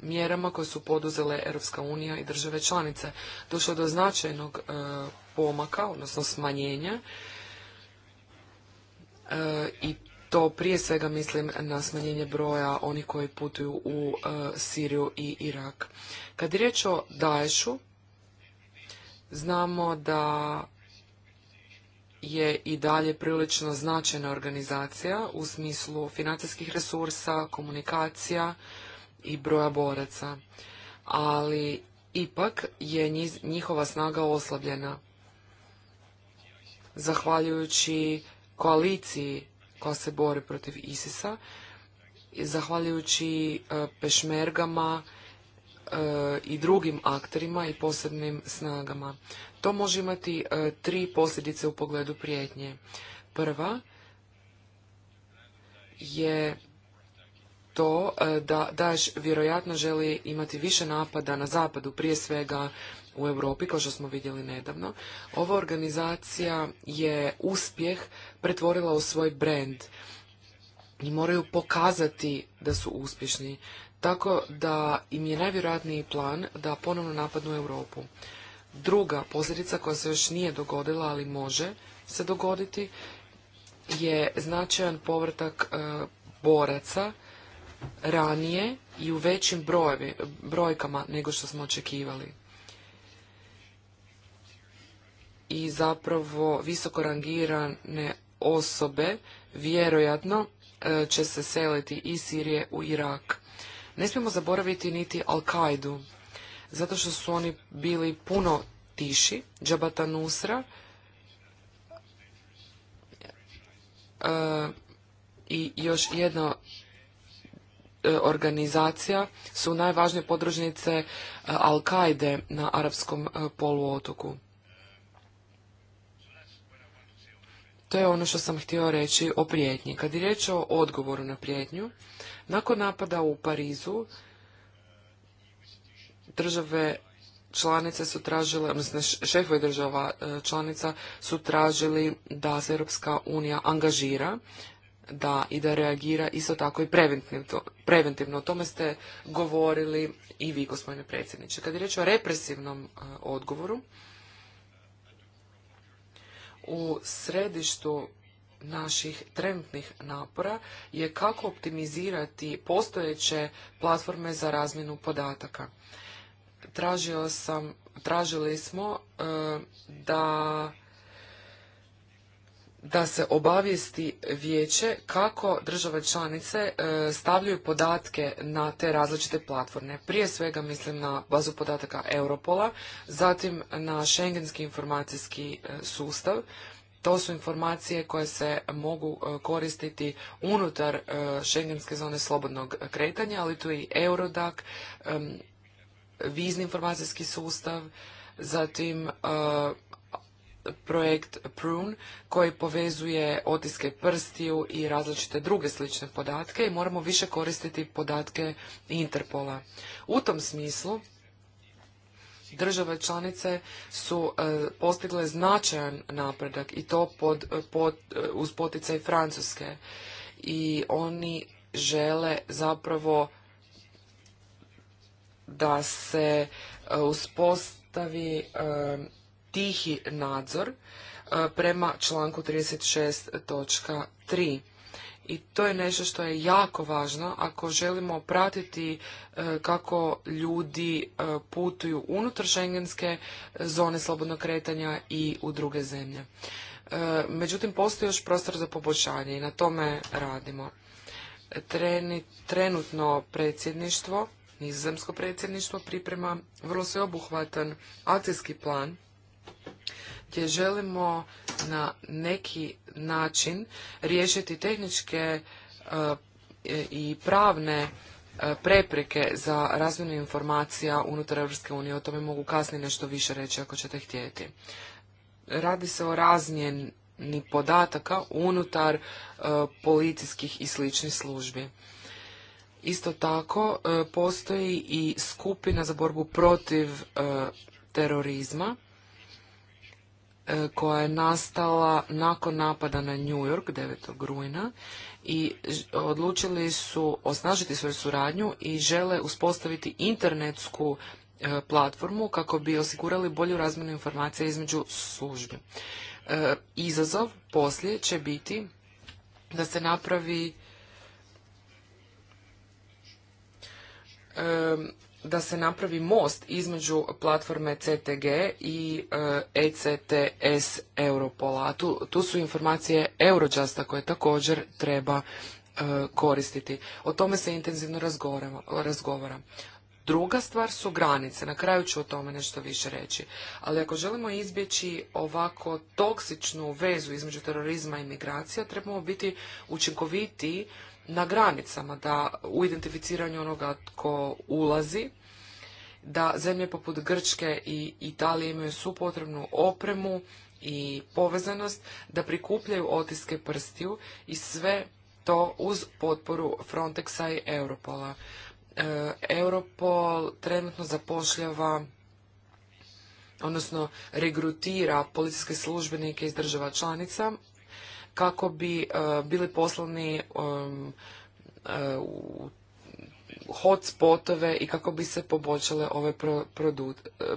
mjerama koje su poduzele Europska unija i države članice. Došlo do značajnog e, pomaka, odnosno smanjenja i to prije svega mislim na smanjenje broja onih koji putuju u e, Siriju i Irak. Kad je riječ o Daješu, znamo da je i dalje prilično značajna organizacija u smislu financijskih resursa, komunikacija i broja boraca. Ali ipak je njihova snaga oslabljena. Zahvaljujući koaliciji koja se bori protiv ISIS-a, zahvaljujući e, pešmergama e, i drugim akterima i posebnim snagama. To može imati e, tri posljedice u pogledu prijetnje. Prva je to da Daesh vjerojatno želi imati više napada na zapadu, prije svega u Europi, kao što smo vidjeli nedavno, ova organizacija je uspjeh pretvorila u svoj brand i moraju pokazati da su uspješni. Tako da im je najvjerojatniji plan da ponovno napadnu Europu. Druga posljedica koja se još nije dogodila, ali može se dogoditi, je značajan povrtak e, boraca ranije i u većim brojkama nego što smo očekivali i zapravo visoko rangirane osobe vjerojatno e, će se seliti iz Sirije u Irak. Ne smijemo zaboraviti niti Al-Kaidu, zato što su oni bili puno tiši, Džabata Nusra e, i još jedna e, organizacija su najvažnije podružnice Al-Kaide na arapskom poluotoku. To je ono što sam htio reći o prijetnji. Kad je riječ o odgovoru na prijetnju, nakon napada u Parizu, države članice su tražile, odnosno šefovi država e, članica su tražili da se Europska unija angažira da i da reagira isto tako i preventivno. preventivno. O tome ste govorili i vi, gospodine predsjedniče. Kad je riječ o represivnom e, odgovoru, u središtu naših trenutnih napora je kako optimizirati postojeće platforme za razmjenu podataka. Tražio sam, tražili smo e, da da se obavijesti vijeće kako države članice e, stavljaju podatke na te različite platforme. Prije svega mislim na bazu podataka Europola, zatim na Schengenski informacijski e, sustav. To su informacije koje se mogu e, koristiti unutar Schengenske zone slobodnog kretanja, ali tu je i Eurodac, vizni informacijski sustav, zatim projekt Prune koji povezuje otiske prstiju i različite druge slične podatke i moramo više koristiti podatke Interpola. U tom smislu države članice su e, postigle značajan napredak i to pod, pod, e, uz poticaj Francuske i oni žele zapravo da se e, uspostavi tihi nadzor e, prema članku 36.3 i to je nešto što je jako važno ako želimo pratiti e, kako ljudi e, putuju unutar šengenske zone slobodnog kretanja i u druge zemlje. Međutim, postoji još prostor za poboljšanje i na tome radimo. Trenutno predsjedništvo, nizozemsko predsjedništvo, priprema vrlo sveobuhvatan akcijski plan gdje želimo na neki način riješiti tehničke e, i pravne e, prepreke za razmjenu informacija unutar Europske unije. O tome mogu kasnije nešto više reći ako ćete htjeti. Radi se o razmjeni podataka unutar e, policijskih i sličnih službi. Isto tako postoji i skupina za borbu protiv terorizma E, koja je nastala nakon napada na New York 9. rujna i odlučili su osnažiti svoju suradnju i žele uspostaviti internetsku e, platformu kako bi osigurali bolju razmjenu informacija između službi. E, izazov poslije će biti da se napravi da se napravi most između platforme CTG i ECTS e Europola. Tu, su informacije Eurojusta koje također treba e, koristiti. O tome se intenzivno razgovara. Druga stvar su granice. Na kraju ću o tome nešto više reći. Ali ako želimo izbjeći ovako toksičnu vezu između terorizma i migracija, trebamo biti učinkovitiji na granicama, da u identificiranju onoga tko ulazi, da zemlje poput Grčke i Italije imaju su potrebnu opremu i povezanost, da prikupljaju otiske prstiju i sve to uz potporu Frontexa i Europola. E, Europol trenutno zapošljava odnosno regrutira policijske službenike iz država članica kako bi e, bili poslani e, u hot spotove i kako bi se poboljšale ove e,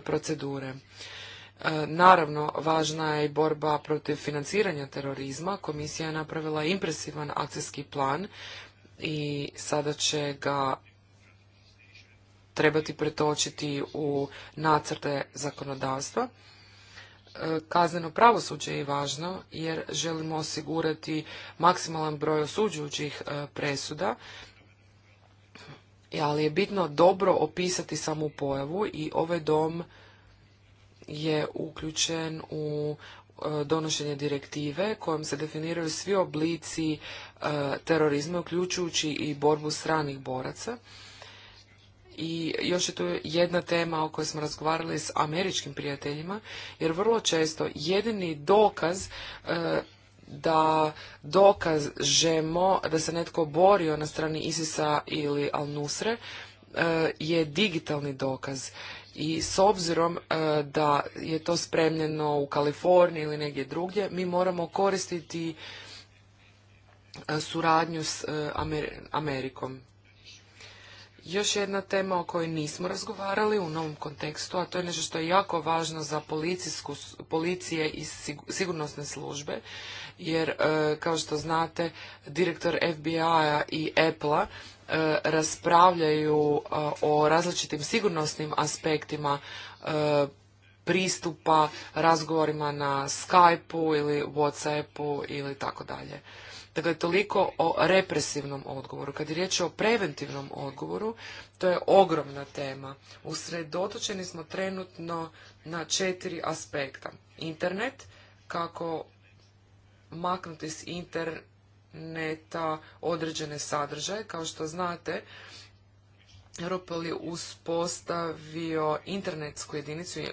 procedure. Naravno, važna je i borba protiv financiranja terorizma. Komisija je napravila impresivan akcijski plan i sada će ga trebati pretočiti u nacrte zakonodavstva kazneno pravosuđe je važno jer želimo osigurati maksimalan broj osuđujućih e, presuda, ali je bitno dobro opisati samu pojavu i ovaj dom je uključen u e, donošenje direktive kojom se definiraju svi oblici e, terorizma, uključujući i borbu stranih boraca i još je tu jedna tema o kojoj smo razgovarali s američkim prijateljima, jer vrlo često jedini dokaz e, da dokažemo da se netko borio na strani ISIS-a ili Al-Nusre e, je digitalni dokaz. I s obzirom e, da je to spremljeno u Kaliforniji ili negdje drugdje, mi moramo koristiti suradnju s Amerikom. Još jedna tema o kojoj nismo razgovarali u novom kontekstu, a to je nešto što je jako važno za policijsku, policije i sigurnosne službe, jer e, kao što znate, direktor FBI-a i Apple-a e, raspravljaju e, o različitim sigurnosnim aspektima pristupa razgovorima na Skype-u ili WhatsApp-u ili tako dalje. Dakle, toliko o represivnom odgovoru. Kad je riječ o preventivnom odgovoru, to je ogromna tema. Usredotočeni smo trenutno na četiri aspekta. Internet, kako maknuti s interneta određene sadržaje. Kao što znate, Europol je uspostavio internetsku jedinicu e,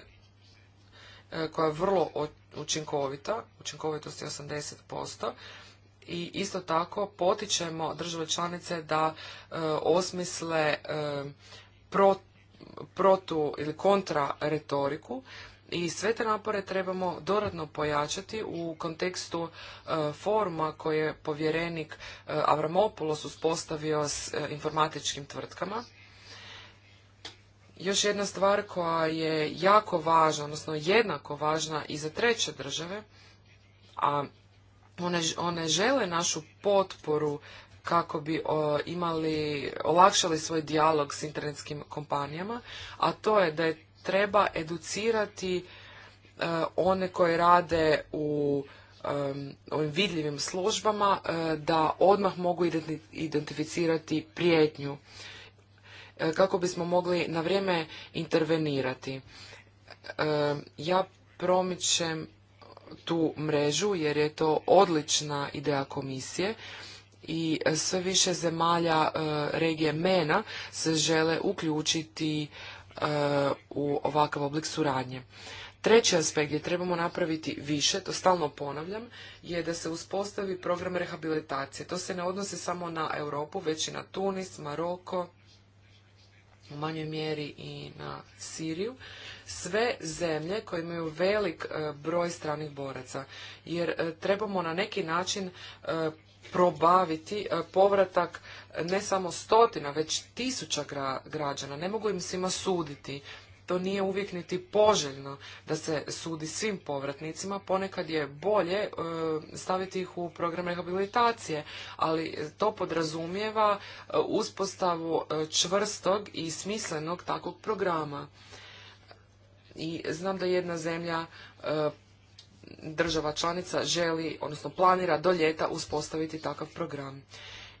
koja je vrlo učinkovita, učinkovitost je 80%, i isto tako potičemo države članice da e, osmisle e, protu ili kontra retoriku i sve te napore trebamo doradno pojačati u kontekstu forma e, foruma koje je povjerenik Avramopoulos uspostavio s informatičkim tvrtkama. Još jedna stvar koja je jako važna, odnosno jednako važna i za treće države, a one, žele našu potporu kako bi imali, olakšali svoj dijalog s internetskim kompanijama, a to je da je treba educirati e, one koje rade u e, ovim vidljivim službama e, da odmah mogu identificirati prijetnju kako bismo mogli na vrijeme intervenirati. Ja promičem tu mrežu jer je to odlična ideja komisije i sve više zemalja e, regije MENA se žele uključiti e, u ovakav oblik suradnje. Treći aspekt gdje trebamo napraviti više, to stalno ponavljam, je da se uspostavi program rehabilitacije. To se ne odnosi samo na Europu, već i na Tunis, Maroko, u manjoj mjeri i na Siriju, sve zemlje koje imaju velik e, broj stranih boraca, jer e, trebamo na neki način e, probaviti povratak ne samo stotina, već tisuća građana. Ne mogu im svima suditi, to nije uvijek niti poželjno da se sudi svim povratnicima. Ponekad je bolje e, staviti ih u program rehabilitacije, ali to podrazumijeva e, uspostavu e, čvrstog i smislenog takvog programa. I znam da jedna zemlja država članica želi, odnosno planira do ljeta uspostaviti takav program.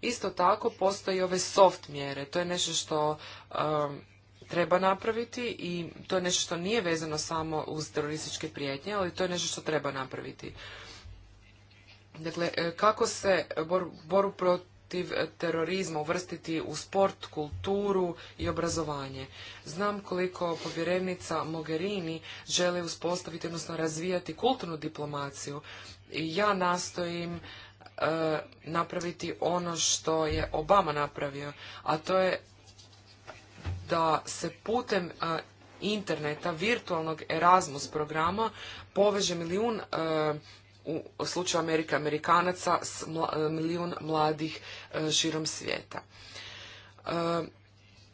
Isto tako postoji ove soft mjere, to je nešto što treba napraviti i to je nešto što nije vezano samo uz terorističke prijetnje, ali to je nešto što treba napraviti. Dakle, e, kako se boru protiv terorizma uvrstiti u sport, kulturu i obrazovanje? Znam koliko povjerenica Mogherini želi uspostaviti, odnosno razvijati kulturnu diplomaciju. Ja nastojim e, napraviti ono što je Obama napravio, a to je da se putem interneta, virtualnog Erasmus programa poveže milijun u slučaju Amerika Amerikanaca s milijun mladih širom svijeta.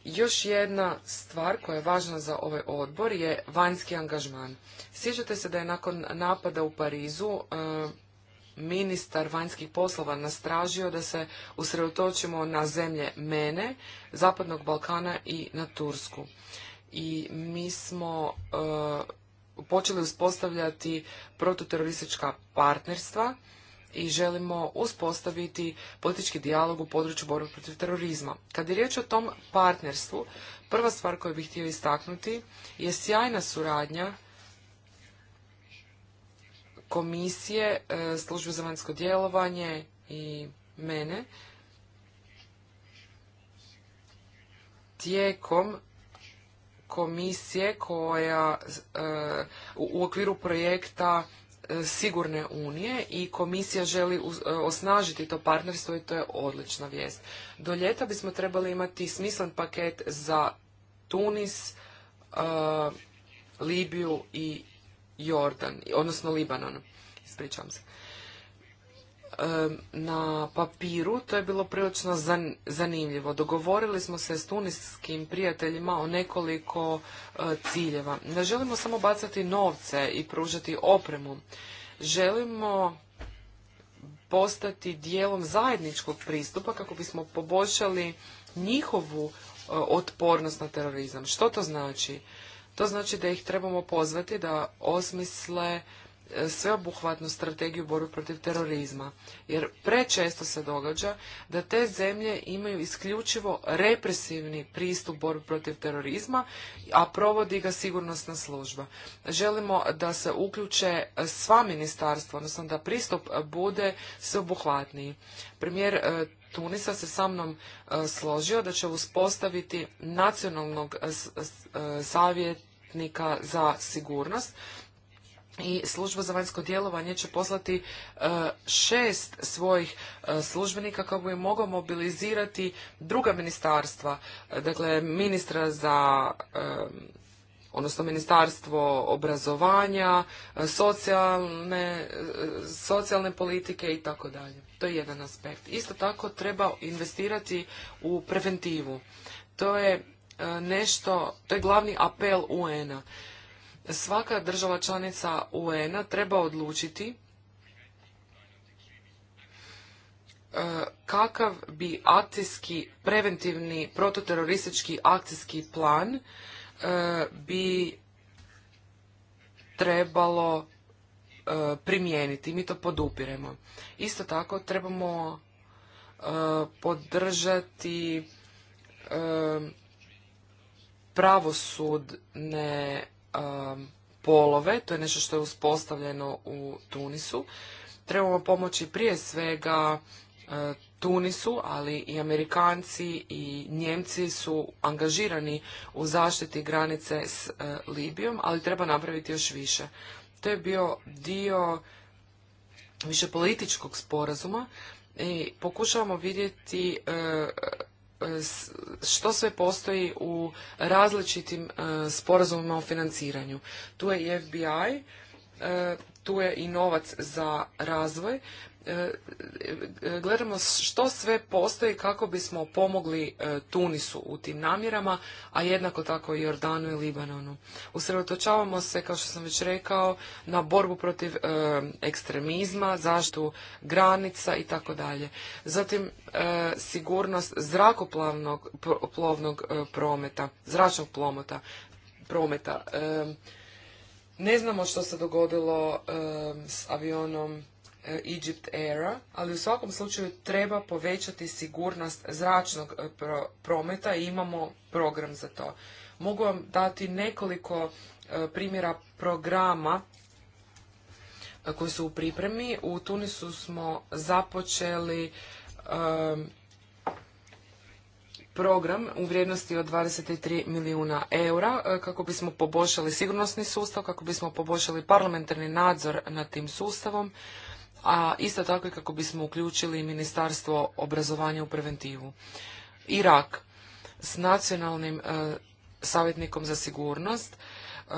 Još jedna stvar koja je važna za ovaj odbor je vanjski angažman. Sjećate se da je nakon napada u Parizu ministar vanjskih poslova nastražio da se usredotočimo na zemlje Mene, Zapadnog Balkana i na Tursku. I mi smo e, počeli uspostavljati prototeroristička partnerstva i želimo uspostaviti politički dijalog u području borbe protiv terorizma. Kad je riječ o tom partnerstvu, prva stvar koju bih htio istaknuti je sjajna suradnja komisije, e, službe za vanjsko djelovanje i mene tijekom komisije koja e, u okviru projekta e, sigurne unije i komisija želi osnažiti to partnerstvo i to je odlična vijest. Do ljeta bismo trebali imati smislen paket za Tunis, Libiju i Jordan, odnosno Libanon, ispričavam se. Na papiru to je bilo prilično zanimljivo. Dogovorili smo se s tuniskim prijateljima o nekoliko e, ciljeva. Ne želimo samo bacati novce i pružati opremu. Želimo postati dijelom zajedničkog pristupa kako bismo poboljšali njihovu e, otpornost na terorizam. Što to znači? To znači da ih trebamo pozvati da osmisle e, sveobuhvatnu strategiju borbe protiv terorizma. Jer prečesto se događa da te zemlje imaju isključivo represivni pristup borbi protiv terorizma, a provodi ga sigurnosna služba. Želimo da se uključe sva ministarstva, odnosno da pristup bude sveobuhvatniji. Primjer e, Tunisa se sa mnom e, složio da će uspostaviti nacionalnog e, e, savjetnika za sigurnost i služba za vanjsko djelovanje će poslati šest svojih službenika kako bi mogao mobilizirati druga ministarstva, dakle ministra za odnosno ministarstvo obrazovanja, socijalne, socijalne politike i tako dalje. To je jedan aspekt. Isto tako treba investirati u preventivu. To je e, nešto, to je glavni apel UN-a. Svaka država članica UN-a treba odlučiti e, kakav bi akcijski, preventivni prototeroristički akcijski plan e, bi trebalo E, primijeniti. Mi to podupiremo. Isto tako trebamo e, podržati e, pravosudne polove, to je nešto što je uspostavljeno u Tunisu. Trebamo pomoći prije svega Tunisu, ali i Amerikanci i Njemci su angažirani u zaštiti granice s Libijom, ali treba napraviti još više. To je bio dio više političkog sporazuma i pokušavamo vidjeti e, e, što sve postoji u različitim e, sporazumima o financiranju. Tu je i FBI, tu je i novac za razvoj, E, gledamo što sve postoji kako bismo pomogli e, Tunisu u tim namjerama, a jednako tako i Jordanu i Libanonu. Usredotočavamo se, kao što sam već rekao, na borbu protiv e, ekstremizma, zaštitu granica i tako dalje. Zatim sigurnost zrakoplovnog plovnog prometa, zračnog plomota, prometa. Ne znamo što se dogodilo s avionom E, Egypt era ali u svakom slučaju treba povećati sigurnost zračnog e, prometa i imamo program za to. Mogu vam dati nekoliko e, primjera programa koji su u pripremi. U Tunisu smo započeli program u vrijednosti od 23 milijuna eura kako bismo poboljšali sigurnosni sustav, kako bismo poboljšali parlamentarni nadzor nad tim sustavom, a isto tako i kako bismo uključili Ministarstvo obrazovanja u preventivu. Irak s nacionalnim e, savjetnikom za sigurnost e,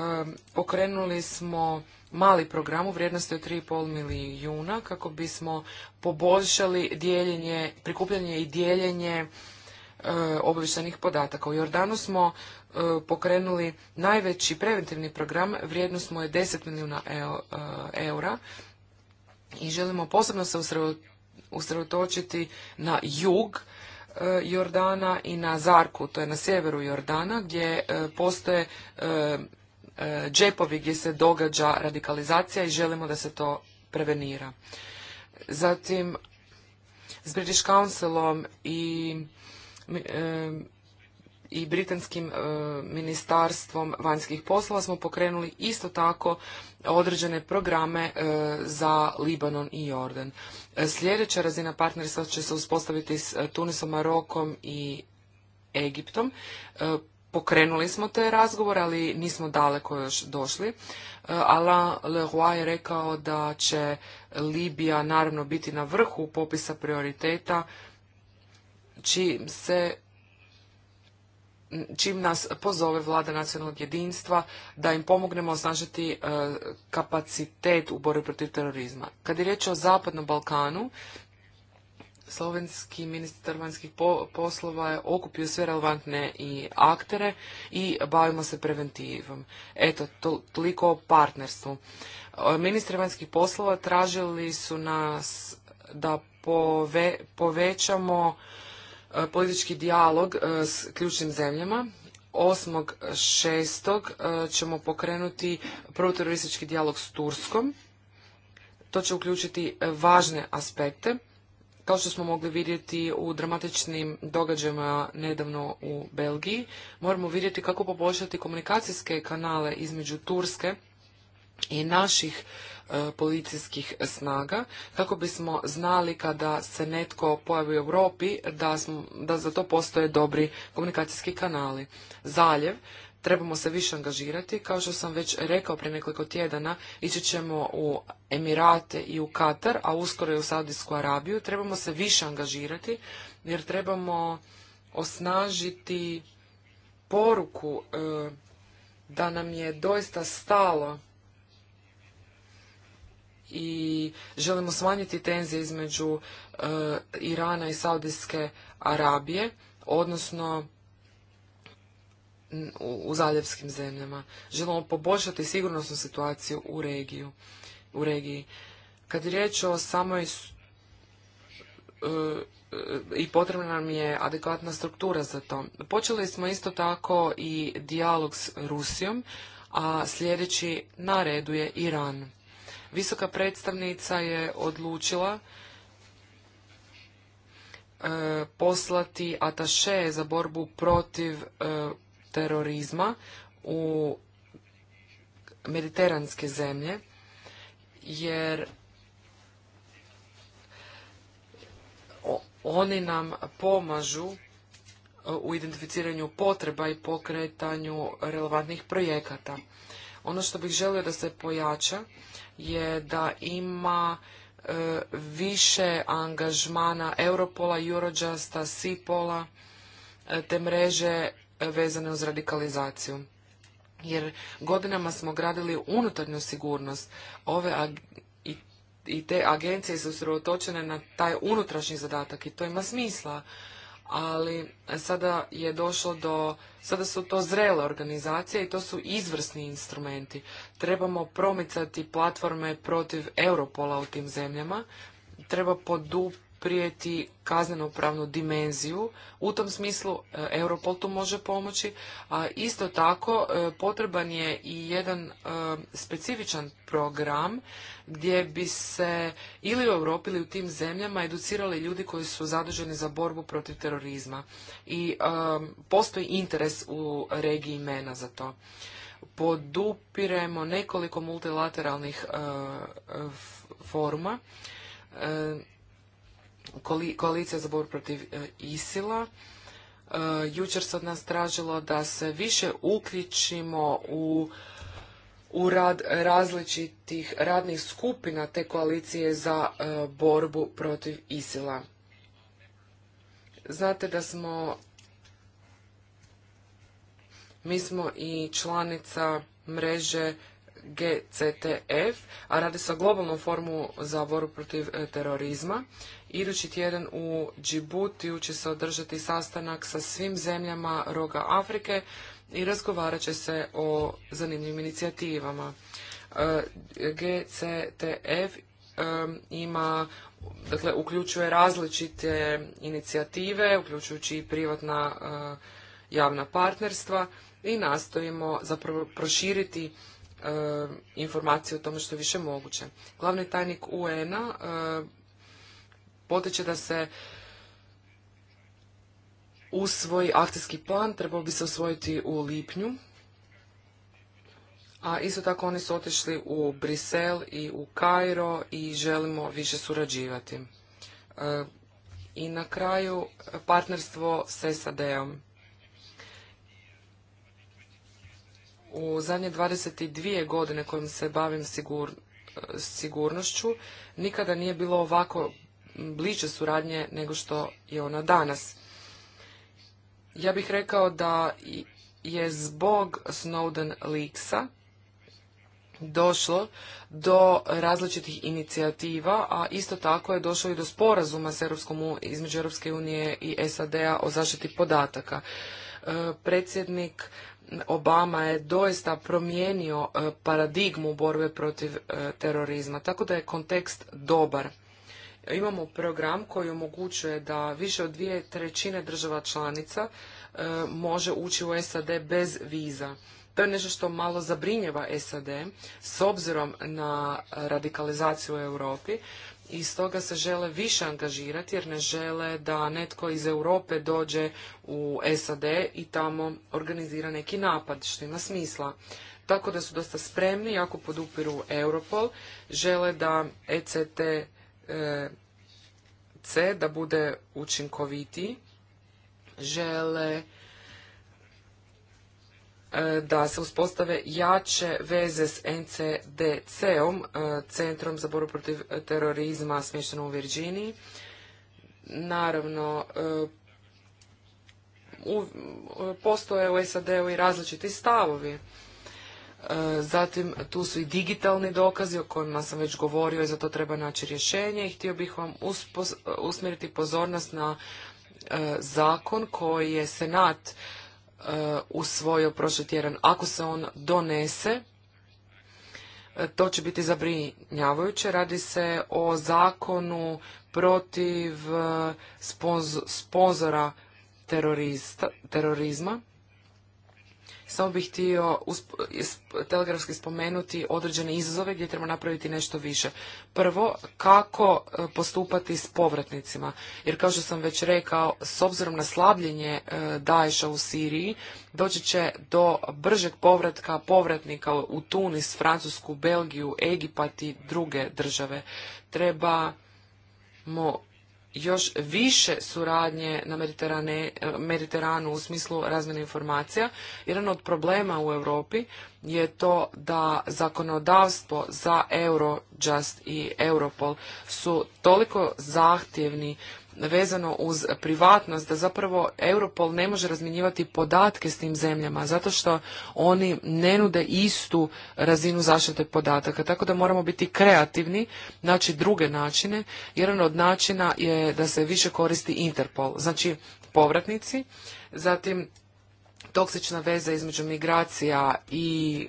pokrenuli smo mali program u vrijednosti od 3,5 milijuna kako bismo poboljšali dijeljenje, prikupljanje i dijeljenje e, podataka. U Jordanu smo e, pokrenuli najveći preventivni program, vrijednost mu je 10 milijuna eura i želimo posebno se usredotočiti na jug e, Jordana i na Zarku, to je na sjeveru Jordana, gdje e, postoje e, džepovi gdje se događa radikalizacija i želimo da se to prevenira. Zatim, s British Councilom i i britanskim e, ministarstvom vanjskih poslova smo pokrenuli isto tako određene programe e, za Libanon i Jordan. E, sljedeća razina partnerstva će se uspostaviti s Tunisom, Marokom i Egiptom. Pokrenuli smo te razgovore, ali nismo daleko još došli. Alain Leroy je rekao da će Libija naravno biti na vrhu popisa prioriteta, čim se čim nas pozove vlada nacionalnog jedinstva da im pomognemo osnažiti e, kapacitet u borbi protiv terorizma. Kad je riječ o Zapadnom Balkanu, slovenski ministar vanjskih poslova je okupio sve relevantne i aktere i bavimo se preventivom. Eto, toliko o partnerstvu. E, ministar vanjskih poslova tražili su nas da povećamo E, politički dijalog e, s ključnim zemljama. 8.6. E, ćemo pokrenuti proteroristički dijalog s Turskom. To će uključiti važne aspekte, kao što smo mogli vidjeti u dramatičnim događajima nedavno u Belgiji. Moramo vidjeti kako poboljšati komunikacijske kanale između Turske i naših E, policijskih snaga kako bismo znali kada se netko pojavi u Europi da, da za to postoje dobri komunikacijski kanali. Zaljev trebamo se više angažirati. Kao što sam već rekao pre nekoliko tjedana, ići ćemo u Emirate i u Katar, a uskoro i u Saudijsku Arabiju. Trebamo se više angažirati jer trebamo osnažiti poruku e, da nam je doista stalo i želimo smanjiti tenzije između eh, Irana i Saudijske Arabije, odnosno u, u zaljevskim zemljama. Želimo poboljšati sigurnosnu situaciju u, regiju, u regiji. Kad je riječ o samoj eh, i potrebna nam je adekvatna struktura za to. Počeli smo isto tako i dijalog s Rusijom, a sljedeći na redu je Iran. Visoka predstavnica je odlučila e, poslati ataše za borbu protiv e, terorizma u mediteranske zemlje, jer oni nam pomažu e, u identificiranju potreba i pokretanju relevantnih projekata. Ono što bih želio da se pojača je da ima e, više angažmana Europola, Eurojusta, Sipola, e, te mreže vezane uz radikalizaciju. Jer godinama smo gradili unutarnju sigurnost. Ove i te agencije su sredotočene na taj unutrašnji zadatak i to ima smisla ali e, sada je došlo do, sada su to zrele organizacije i to su izvrsni instrumenti. Trebamo promicati platforme protiv Europola u tim zemljama, treba podup, prijeti kaznenopravnu dimenziju. U tom smislu e, Europol tu može pomoći, a isto tako e, potreban je i jedan e, specifičan program gdje bi se ili u Europi ili u tim zemljama educirali ljudi koji su zaduženi za borbu protiv terorizma i postoji interes u regiji MENA za to. Podupiremo nekoliko multilateralnih forma koalicija za borbu protiv e, Isila. E, jučer se od nas tražilo da se više uključimo u u rad različitih radnih skupina te koalicije za e, borbu protiv Isila. Znate da smo mi smo i članica mreže GCTF, a radi se o globalnom formu za boru protiv e, terorizma. Idući tjedan u Džibutiju će se održati sastanak sa svim zemljama roga Afrike i razgovarat će se o zanimljivim inicijativama. E, GCTF e, ima, dakle, uključuje različite inicijative, uključujući i privatna javna partnerstva i nastojimo zapravo proširiti E, informacije o tome što je više moguće. Glavni tajnik UN-a e, potiče da se usvoji akcijski plan, trebao bi se usvojiti u lipnju. A isto tako oni su otišli u Brisel i u Kairo i želimo više surađivati. E, I na kraju partnerstvo s SAD-om. U zadnje 22 godine kojim se bavim sigur, sigurnošću nikada nije bilo ovako bliže suradnje nego što je ona danas. Ja bih rekao da je zbog Snowden Leaksa došlo do različitih inicijativa, a isto tako je došlo i do sporazuma s između Europske unije i SAD-a o zaštiti podataka. E, predsjednik Obama je doista promijenio e, paradigmu borbe protiv e, terorizma, tako da je kontekst dobar. Imamo program koji omogućuje da više od dvije trećine država članica e, može ući u SAD bez viza. To je nešto što malo zabrinjeva SAD s obzirom na radikalizaciju u Europi, i stoga se žele više angažirati jer ne žele da netko iz Europe dođe u SAD i tamo organizira neki napad, što ima smisla. Tako da su dosta spremni, jako podupiru Europol, žele da ECTC eh, da bude učinkovitiji, žele E, da se uspostave jače veze s NCDC-om, e, Centrom za borbu protiv terorizma smještenom u Virginiji. Naravno, e, postoje u SAD-u i različiti stavovi. Zatim tu su i digitalni dokazi o kojima sam već govorio i za to treba naći rješenje i htio bih vam usmjeriti pozornost na zakon koji je Senat Uh, usvojio prošli tjedan. Ako se on donese, uh, to će biti zabrinjavajuće. Radi se o zakonu protiv uh, sponzora terorizma. Samo bih htio telegrafski spomenuti određene izazove gdje treba napraviti nešto više. Prvo, kako e, postupati s povratnicima. Jer kao što sam već rekao, s obzirom na slabljenje e, Daesha u Siriji, doći će do bržeg povratka povratnika u Tunis, Francusku, Belgiju, Egipat i druge države. Trebamo još više suradnje na Mediteranu u smislu razmjene informacija. Jedan od problema u Europi je to da zakonodavstvo za Eurojust i Europol su toliko zahtjevni vezano uz privatnost da zapravo Europol ne može razminjivati podatke s tim zemljama zato što oni ne nude istu razinu zaštite podataka tako da moramo biti kreativni znači druge načine jedan od načina je da se više koristi Interpol znači povratnici zatim toksična veza između migracija i e,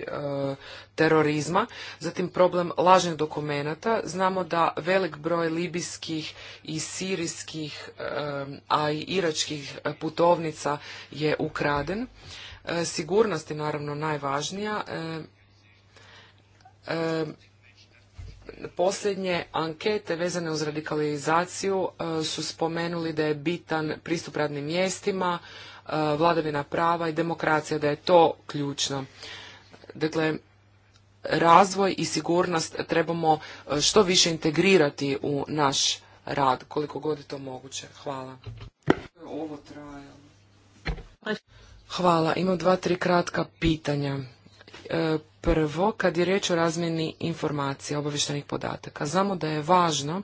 terorizma, zatim problem lažnih dokumenata. Znamo da velik broj libijskih i sirijskih, e, a i iračkih putovnica je ukraden. E, sigurnost je naravno najvažnija. Posljednje ankete vezane uz radikalizaciju su spomenuli da je bitan pristup radnim mjestima, E, vladavina prava i demokracija, da je to ključno. Dakle, razvoj i sigurnost trebamo e, što više integrirati u naš rad, koliko god je to moguće. Hvala. Ovo Hvala. Imam dva, tri kratka pitanja. E, prvo, kad je riječ o razmjeni informacija, obavještenih podataka, znamo da je važno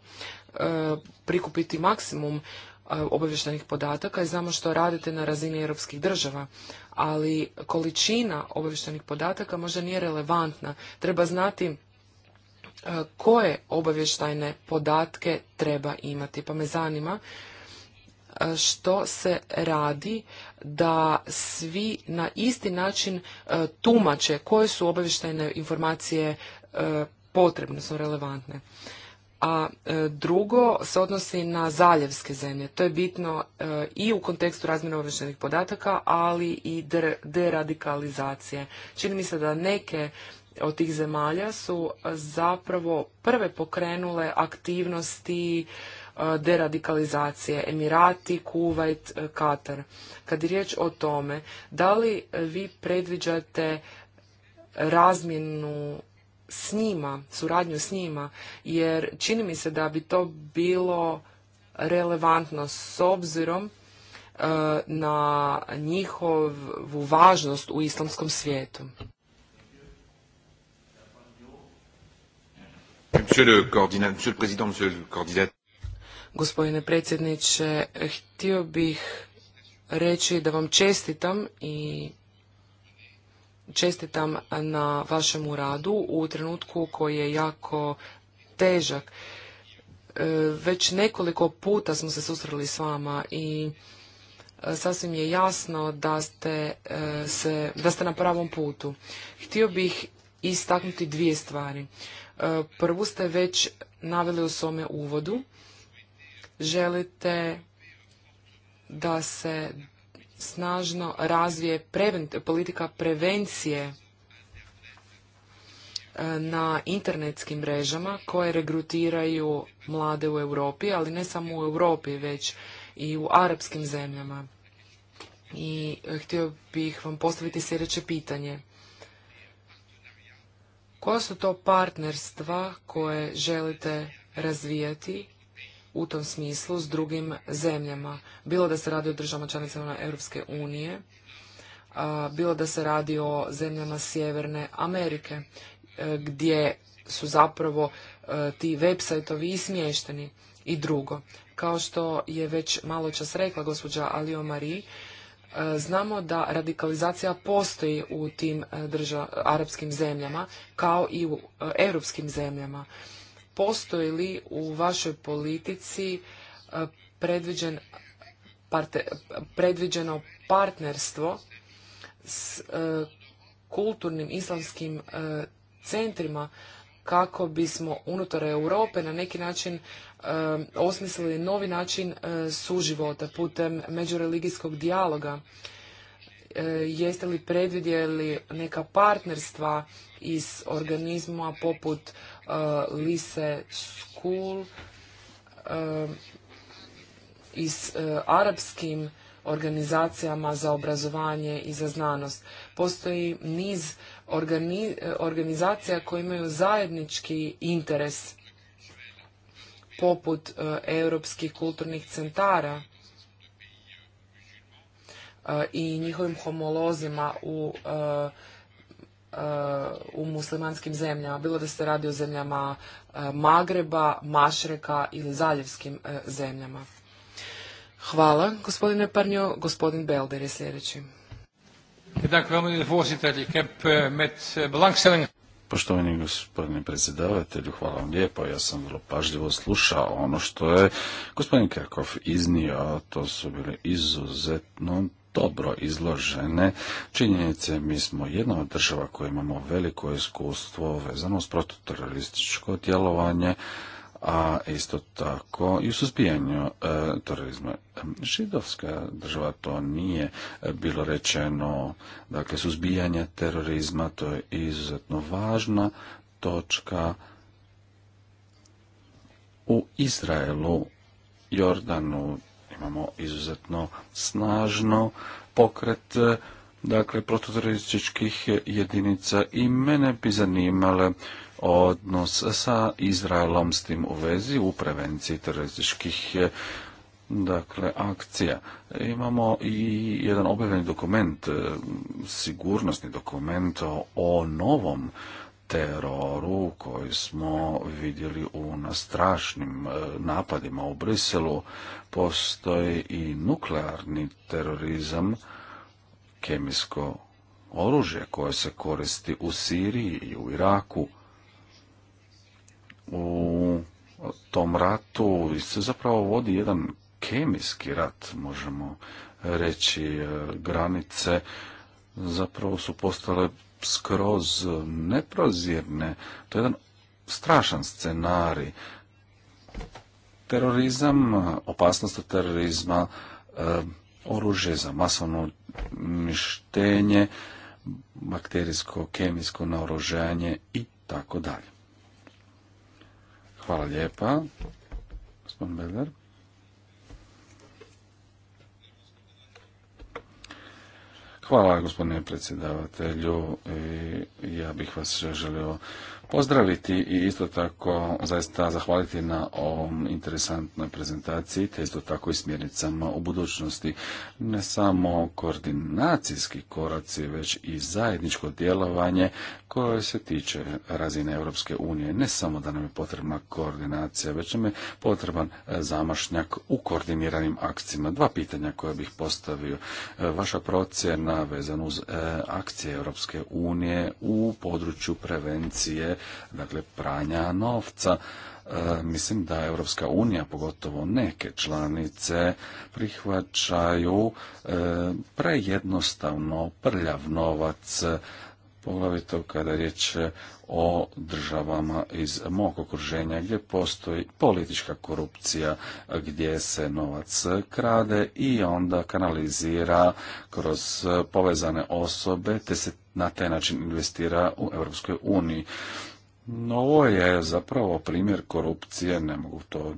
prikupiti maksimum obavještajnih podataka i znamo što radite na razini europskih država, ali količina obavještajnih podataka možda nije relevantna. Treba znati koje obavještajne podatke treba imati. Pa me zanima što se radi da svi na isti način tumače koje su obavještajne informacije potrebne, su relevantne a e, drugo se odnosi na zaljevske zemlje. To je bitno e, i u kontekstu razmjena obavještenih podataka, ali i deradikalizacije. Čini mi se da neke od tih zemalja su zapravo prve pokrenule aktivnosti e, deradikalizacije Emirati, Kuvajt, Katar. Kad je riječ o tome, da li vi predviđate razmjenu s njima, suradnju s njima, jer čini mi se da bi to bilo relevantno s obzirom e, na njihovu važnost u islamskom svijetu. Gospodine predsjedniče, htio bih reći da vam čestitam i čestitam na vašemu radu u trenutku koji je jako težak. E, već nekoliko puta smo se susreli s vama i e, sasvim je jasno da ste, e, se, da ste na pravom putu. Htio bih istaknuti dvije stvari. Prvu ste već naveli u svome uvodu. Želite da se snažno razvije politika prevencije e, na internetskim mrežama koje regrutiraju mlade u Europi, ali ne samo u Europi, već i u arapskim zemljama. I e, htio bih vam postaviti sljedeće pitanje. Koja su to partnerstva koje želite razvijati u tom smislu s drugim zemljama. Bilo da se radi o državama članicama Europske unije, bilo da se radi o zemljama Sjeverne Amerike, e, gdje su zapravo e, ti web sajtovi smješteni i drugo. Kao što je već malo čas rekla gospođa Alio Marie, e, znamo da radikalizacija postoji u tim arapskim zemljama kao i u europskim zemljama postoji li u vašoj politici e, predviđen, parte, predviđeno partnerstvo s e, kulturnim islamskim e, centrima kako bismo unutar Europe na neki način osmislili novi način suživota putem međureligijskog dijaloga E, jeste li predvidjeli neka partnerstva iz organizma poput e, lise School e, i s arapskim organizacijama za obrazovanje i za znanost. Postoji niz organizacija koje imaju zajednički interes poput europskih kulturnih centara E, i njihovim homolozima u, e, e, u muslimanskim zemljama, bilo da se radi o zemljama Magreba, Mašreka ili zaljevskim zemljama. Hvala, gospodine Parnjo. Gospodin Belder je sljedeći. Eh, eh, Poštovani gospodine predsjedavatelju, hvala vam lijepo. Ja sam vrlo pažljivo slušao ono što je gospodin Kerkov iznio, to su bile izuzetno dobro izložene činjenice. Mi smo jedna od država koja imamo veliko iskustvo vezano s prototerorističko djelovanje, a isto tako i u suzbijanju e, terorizma. Židovska država to nije bilo rečeno, dakle suzbijanje terorizma to je izuzetno važna točka u Izraelu, Jordanu, Imamo izuzetno snažno pokret eh, dakle prototerorističkih jedinica i mene bi zanimale odnos sa Izraelom s tim u vezi u prevenciji terorističkih eh, dakle akcija. Imamo i jedan objavljeni dokument, eh, sigurnosni dokument o novom teroru koji smo vidjeli u nastrašnim e, napadima u Briselu. Postoji i nuklearni terorizam, kemijsko oružje koje se koristi u Siriji i u Iraku. U tom ratu se zapravo vodi jedan kemijski rat, možemo reći, e, granice zapravo su postale skroz neprozirne. To je jedan strašan scenarij. Terorizam, opasnost od terorizma, e, oružje za masovno uništenje, bakterijsko, kemijsko naoružanje i tako dalje. Hvala lijepa, gospodin Hvala gospodine predsjedavatelju. Ja bih vas želio pozdraviti i isto tako zaista zahvaliti na ovom interesantnoj prezentaciji, te isto tako i smjernicama u budućnosti. Ne samo koordinacijski koraci, već i zajedničko djelovanje koje se tiče razine Europske unije. Ne samo da nam je potrebna koordinacija, već nam je potreban e, zamašnjak u koordiniranim akcijama. Dva pitanja koje bih postavio. E, vaša procjena vezana uz e, akcije Europske unije u području prevencije dakle pranja novca. E, mislim da Europska unija, pogotovo neke članice, prihvaćaju e, prejednostavno prljav novac poglavito kada je riječ o državama iz mog okruženja gdje postoji politička korupcija, gdje se novac krade i onda kanalizira kroz povezane osobe te se na taj način investira u Europskoj uniji. ovo je zapravo primjer korupcije, ne mogu to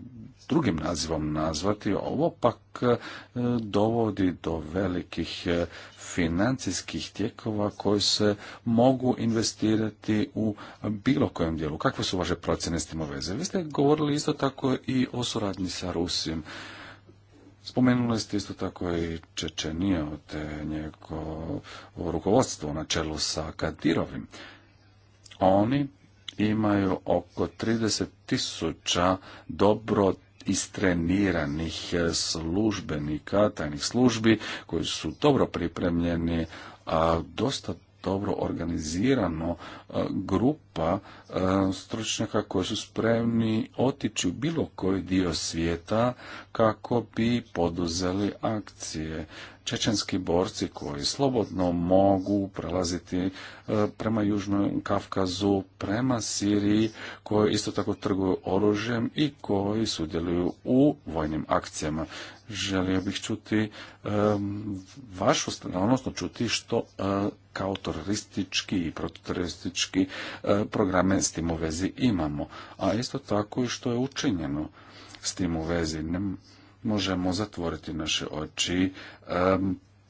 drugim nazivom nazvati, ovo pak e, dovodi do velikih e, financijskih tijekova koji se mogu investirati u bilo kojem dijelu. Kakve su vaše procjene s tim veze? Vi ste govorili isto tako i o suradnji sa Rusijom. Spomenuli ste isto tako i Čečenije, te njegovo rukovodstvo na čelu sa Kadirovim. Oni imaju oko 30 tisuća dobro istreniranih e, službenika, tajnih službi koji su dobro pripremljeni, a dosta dobro organizirano e, grupa e, stručnjaka koji su spremni otići u bilo koji dio svijeta kako bi poduzeli akcije čečenski borci koji slobodno mogu prelaziti e, prema Južnom Kafkazu, prema Siriji, koji isto tako trguju oružjem i koji sudjeluju u vojnim akcijama. Želio bih čuti e, vašu stranu, odnosno čuti što e, kao teroristički i prototeroristički programe s tim u vezi imamo, a isto tako i što je učinjeno s tim u vezi možemo zatvoriti naše oči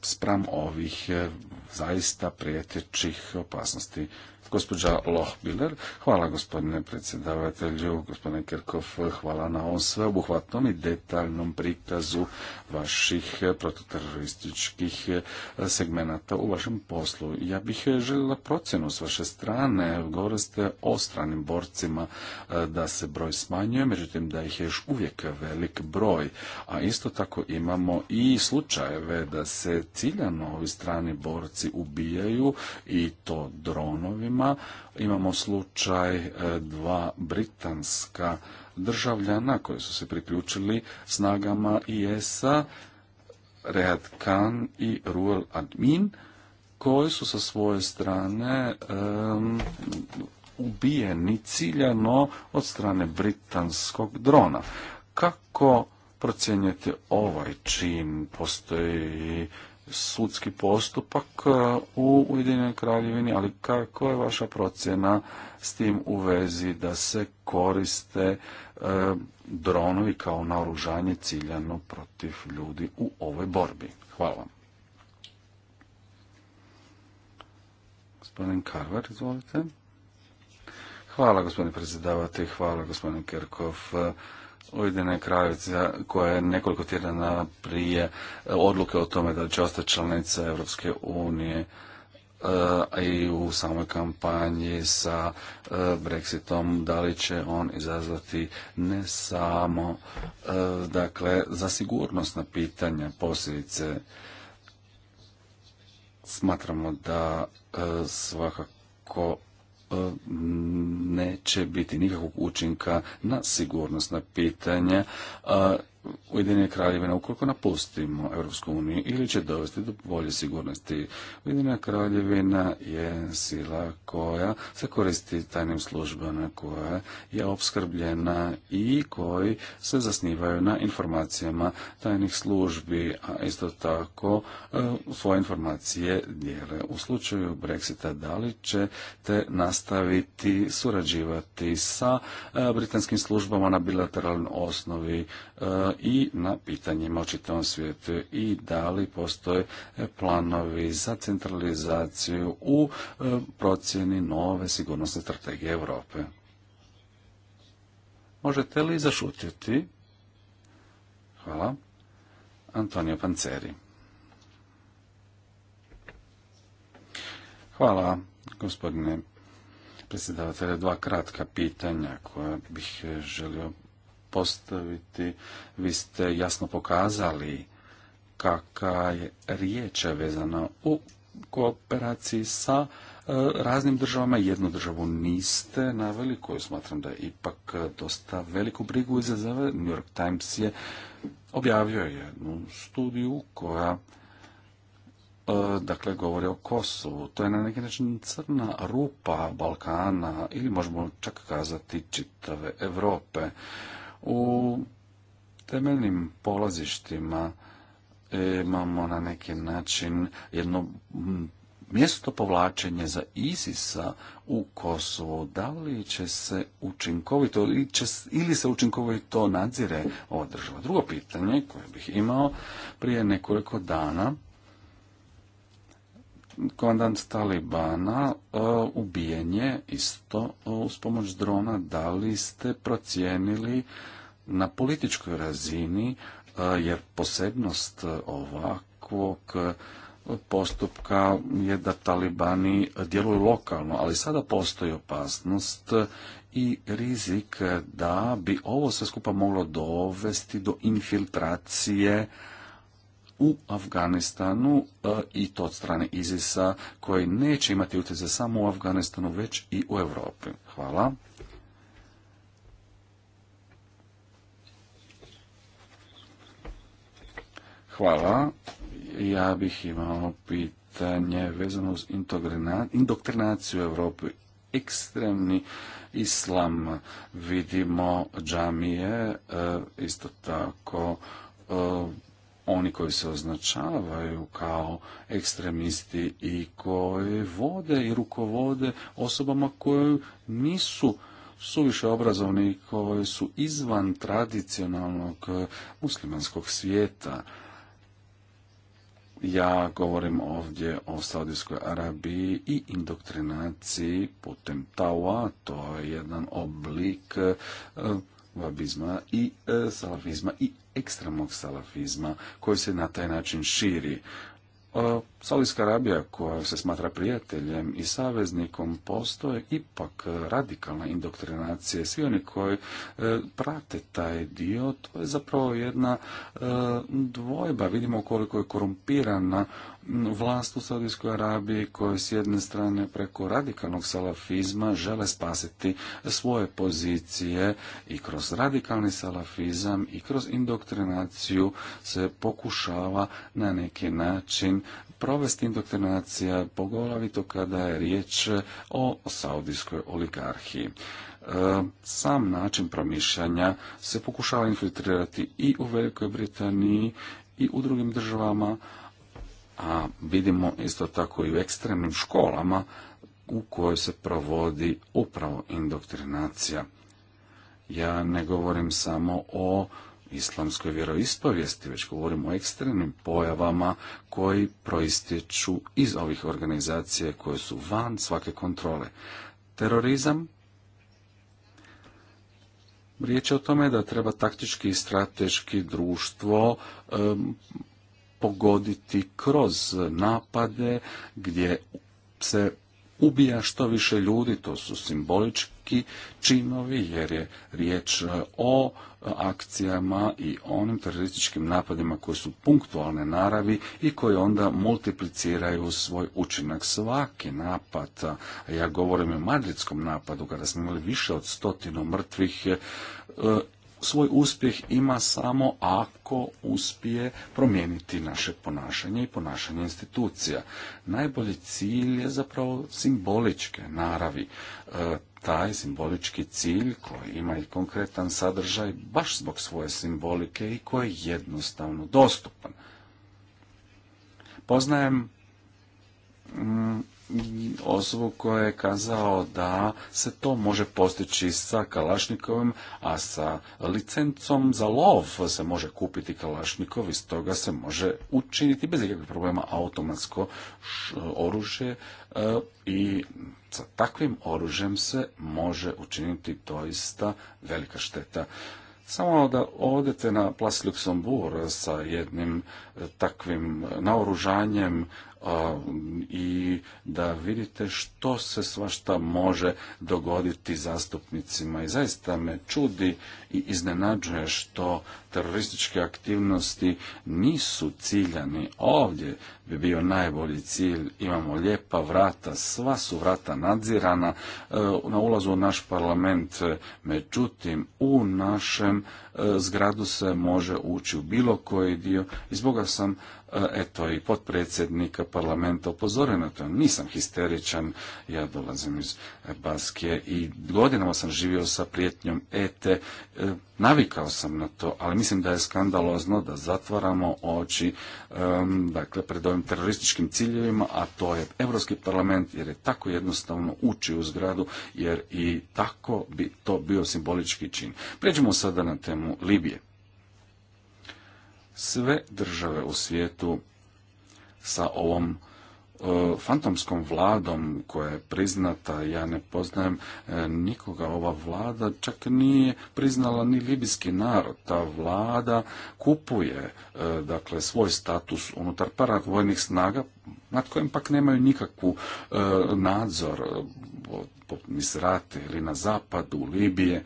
spram ovih eh, zaista prijetećih opasnosti Gospođa Lohbiler, hvala gospodine predsjedavatelju, gospodine Kerkov, hvala na ovom sveobuhvatnom i detaljnom prikazu vaših prototerorističkih segmenata u vašem poslu. Ja bih željela procjenu s vaše strane, govorili ste o stranim borcima eh, da se broj smanjuje, međutim da ih je još uvijek velik broj, a isto tako imamo i slučajeve da se ciljano ovi strani borci ubijaju i to dronovima, Imamo slučaj e, dva britanska državljana koji su se priključili snagama IS-a, Rehad Khan i Rural Admin, koji su sa svoje strane ubijeni ciljano od strane britanskog drona. Kako procjenjujete ovaj čin? Postoji sudski postupak e, u Ujedinjenoj kraljevini, ali kako je vaša procjena s tim u vezi da se koriste e, dronovi kao naoružanje ciljano protiv ljudi u ovoj borbi? Hvala vam. Gospodin Karvar, izvolite. Hvala gospodine predsjedavate, hvala gospodine Kerkov. Ujedine kravice koja je nekoliko tjedana prije odluke o tome da će ostati članica Europske unije e, i u samoj kampanji sa e, Brexitom, da li će on izazvati ne samo e, dakle za na pitanja posljedice smatramo da svakako E, neće biti nikakvog učinka na sigurnosna pitanja e, Ujedinjene kraljevine ukoliko napustimo Europsku uniju ili će dovesti do bolje sigurnosti. Ujedinjena kraljevina je sila koja se koristi tajnim službama koja je opskrbljena i koji se zasnivaju na informacijama tajnih službi, a isto tako e, svoje informacije dijele. U slučaju Brexita da li ćete nastaviti surađivati sa e, britanskim službama na bilateralnoj osnovi e, i na pitanjima o čitavom svijetu i da li postoje e, planovi za centralizaciju u e, procjeni nove sigurnosne strategije Europe. Možete li zašutiti? Hvala. Antonio Panceri. Hvala, gospodine predsjedavatelje. Dva kratka pitanja koja bih e, želio postaviti. Vi ste jasno pokazali kakva je riječ vezana u kooperaciji sa e, raznim državama. Jednu državu niste naveli, koju smatram da je ipak dosta veliku brigu izazove. New York Times je objavio jednu studiju koja e, dakle govori o Kosovu. To je na neki način crna rupa Balkana ili možemo čak kazati čitave Europe. U temeljnim polazištima e, imamo na neki način jedno mjesto povlačenje za isis u Kosovo, da li će se učinkovito ili, ili se učinkovito nadzire ova država? Drugo pitanje koje bih imao prije nekoliko dana komandant Talibana e, ubijen je isto e, uz pomoć drona. Da li ste procijenili na političkoj razini, e, jer posebnost ovakvog postupka je da talibani djeluju lokalno, ali sada postoji opasnost i rizik da bi ovo sve skupa moglo dovesti do infiltracije u Afganistanu e, i to od strane Izisa koji neće imati utjeze samo u Afganistanu već i u Europi. Hvala. Hvala. Ja bih imao pitanje vezano uz indoktrinaciju u Europi. Ekstremni islam vidimo džamije, e, isto tako e, oni koji se označavaju kao ekstremisti i koji vode i rukovode osobama koje nisu suviše obrazovni i koji su izvan tradicionalnog eh, muslimanskog svijeta. Ja govorim ovdje o Saudijskoj Arabiji i indoktrinaciji putem tawa, to je jedan oblik eh, vabizma i eh, salafizma i ekstremnog salafizma koji se na taj način širi. E, Saudijska Arabija, koja se smatra prijateljem i saveznikom, postoje ipak radikalna indoktrinacija. Svi oni koji e, prate taj dio, to je zapravo jedna e, dvojba. Vidimo koliko je korumpirana vlast u Saudijskoj Arabiji koje s jedne strane preko radikalnog salafizma žele spasiti svoje pozicije i kroz radikalni salafizam i kroz indoktrinaciju se pokušava na neki način provesti indoktrinacija, poglavito kada je riječ o saudijskoj oligarhiji e, sam način promišljanja se pokušava infiltrirati i u Velikoj Britaniji i u drugim državama a vidimo isto tako i u ekstremnim školama u kojoj se provodi upravo indoktrinacija. Ja ne govorim samo o islamskoj vjeroispovijesti, već govorim o ekstremnim pojavama koji proistječu iz ovih organizacija koje su van svake kontrole. Terorizam, Riječ je o tome da treba taktički i strateški društvo pogoditi kroz napade gdje se ubija što više ljudi, to su simbolički činovi jer je riječ o akcijama i onim terorističkim napadima koji su punktualne naravi i koji onda multipliciraju svoj učinak. Svaki napad, ja govorim o madridskom napadu kada smo imali više od stotinu mrtvih, e, svoj uspjeh ima samo ako uspije promijeniti naše ponašanje i ponašanje institucija. Najbolji cilj je zapravo simboličke naravi. E, taj simbolički cilj koji ima i konkretan sadržaj baš zbog svoje simbolike i koji je jednostavno dostupan. Poznajem mm, osobu koja je kazao da se to može postići sa Kalašnikovim, a sa licencom za lov se može kupiti Kalašnikov i stoga se može učiniti bez ikakvih problema automatsko oružje e, i sa takvim oružjem se može učiniti doista velika šteta. Samo da odete na Plas Luxembourg sa jednim e, takvim naoružanjem a, i da vidite što se svašta može dogoditi zastupnicima. I zaista me čudi i iznenađuje što terorističke aktivnosti nisu ciljani. Ovdje bi bio najbolji cilj. Imamo lijepa vrata, sva su vrata nadzirana e, na ulazu u naš parlament. Međutim, u našem e, zgradu se može ući u bilo koji dio i zboga sam E, eto i potpredsjednika parlamenta upozorio na to. Nisam histeričan, ja dolazim iz Baske i godinama sam živio sa prijetnjom ete, e. e, navikao sam na to, ali mislim da je skandalozno da zatvaramo oči dakle, pred ovim terorističkim ciljevima, a to je Europski parlament, jer je tako jednostavno ući u zgradu, jer i tako bi to bio simbolički čin. Pređemo sada na temu Libije sve države u svijetu sa ovom e, fantomskom vladom koja je priznata, ja ne poznajem e, nikoga, ova vlada čak nije priznala ni libijski narod. Ta vlada kupuje e, dakle, svoj status unutar vojnih snaga nad kojim pak nemaju nikakvu nadzor po Misrate ili na zapadu Libije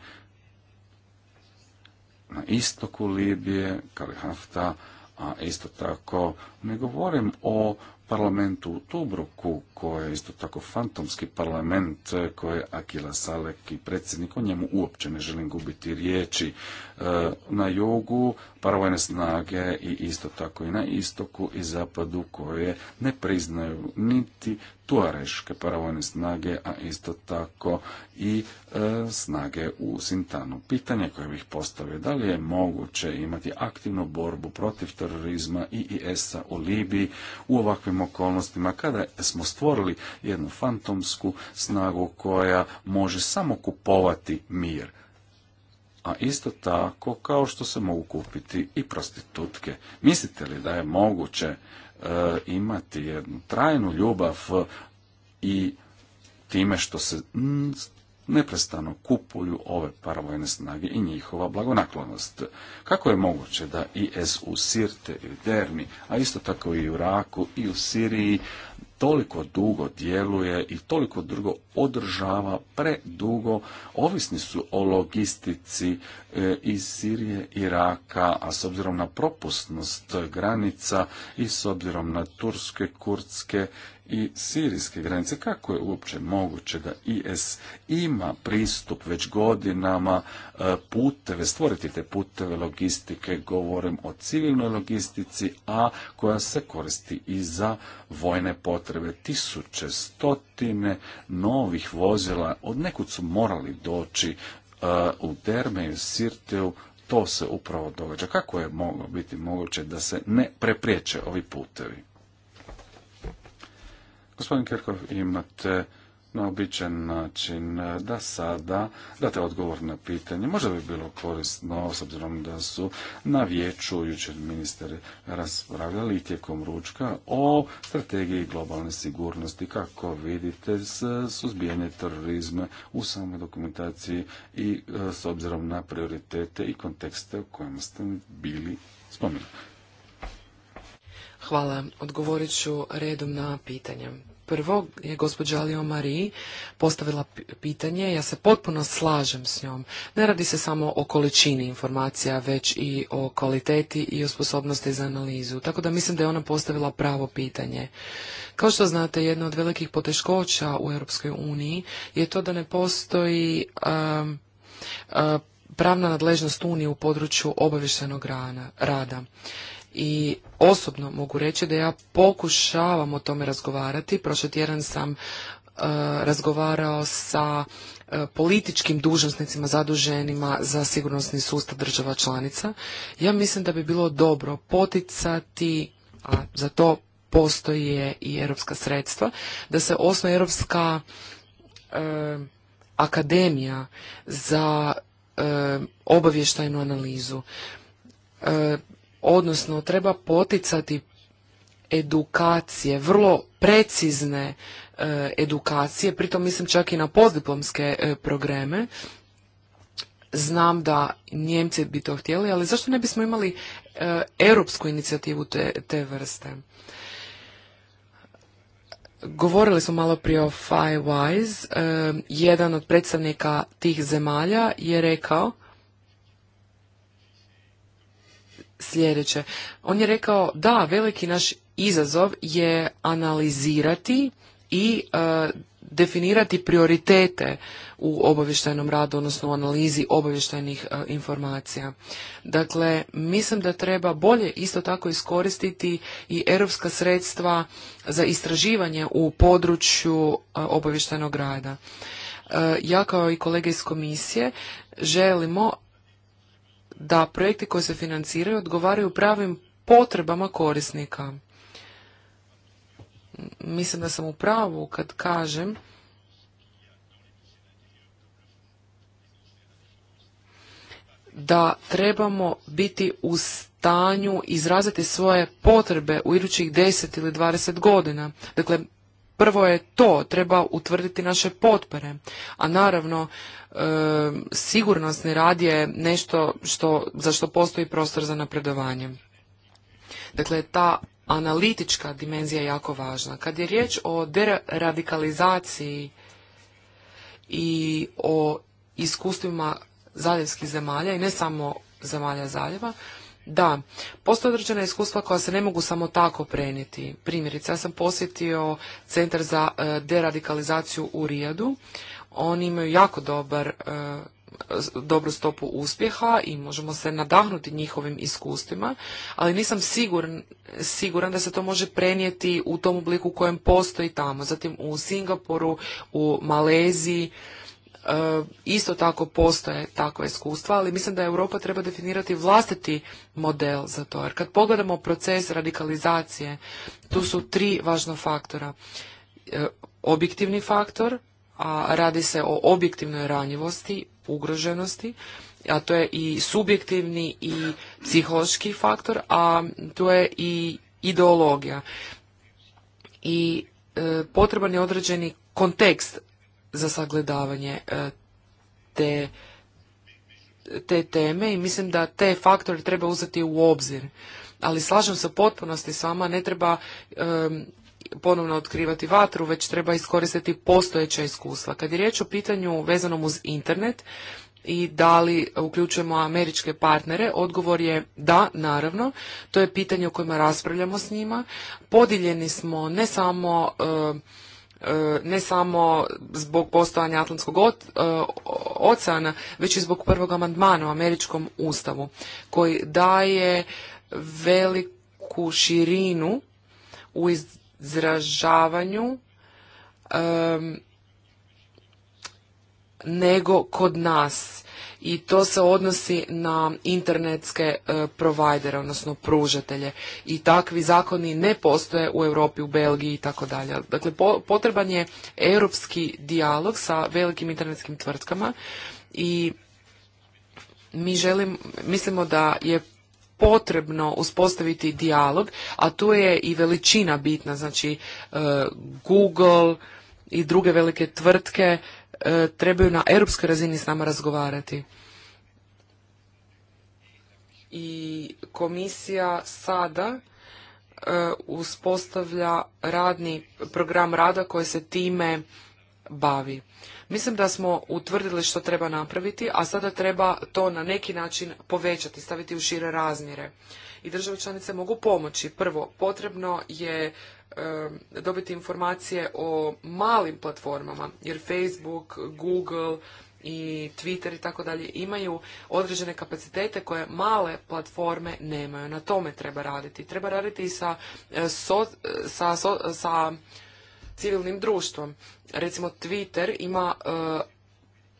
na istoku Libije, Kalihafta, Hafta, a isto tako ne govorim o parlamentu u Tubruku, koji je isto tako fantomski parlament, eh, koji je Akila Salek i predsjednik, o njemu uopće ne želim gubiti riječi. E, na jugu paravojne snage i isto tako i na istoku i zapadu koje ne priznaju niti tuareške paravojne snage, a isto tako i e, snage u Sintanu. Pitanje koje bih postavio, da li je moguće imati aktivnu borbu protiv terorizma i IS-a u Libiji u ovakvim okolnostima kada smo stvorili jednu fantomsku snagu koja može samo kupovati mir a isto tako kao što se mogu kupiti i prostitutke. Mislite li da je moguće e, imati jednu trajnu ljubav i time što se neprestano kupuju ove paravojne snage i njihova blagonaklonost. Kako je moguće da IS u Sirte i Derni, a isto tako i u Iraku i u Siriji, toliko dugo djeluje i toliko dugo održava predugo. Ovisni su o logistici e, iz Sirije, Iraka, a s obzirom na propusnost granica i s obzirom na turske, kurdske i sirijske granice. Kako je uopće moguće da IS ima pristup već godinama e, puteve, stvoriti te puteve logistike, govorim o civilnoj logistici, a koja se koristi i za vojne potrebe. Tisuće, stotine novih vozila od nekud su morali doći e, u u Sirteu, to se upravo događa. Kako je moglo biti moguće da se ne prepriječe ovi putevi? Gospodin Kirkov, imate na običan način e, da sada date odgovor na pitanje. Možda bi bilo korisno, s obzirom da su na vijeću jučer ministar raspravljali tijekom ručka o strategiji globalne sigurnosti, kako vidite s suzbijanje terorizma u samoj dokumentaciji i e, s obzirom na prioritete i kontekste u kojima ste bili spominjali. Hvala. Odgovorit ću redom na pitanje. Prvo je gospođa Alio Marie postavila pitanje, ja se potpuno slažem s njom. Ne radi se samo o količini informacija, već i o kvaliteti i o sposobnosti za analizu. Tako da mislim da je ona postavila pravo pitanje. Kao što znate, jedna od velikih poteškoća u Europskoj uniji je to da ne postoji um, uh, pravna nadležnost Unije u području obavještenog rada i osobno mogu reći da ja pokušavam o tome razgovarati. Prošli tjedan sam e, razgovarao sa e, političkim dužnosnicima zaduženima za sigurnosni sustav država članica. Ja mislim da bi bilo dobro poticati, a za to postoje i europska sredstva, da se osnuje europska e, akademija za obavještajnu analizu odnosno treba poticati edukacije, vrlo precizne e, edukacije, pritom mislim čak i na postdiplomske e, programe. Znam da Njemci bi to htjeli, ali zašto ne bismo imali e, europsku inicijativu te, te vrste? Govorili smo malo prije o Five Wise. E, jedan od predstavnika tih zemalja je rekao sljedeće. On je rekao da, veliki naš izazov je analizirati i e, definirati prioritete u obavještajnom radu, odnosno u analizi obavještajnih e, informacija. Dakle, mislim da treba bolje isto tako iskoristiti i europska sredstva za istraživanje u području e, obavještajnog rada. E, ja kao i kolege iz komisije želimo da projekti koji se financiraju odgovaraju pravim potrebama korisnika. Mislim da sam u pravu kad kažem da trebamo biti u stanju izraziti svoje potrebe u idućih 10 ili 20 godina. Dakle, Prvo je to, treba utvrditi naše potpore, a naravno e, sigurnosni rad je nešto što, za što postoji prostor za napredovanje. Dakle, ta analitička dimenzija je jako važna. Kad je riječ o deradikalizaciji i o iskustvima zaljevskih zemalja i ne samo zemalja zaljeva, da, postoje određena iskustva koja se ne mogu samo tako prenijeti. Primjerice, ja sam posjetio Centar za e, deradikalizaciju u Rijadu. Oni imaju jako dobar e, dobru stopu uspjeha i možemo se nadahnuti njihovim iskustvima, ali nisam siguran, siguran da se to može prenijeti u tom obliku u kojem postoji tamo. Zatim u Singapuru, u Maleziji, E, isto tako postoje takva iskustva, ali mislim da Europa treba definirati vlastiti model za to. Jer kad pogledamo proces radikalizacije, tu su tri važna faktora. E, objektivni faktor, a radi se o objektivnoj ranjivosti, ugroženosti, a to je i subjektivni i psihološki faktor, a to je i ideologija. I e, potreban je određeni kontekst za sagledavanje e, te, te teme i mislim da te faktore treba uzeti u obzir. Ali slažem se potpunosti s vama, ne treba e, ponovno otkrivati vatru, već treba iskoristiti postojeća iskustva. Kad je riječ o pitanju vezanom uz internet i da li uključujemo američke partnere, odgovor je da, naravno. To je pitanje o kojima raspravljamo s njima. Podijeljeni smo ne samo e, E, ne samo zbog postojanja Atlantskog e, oceana, već i zbog prvog amandmana u američkom ustavu, koji daje veliku širinu u izražavanju e, nego kod nas i to se odnosi na internetske e, provajdere, odnosno pružatelje. I takvi zakoni ne postoje u Europi, u Belgiji i tako dalje. Dakle, potreban je europski dijalog sa velikim internetskim tvrtkama i mi želim, mislimo da je potrebno uspostaviti dijalog, a tu je i veličina bitna, znači e, Google i druge velike tvrtke E, trebaju na europskoj razini s nama razgovarati. I komisija sada e, uspostavlja radni program rada koji se time bavi. Mislim da smo utvrdili što treba napraviti, a sada treba to na neki način povećati, staviti u šire razmjere. I države članice mogu pomoći. Prvo, potrebno je dobiti informacije o malim platformama, jer Facebook, Google i Twitter i tako dalje imaju određene kapacitete koje male platforme nemaju. Na tome treba raditi. Treba raditi i sa, e, sa, sa civilnim društvom. Recimo Twitter ima e,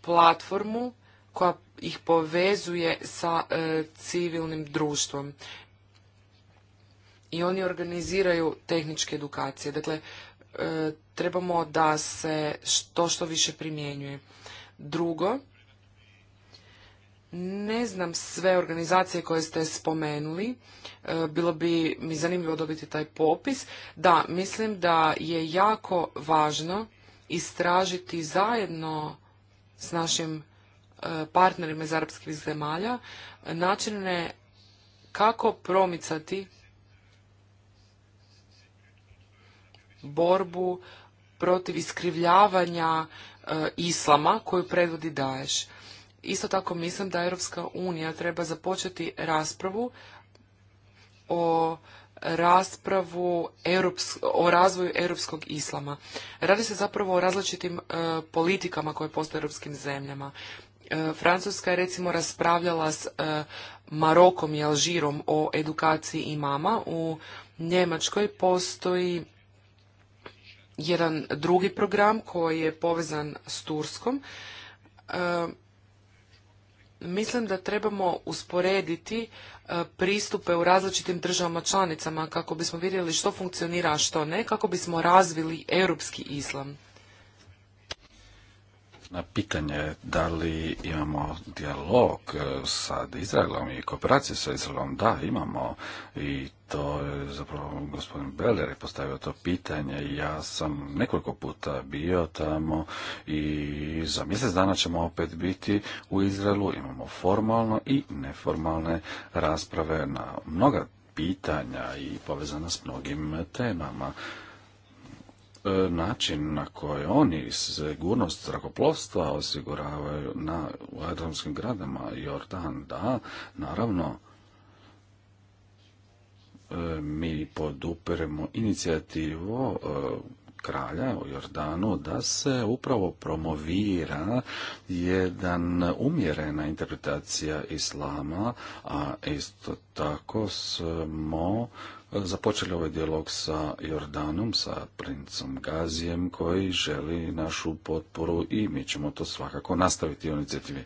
platformu koja ih povezuje sa e, civilnim društvom i oni organiziraju tehničke edukacije. Dakle, e, trebamo da se to što više primjenjuje. Drugo, ne znam sve organizacije koje ste spomenuli. E, bilo bi mi zanimljivo dobiti taj popis. Da, mislim da je jako važno istražiti zajedno s našim e, partnerima iz arapskih zemalja načine kako promicati borbu protiv iskrivljavanja e, islama koju predvodi Daješ. Isto tako mislim da Europska unija treba započeti raspravu o raspravu o razvoju europskog islama. Radi se zapravo o različitim e, politikama koje postoje europskim zemljama. E, Francuska je recimo raspravljala s Marokom i Alžirom o edukaciji imama. U Njemačkoj postoji jedan drugi program koji je povezan s Turskom. E, mislim da trebamo usporediti e, pristupe u različitim državama članicama kako bismo vidjeli što funkcionira, a što ne, kako bismo razvili europski islam na pitanje da li imamo dijalog sa Izraelom i kooperaciju sa Izraelom, da, imamo i to je zapravo gospodin Beller je postavio to pitanje. Ja sam nekoliko puta bio tamo i za mjesec dana ćemo opet biti u Izraelu. Imamo formalno i neformalne rasprave na mnoga pitanja i povezana s mnogim temama. E, način na koji oni sigurnost zrakoplovstva osiguravaju na u aerodromskim gradama Jordan, da, naravno, e, mi podupiremo inicijativu e, kralja u Jordanu da se upravo promovira jedan umjerena interpretacija islama, a isto tako smo započeli ovaj dijalog sa Jordanom, sa princom Gazijem koji želi našu potporu i mi ćemo to svakako nastaviti u inicijativi.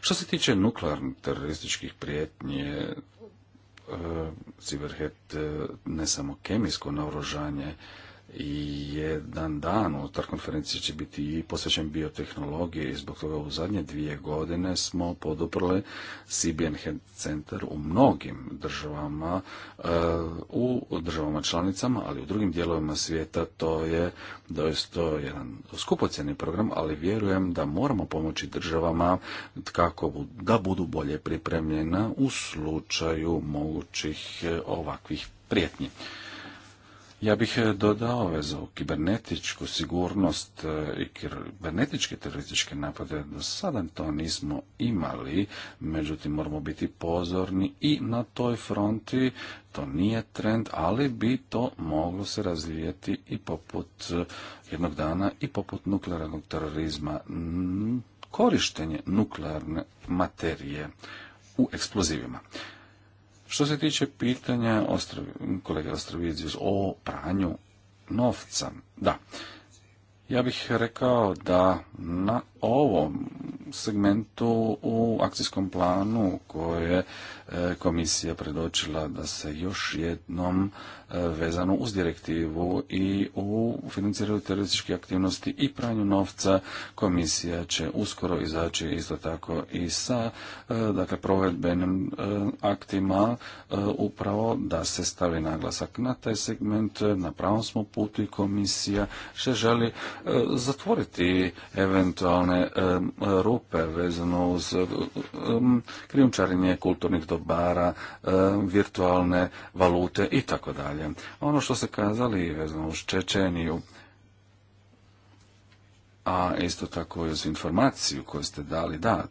Što se tiče nuklearnih terorističkih prijetnje, Ciberhet e, ne samo kemijsko naoružanje, jedan dan u unutar konferencije će biti i posvećen biotehnologiji i zbog toga u zadnje dvije godine smo poduprli CBN Head Center u mnogim državama, eh, u državama članicama, ali u drugim dijelovima svijeta to je doista jedan skupocjeni program, ali vjerujem da moramo pomoći državama kako da budu bolje pripremljena u slučaju mogućih eh, ovakvih prijetnji. Ja bih e, dodao vezu kibernetičku sigurnost e, i kibernetičke terorističke napade. Do sada to nismo imali, međutim moramo biti pozorni i na toj fronti. To nije trend, ali bi to moglo se razvijeti i poput e, jednog dana i poput nuklearnog terorizma. Korištenje nuklearne materije u eksplozivima. Što se tiče pitanja kolega Ostrovijezius o pranju novca, da, ja bih rekao da na ovom segmentu u akcijskom planu koje je komisija predočila da se još jednom e, vezano uz direktivu i u financiranju terorističke aktivnosti i pranju novca komisija će uskoro izaći isto tako i sa e, dakle, provedbenim e, aktima upravo da se stavi naglasak na taj segment na pravom smo putu i komisija se želi zatvoriti eventualno one rupe vezano uz krijumčarenje kulturnih dobara, virtualne valute i tako dalje. Ono što se kazali vezano uz Čečeniju, a isto tako i uz informaciju koju ste dali, da,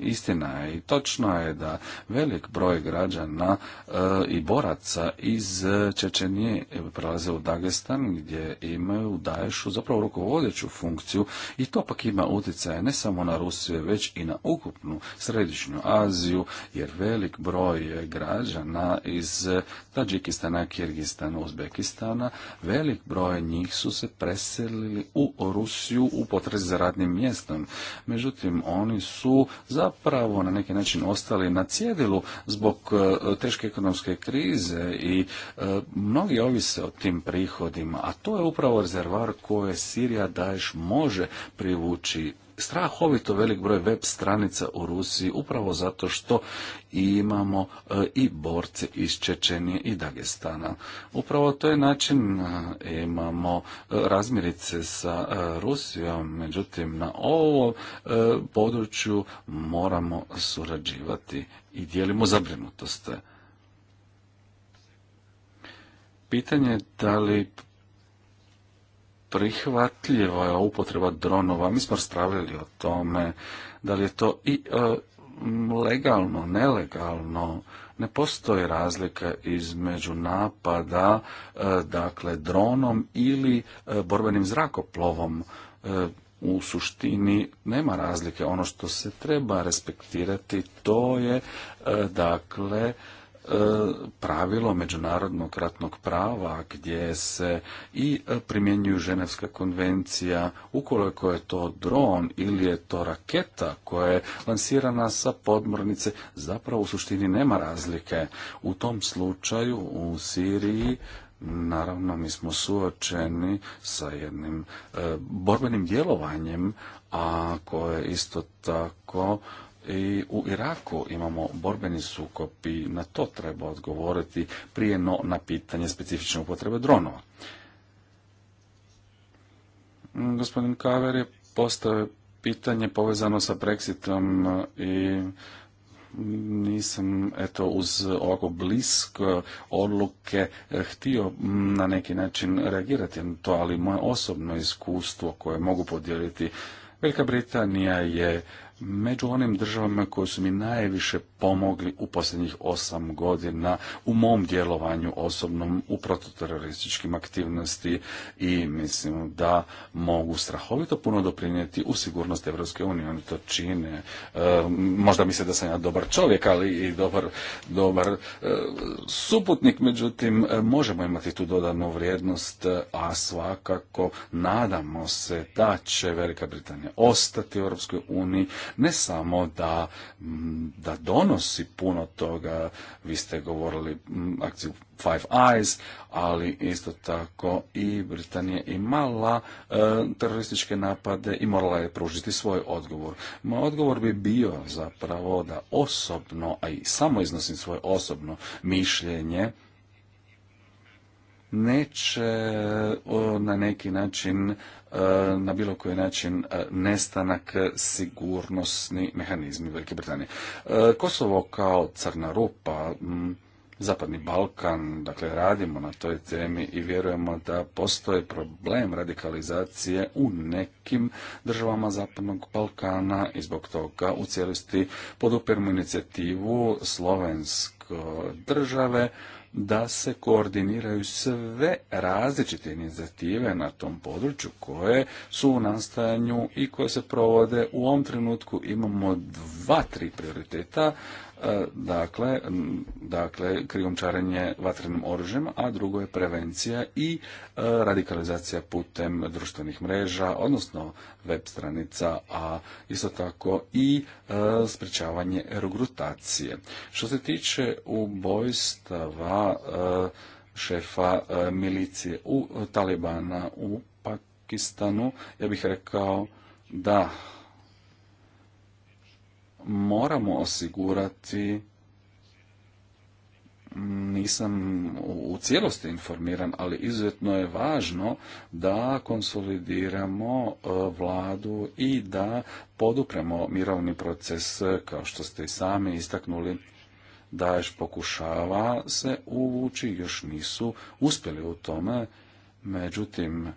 Istina je i točno je da velik broj građana e, i boraca iz e, Čečenije prelaze u Dagestan gdje imaju zapravo rukovodeću funkciju i to pak ima utjecaje ne samo na Rusiju već i na ukupnu središnju Aziju jer velik broj građana iz e, Tadžikistana, Kirgistana, Uzbekistana velik broj njih su se preselili u Rusiju u potrezi za radnim mjestom. Međutim, oni su za zapravo na neki način ostali na cjedilu zbog e, teške ekonomske krize i e, mnogi ovise o tim prihodima, a to je upravo rezervar koje Sirija daješ može privući strahovito velik broj web stranica u Rusiji upravo zato što imamo e, i borce iz Čečenije i Dagestana. Upravo to je način e, imamo e, razmirice sa Rusijom, međutim na ovom području moramo surađivati i dijelimo zabrinutost. Pitanje je da li prihvatljiva upotreba dronova. Mi smo raspravljali o tome da li je to i e, legalno, nelegalno. Ne postoji razlika između napada e, dakle dronom ili e, borbenim zrakoplovom. U suštini nema razlike. Ono što se treba respektirati to je dakle pravilo međunarodnog ratnog prava gdje se i primjenjuju Ženevska konvencija ukoliko je to dron ili je to raketa koja je lansirana sa podmornice zapravo u suštini nema razlike. U tom slučaju u Siriji Naravno, mi smo suočeni sa jednim e, borbenim djelovanjem, a koje isto tako i u Iraku imamo borbeni sukop i na to treba odgovoriti prije no na pitanje specifične upotrebe dronova. Gospodin Kaver je postavio pitanje povezano sa Brexitom i nisam eto uz ovako blisk odluke eh, htio na neki način reagirati na to, ali moje osobno iskustvo koje mogu podijeliti Velika Britanija je među onim državama koje su mi najviše pomogli u posljednjih osam godina u mom djelovanju osobnom u prototerorističkim aktivnosti i mislim da mogu strahovito puno doprinijeti u sigurnost Evropske unije. Oni to čine. E, možda misle da sam ja dobar čovjek, ali i dobar, dobar e, suputnik. Međutim, e, možemo imati tu dodanu vrijednost, a svakako nadamo se da će Velika Britanija ostati u Europskoj uniji ne samo da, da donosi puno toga, vi ste govorili akciju Five Eyes, ali isto tako i Britanija imala e, terorističke napade i morala je pružiti svoj odgovor. Moj odgovor bi bio zapravo da osobno, a i samo iznosim svoje osobno mišljenje, neće na neki način e, na bilo koji način e, nestanak sigurnosni mehanizmi Velike Britanije. E, Kosovo kao crna rupa, Zapadni Balkan, dakle radimo na toj temi i vjerujemo da postoje problem radikalizacije u nekim državama Zapadnog Balkana i zbog toga u cijelosti podupiramo inicijativu slovensko države da se koordiniraju sve različite inicijative na tom području koje su u nastajanju i koje se provode. U ovom trenutku imamo dva, tri prioriteta E, dakle, dakle krijumčarenje vatrenim oružjem, a drugo je prevencija i e, radikalizacija putem društvenih mreža, odnosno web stranica, a isto tako i e, sprečavanje erogrutacije. Što se tiče ubojstava šefa milicije u Talibana u Pakistanu, ja bih rekao da moramo osigurati nisam u cijelosti informiran, ali izuzetno je važno da konsolidiramo e, vladu i da podupremo mirovni proces, e, kao što ste i sami istaknuli. da još pokušava se uvući, još nisu uspjeli u tome, međutim,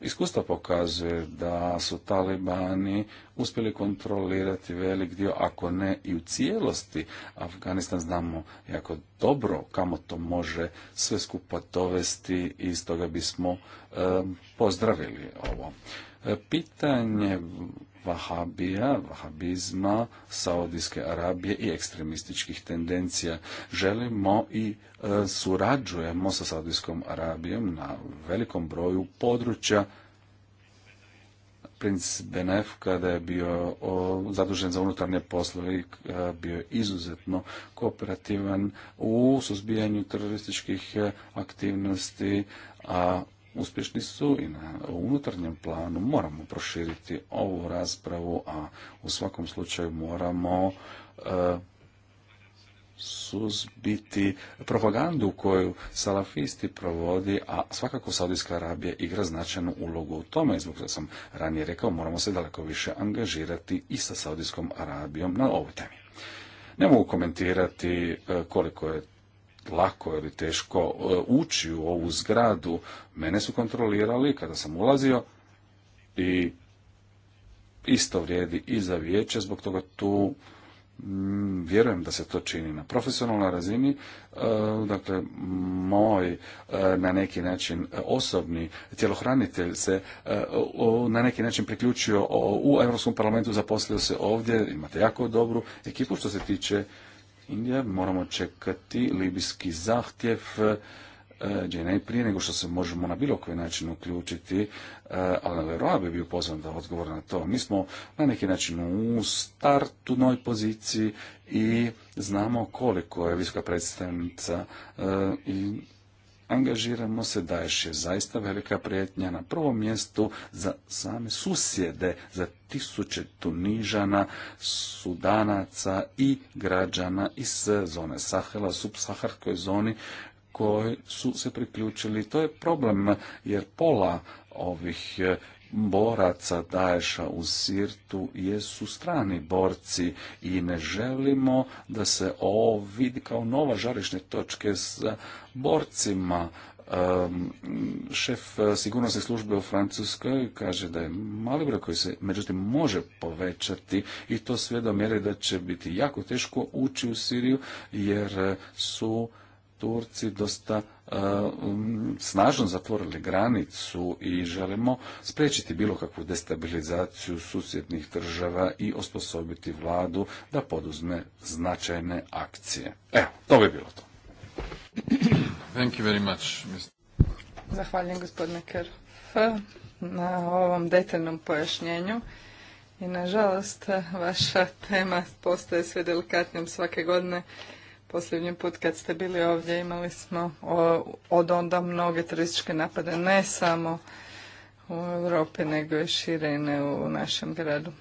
Iskustva pokazuje da su talibani uspjeli kontrolirati velik dio, ako ne i u cijelosti. Afganistan znamo jako dobro kamo to može sve skupa dovesti i stoga bismo eh, pozdravili ovo. Eh, pitanje vahabija, vahabizma, Saudijske Arabije i ekstremističkih tendencija. Želimo i e, surađujemo sa Saudijskom Arabijom na velikom broju područja. Princ Benef, kada je bio zadužen za unutarnje poslove, e, bio je izuzetno kooperativan u suzbijanju terorističkih e, aktivnosti, a uspješni su i na unutarnjem planu moramo proširiti ovu raspravu, a u svakom slučaju moramo e, suzbiti propagandu koju salafisti provodi, a svakako Saudijska Arabija igra značajnu ulogu u tome. Zbog toga sam ranije rekao, moramo se daleko više angažirati i sa Saudijskom Arabijom na ovoj temi. Ne mogu komentirati e, koliko je lako ili teško e, ući u ovu zgradu. Mene su kontrolirali kada sam ulazio i isto vrijedi i za vijeće, zbog toga tu mm, vjerujem da se to čini na profesionalnoj razini, e, dakle moj e, na neki način osobni tjelohranitelj se na neki način priključio u Europskom parlamentu, zaposlio se ovdje, imate jako dobru ekipu što se tiče Indija. Moramo čekati libijski zahtjev e, je prije nego što se možemo na bilo koji način uključiti, e, ali Leroa bi bio pozvan da odgovor na to. Mi smo na neki način u startu noj poziciji i znamo koliko je visoka predstavnica e, i angažiramo se, da je zaista velika prijetnja na prvom mjestu za same susjede, za tisuće Tunižana, Sudanaca i građana iz zone Sahela, subsaharkoj zoni, koji su se priključili. To je problem jer pola ovih boraca Daša u Sirtu jesu strani borci i ne želimo da se ovo vidi kao nova žarišne točke s borcima. šef sigurnosne službe u Francuskoj kaže da je mali broj koji se međutim može povećati i to sve do mjere da će biti jako teško ući u Siriju jer su Turci dosta E, um, snažno zatvorili granicu i želimo spriječiti bilo kakvu destabilizaciju susjednih država i osposobiti vladu da poduzme značajne akcije. Evo, to bi bilo to. Thank you very much. Zahvaljujem gospodine Kerf na ovom detaljnom pojašnjenju. I nažalost, vaša tema postaje sve delikatnijom svake godine Posljednji put kad ste bili ovdje imali smo od onda mnoge turističke napade, ne samo u Europi nego i širene u našem gradu.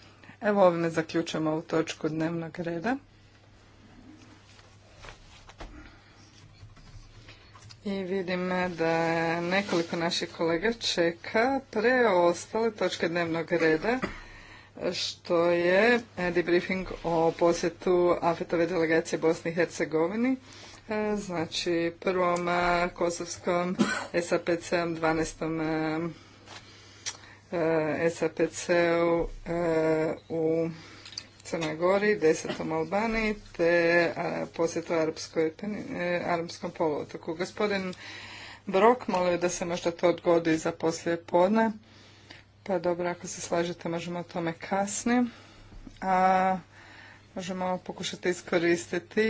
Evo ovime zaključujemo ovu točku dnevnog reda. I vidim da nekoliko naših kolega čeka preostale točke dnevnog reda što je debriefing o posjetu Afetove delegacije Bosni i Hercegovini. E, znači, prvom e, kosovskom SAPC-om, 12. E, SAPC-u u Crnoj Gori, 10. Albaniji, te posjetu u Arapskom tako Gospodin Brok, molio da se možda to odgodi za poslije podne pa dobro, ako se slažete, možemo o tome kasnije. A možemo pokušati iskoristiti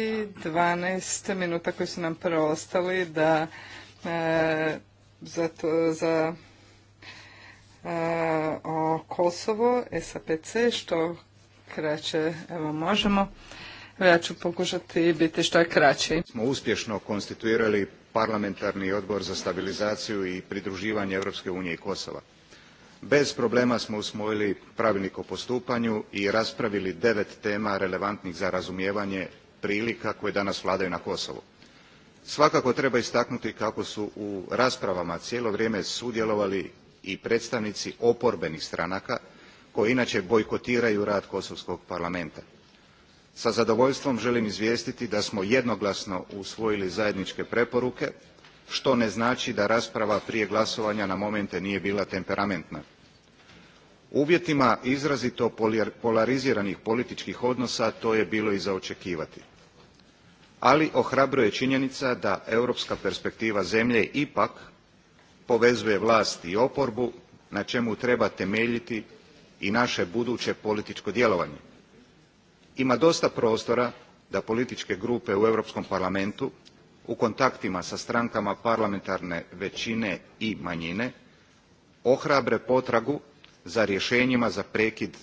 12 minuta koji su nam preostali da e, za, to, za e, o Kosovo, SAPC, što kraće evo možemo. Ja ću pokušati biti što je kraći. Smo uspješno konstituirali parlamentarni odbor za stabilizaciju i pridruživanje Europske unije i Kosova bez problema smo usvojili pravilnik o postupanju i raspravili devet tema relevantnih za razumijevanje prilika koje danas vladaju na kosovu. svakako treba istaknuti kako su u raspravama cijelo vrijeme sudjelovali i predstavnici oporbenih stranaka koji inače bojkotiraju rad kosovskog parlamenta. sa zadovoljstvom želim izvijestiti da smo jednoglasno usvojili zajedničke preporuke što ne znači da rasprava prije glasovanja na momente nije bila temperamentna. u uvjetima izrazito polariziranih političkih odnosa to je bilo i za očekivati ali ohrabruje činjenica da europska perspektiva zemlje ipak povezuje vlast i oporbu na čemu treba temeljiti i naše buduće političko djelovanje. ima dosta prostora da političke grupe u europskom parlamentu u kontaktima sa strankama parlamentarne većine i manjine ohrabre potragu za rješenjima za prekid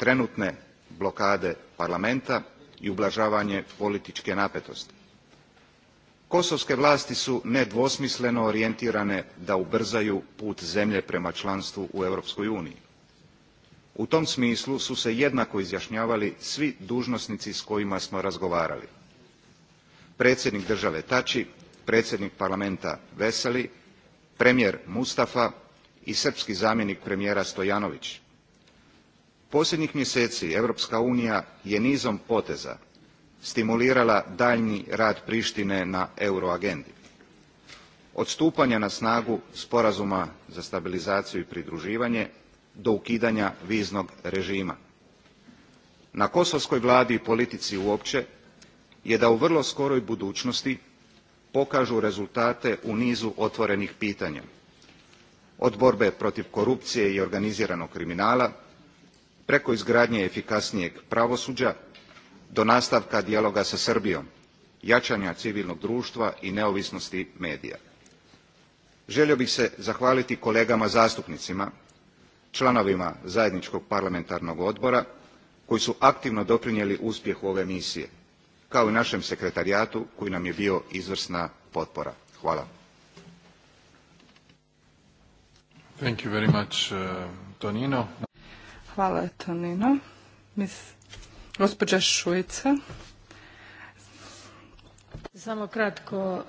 trenutne blokade parlamenta i ublažavanje političke napetosti. kosovske vlasti su nedvosmisleno orijentirane da ubrzaju put zemlje prema članstvu u europskoj uniji. u tom smislu su se jednako izjašnjavali svi dužnosnici s kojima smo razgovarali predsjednik države Tači, predsjednik parlamenta veseli premijer mustafa i srpski zamjenik premijera Stojanović. posljednjih mjeseci europska unija je nizom poteza stimulirala daljnji rad prištine na euroagendi. od stupanja na snagu sporazuma za stabilizaciju i pridruživanje do ukidanja viznog režima. na kosovskoj vladi i politici uopće je da u vrlo skoroj budućnosti pokažu rezultate u nizu otvorenih pitanja od borbe protiv korupcije i organiziranog kriminala preko izgradnje efikasnijeg pravosuđa do nastavka dijaloga sa srbijom jačanja civilnog društva i neovisnosti medija želio bih se zahvaliti kolegama zastupnicima članovima zajedničkog parlamentarnog odbora koji su aktivno doprinijeli uspjehu ove misije kao i našem sekretarijatu koji nam je bio izvrsna potpora. Hvala. Thank you very much, uh, Tonino. Hvala, Tonino. Mis... Gospođa Šujica. Samo kratko uh,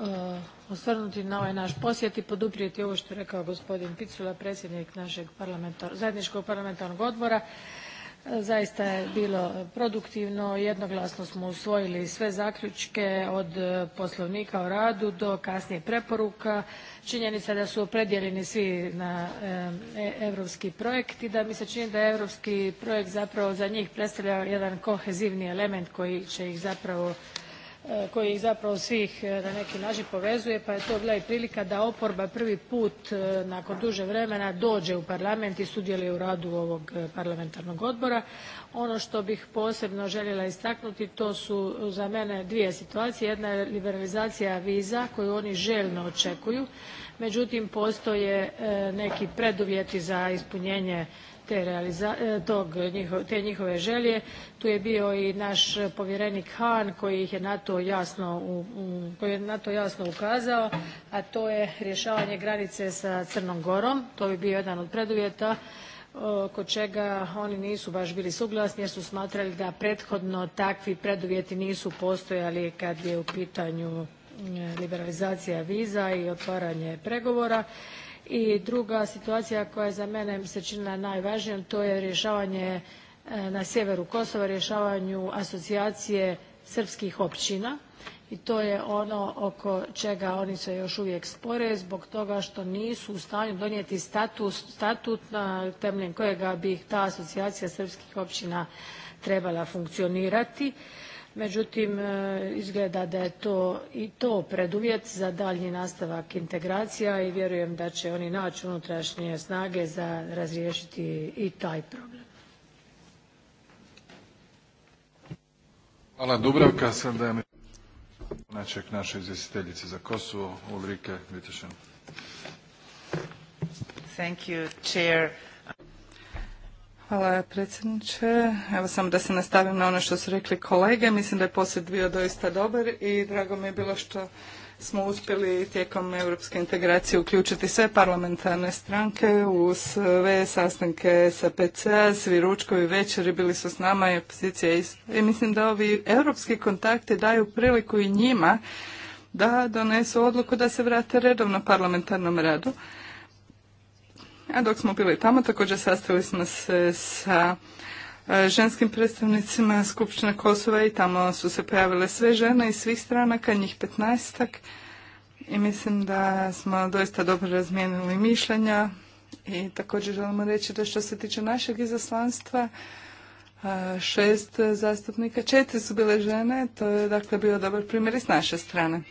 osvrnuti na ovaj naš posjet i poduprijeti ovo što je rekao gospodin Picula, predsjednik našeg parlamentar zajedničkog parlamentarnog odbora Zaista je bilo produktivno, jednoglasno smo usvojili sve zaključke od e, Poslovnika o radu do kasnije preporuka. Činjenica je da su opredijeljeni svi na europski e, projekt i da mi se čini da europski projekt zapravo za njih predstavlja jedan kohezivni element koji će ih zapravo E, koji ih zapravo svih e, na neki način povezuje pa je to bila i prilika da oporba prvi put e, nakon duže vremena dođe u parlament i sudjeluje u radu ovog parlamentarnog odbora. ono što bih posebno željela istaknuti to su za mene dvije situacije jedna je liberalizacija viza koju oni željno očekuju međutim postoje neki preduvjeti za ispunjenje te, e, te njihove želje. Tu je bio i naš povjerenik Hahn koji je na to jasno, je na to jasno ukazao, a to je rješavanje granice sa Crnom Gorom. To bi bio jedan od preduvjeta e, kod čega oni nisu baš bili suglasni jer su smatrali da prethodno takvi preduvjeti nisu postojali kad je u pitanju e, liberalizacija viza i otvaranje pregovora i druga situacija koja za mene se činila najvažnijom to je rješavanje e, na sjeveru kosova rješavanju asocijacije srpskih općina i to je ono oko čega oni se još uvijek spore zbog toga što nisu u stanju donijeti status, statut temeljem kojega bi ta asocijacija srpskih općina trebala funkcionirati međutim e, izgleda da je to i to preduvjet za daljnji nastavak integracija i vjerujem da će oni naći unutrašnje snage za razriješiti i taj problem. Hvala Dubravka, sad dajem naček naše izvjestiteljice za Kosovo, Ulrike Vitešan. Thank you, Chair. Hvala predsjedniče. Evo samo da se nastavim na ono što su rekli kolege. Mislim da je posjet bio doista dobar i drago mi je bilo što smo uspjeli tijekom europske integracije uključiti sve parlamentarne stranke u sve sastanke spc a svi ručkovi večeri bili su s nama i opozicija I mislim da ovi europski kontakti daju priliku i njima da donesu odluku da se vrate redovno parlamentarnom radu a dok smo bili tamo, također sastali smo se sa e, ženskim predstavnicima Skupštine Kosova i tamo su se pojavile sve žene iz svih stranaka, njih 15-ak, I mislim da smo doista dobro razmijenili mišljenja i također želimo reći da što se tiče našeg izaslanstva, e, šest zastupnika, četiri su bile žene, to je dakle bio dobar primjer i s naše strane.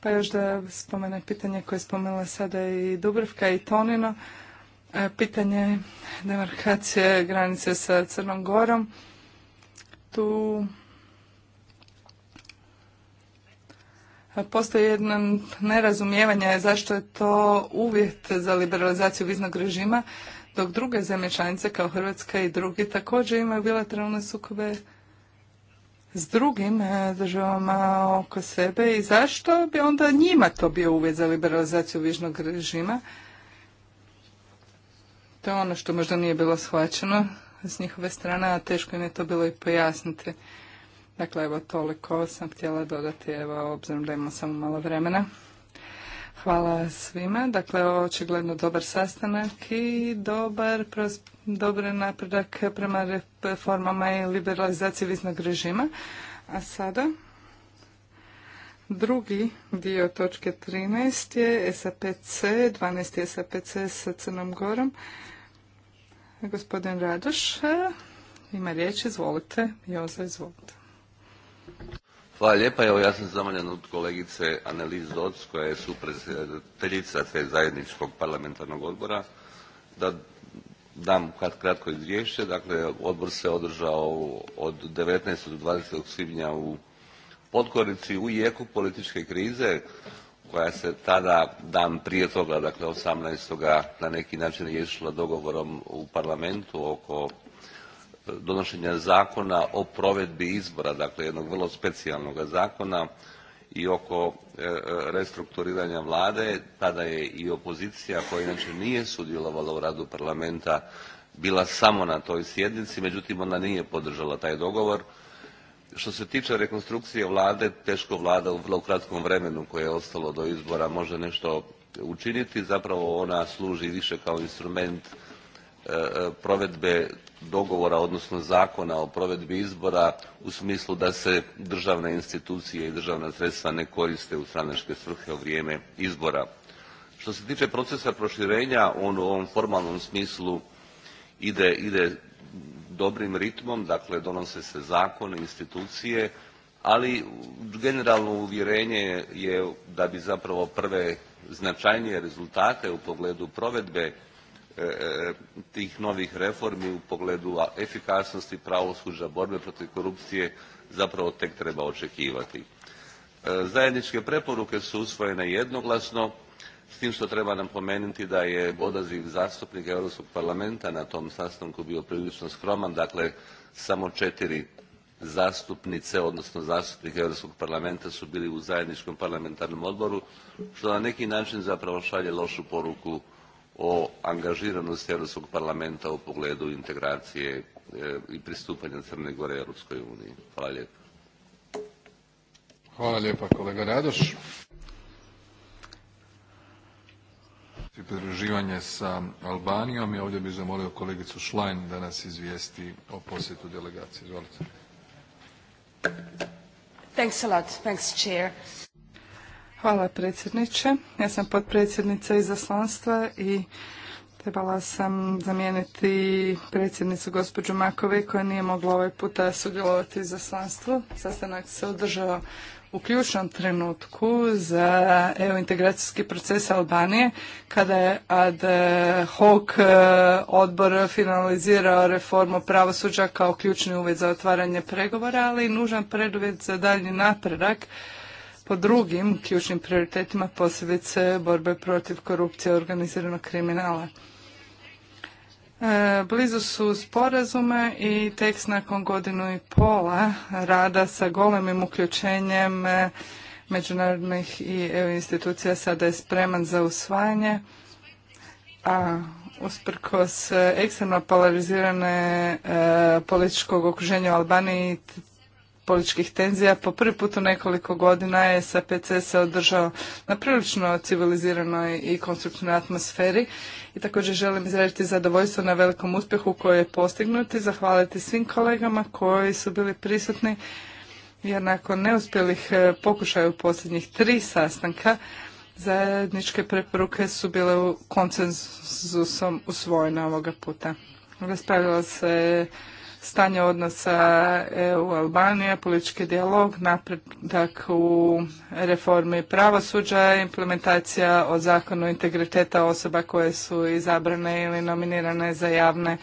Pa još da spomenem pitanje koje je spomenula sada i Dubrovka i Tonino. E, pitanje demarkacije granice sa Crnom Gorom. Tu postoji jedno nerazumijevanje zašto je to uvjet za liberalizaciju viznog režima, dok druge zemlje članice kao Hrvatska i drugi također imaju bilateralne sukobe s drugim e, državama oko sebe i zašto bi onda njima to bio uvjet za liberalizaciju viznog režima to je ono što možda nije bilo shvaćeno s njihove strane, a teško im je to bilo i pojasniti. Dakle, evo toliko sam htjela dodati, evo, obzirom da imamo samo malo vremena. Hvala svima. Dakle, očigledno dobar sastanak i dobar, dobar napredak prema reformama i liberalizaciji viznog režima. A sada... Drugi dio točke 13 je SAPC, 12. SAPC sa Crnom Gorom. Gospodin Radoš e, ima riječ, izvolite. Joza, izvolite. Hvala lijepa. Evo ja sam zamaljan od kolegice Annelies Doc, koja je supredsjedateljica te zajedničkog parlamentarnog odbora, da dam kratko izvješće. Dakle, odbor se održao od 19. do 20. svibnja u Podgorici u jeku političke krize koja se tada dan prije toga, dakle 18. na neki način riješila dogovorom u parlamentu oko e, donošenja zakona o provedbi izbora, dakle jednog vrlo specijalnog zakona i oko e, restrukturiranja vlade. Tada je i opozicija koja inače nije sudjelovala u radu parlamenta bila samo na toj sjednici, međutim ona nije podržala taj dogovor što se tiče rekonstrukcije vlade, teško vlada u vrlo kratkom vremenu koje je ostalo do izbora može nešto učiniti. Zapravo ona služi više kao instrument e, e, provedbe dogovora, odnosno zakona o provedbi izbora u smislu da se državne institucije i državna sredstva ne koriste u stranačke svrhe u vrijeme izbora. Što se tiče procesa proširenja, on u ovom formalnom smislu ide, ide dobrim ritmom, dakle donose se zakone, institucije, ali generalno uvjerenje je da bi zapravo prve značajnije rezultate u pogledu provedbe e, e, tih novih reformi u pogledu efikasnosti pravosuđa, borbe protiv korupcije zapravo tek treba očekivati. E, zajedničke preporuke su usvojene jednoglasno s tim što treba napomenuti da je odaziv zastupnika Europskog parlamenta na tom sastanku bio prilično skroman, dakle samo četiri zastupnice, odnosno zastupnike Europskog parlamenta su bili u zajedničkom parlamentarnom odboru, što na neki način zapravo šalje lošu poruku o angažiranosti Europskog parlamenta u pogledu integracije e, i pristupanja Crne Gore Europskoj uniji. Hvala lijepo. Hvala lijepa kolega Radoš. Pridruživanje sa Albanijom i ovdje bih zamolio kolegicu Schlein da nas izvijesti o posjetu delegacije. Izvolite. Hvala predsjedniče. Ja sam potpredsjednica izaslanstva i trebala sam zamijeniti predsjednicu gospođu Makovi koja nije mogla ovaj puta sudjelovati u izaslanstvu. Sastanak se održao u ključnom trenutku za EU integracijski proces Albanije kada je ad hoc e, odbor finalizirao reformu pravosuđa kao ključni uvjet za otvaranje pregovora, ali i nužan preduvjet za daljnji napredak po drugim ključnim prioritetima, posebice borbe protiv korupcije i organiziranog kriminala. E, blizu su sporazume i tekst nakon godinu i pola rada sa golemim uključenjem e, međunarodnih i EU institucija sada je spreman za usvajanje, a usprkos ekstremno polarizirane e, političkog okruženja u Albaniji političkih tenzija. Po prvi put u nekoliko godina je SAPC se održao na prilično civiliziranoj i konstruktivnoj atmosferi i također želim izraziti zadovoljstvo na velikom uspjehu koji je postignut i zahvaliti svim kolegama koji su bili prisutni jer nakon neuspjelih e, pokušaja u posljednjih tri sastanka zajedničke preporuke su bile u konsenzusom usvojene ovoga puta. Raspravljala se stanje odnosa EU-Albanija, politički dijalog, napredak u reformi pravosuđa, implementacija o zakonu integriteta osoba koje su izabrane ili nominirane za javne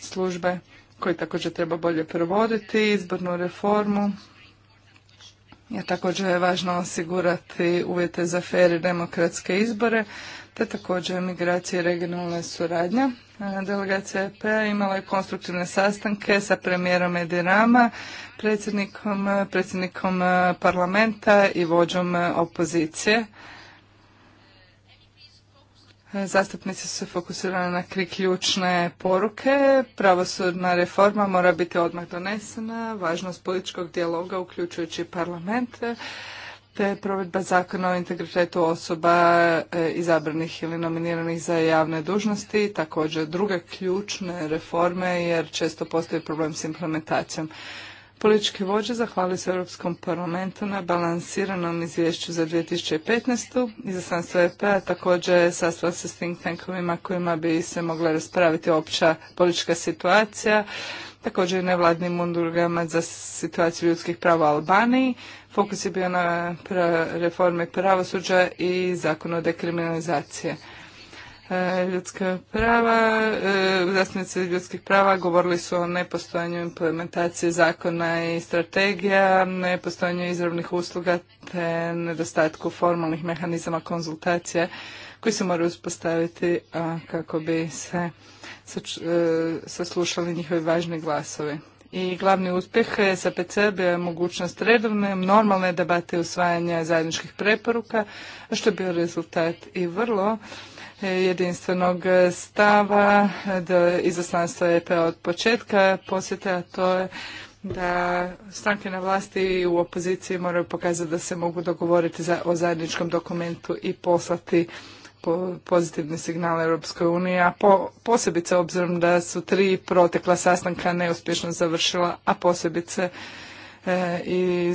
službe koji također treba bolje provoditi, izbornu reformu, također je važno osigurati uvjete za fer i demokratske izbore, te također migracije i regionalna suradnja. E, delegacija EP imala je konstruktivne sastanke sa premijerom Edirama, predsjednikom, predsjednikom e, parlamenta i vođom e, opozicije. Zastupnici su se fokusirali na kri ključne poruke. Pravosudna reforma mora biti odmah donesena, važnost političkog dijaloga uključujući parlament, te provedba zakona o integritetu osoba e, izabranih ili nominiranih za javne dužnosti, također druge ključne reforme jer često postoji problem s implementacijom. Politički vođe zahvali se Europskom parlamentu na balansiranom izvješću za 2015. Izaslanstvo EP-a također sastava se s think tankovima kojima bi se mogla raspraviti opća politička situacija, također i nevladnim udrugama za situaciju ljudskih prava u Albaniji. Fokus je bio na reforme pravosuđa i zakon o dekriminalizacije. Ljudska prava, e, zastupnici ljudskih prava govorili su o nepostojanju implementacije zakona i strategija, nepostojanju izravnih usluga te nedostatku formalnih mehanizama konzultacije koji se moraju uspostaviti kako bi se E, saslušali njihove važni glasove. I glavni uspjeh SAPC bio je mogućnost redovne, normalne debate usvajanja zajedničkih preporuka, što je bio rezultat i vrlo e, jedinstvenog stava da izaslanstva EP od početka posjeta, a to je da stranke na vlasti i u opoziciji moraju pokazati da se mogu dogovoriti za, o zajedničkom dokumentu i poslati pozitivni signal Europskoj uniji, a posebice obzirom da su tri protekla sastanka neuspješno završila, a posebice e, i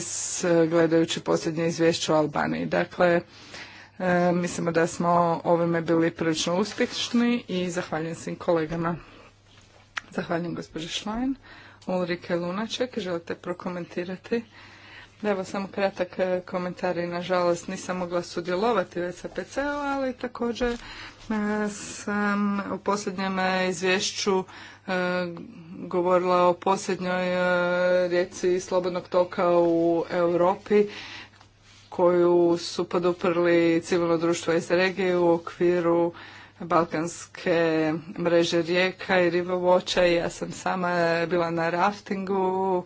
gledajući posljednje izvješće o Albaniji. Dakle, e, mislimo da smo ovime bili prilično uspješni i zahvaljujem svim kolegama. Zahvaljujem gospođi Šlajn. Ulrike Lunaček, želite prokomentirati? Evo samo kratak e, komentar i nažalost nisam mogla sudjelovati u spc u ali također e, sam u posljednjem e, izvješću govorila o posljednjoj rijeci slobodnog toka u Europi koju su poduprli civilno društvo iz regije u okviru balkanske mreže rijeka i ribovoća i ja sam sama bila na raftingu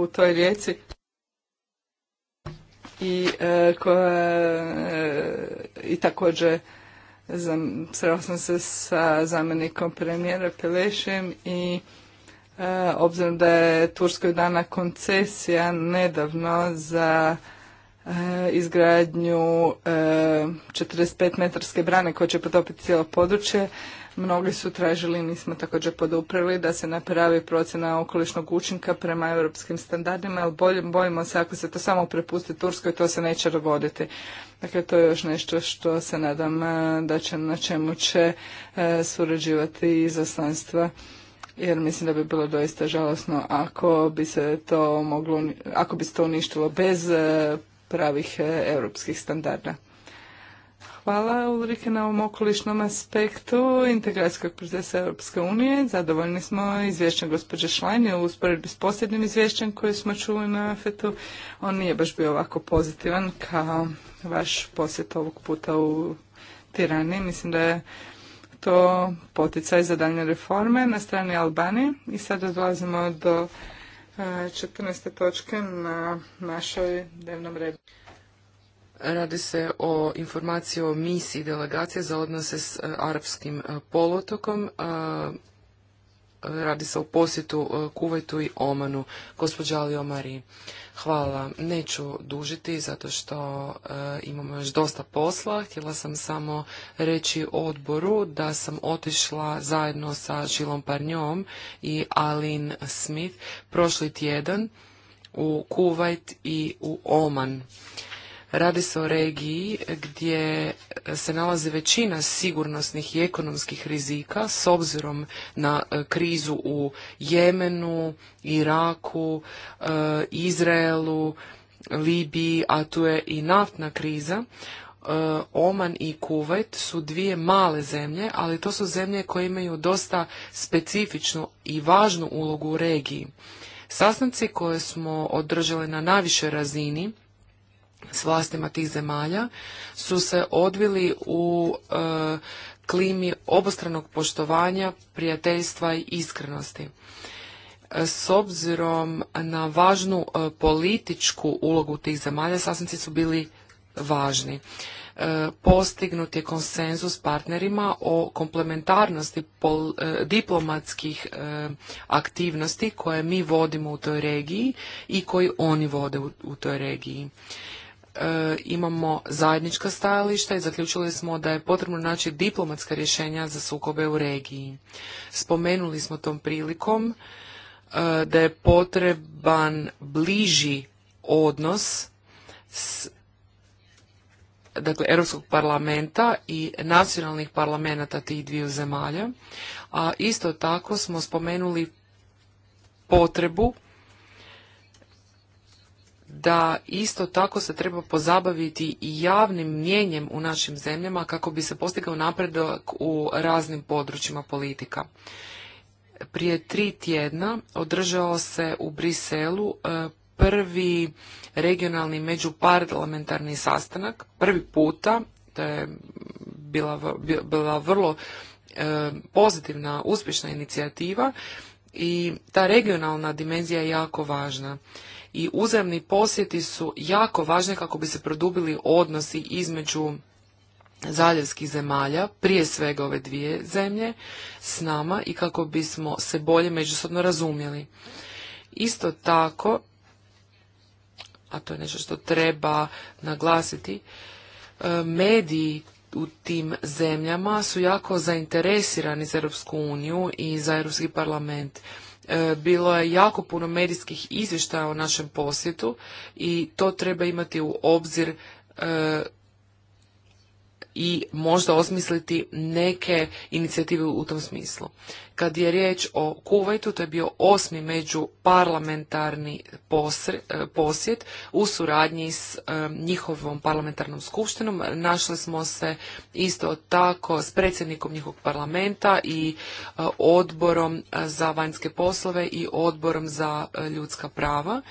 u toj rijeci i e, koja e, i također srela sam se sa zamjenikom premijera Pelešem i e, obzirom da je Turskoj dana koncesija nedavno za e, izgradnju e, 45 metarske brane koja će potopiti cijelo područje, Mnogi su tražili, mi smo također poduprli da se napravi procjena okolišnog učinka prema europskim standardima, ali bolje bojimo se ako se to samo prepusti Turskoj, to se neće dogoditi. Dakle, to je još nešto što se nadam e, da će, na čemu će e, surađivati izaslanstva jer mislim da bi bilo doista žalosno ako bi se to moglo, ako bi se to uništilo bez e, pravih e, europskih standarda. Hvala Ulrike na ovom okolišnom aspektu integracijskog procesa Europske unije. Zadovoljni smo izvješćem gospođe Šlajne u usporedbi s posljednjim izvješćem koje smo čuli na FET-u. On nije baš bio ovako pozitivan kao vaš posjet ovog puta u Tirani. Mislim da je to poticaj za daljnje reforme na strani Albanije. I sada dolazimo do 14. Eh, točke na našoj dnevnom redu. Radi se o informaciji o misiji delegacije za odnose s e, arapskim e, polotokom. Radi se o posjetu e, Kuvajtu i Omanu. Gospođa Alio Mari, hvala. Neću dužiti zato što imamo još dosta posla. Htjela sam samo reći odboru da sam otišla zajedno sa Žilom Parnjom i Alin Smith prošli tjedan u Kuvajt i u Oman. Radi se o regiji gdje se nalazi većina sigurnosnih i ekonomskih rizika s obzirom na e, krizu u Jemenu, Iraku, e, Izraelu, Libiji, a tu je i naftna kriza. E, Oman i Kuwait su dvije male zemlje, ali to su zemlje koje imaju dosta specifičnu i važnu ulogu u regiji. Sastanci koje smo održali na najvišoj razini s vlastima tih zemalja su se odvili u e, klimi obostranog poštovanja, prijateljstva i iskrenosti. E, s obzirom na važnu e, političku ulogu tih zemalja, sasnici su bili važni. postignut je konsenzus partnerima o komplementarnosti diplomatskih aktivnosti koje mi vodimo u toj regiji i koji oni vode u, u toj regiji. E, imamo zajednička stajališta i zaključili smo da je potrebno naći diplomatska rješenja za sukobe u regiji. Spomenuli smo tom prilikom e, da je potreban bliži odnos s dakle Europskog parlamenta i nacionalnih parlamenta tih dviju zemalja. A isto tako smo spomenuli potrebu da isto tako se treba pozabaviti i javnim mjenjem u našim zemljama kako bi se postigao napredak u raznim područjima politika. Prije tri tjedna održao se u Briselu e, prvi regionalni međuparlamentarni sastanak, prvi puta, to je bila, bila vrlo e, pozitivna, uspješna inicijativa i ta regionalna dimenzija je jako važna i uzemni posjeti su jako važni kako bi se produbili odnosi između zaljevskih zemalja, prije svega ove dvije zemlje, s nama i kako bismo se bolje međusobno razumjeli. Isto tako, a to je nešto što treba naglasiti, e, mediji u tim zemljama su jako zainteresirani za Europsku uniju i za Europski parlament E, bilo je jako puno medijskih izvještaja o našem posjetu i to treba imati u obzir e, i možda osmisliti neke inicijative u tom smislu. Kad je riječ o Kuvajtu, to je bio osmi među parlamentarni e, posjet u suradnji s e, njihovom parlamentarnom skupštinom. Našli smo se isto tako s predsjednikom njihovog parlamenta i e, odborom za vanjske poslove i odborom za ljudska prava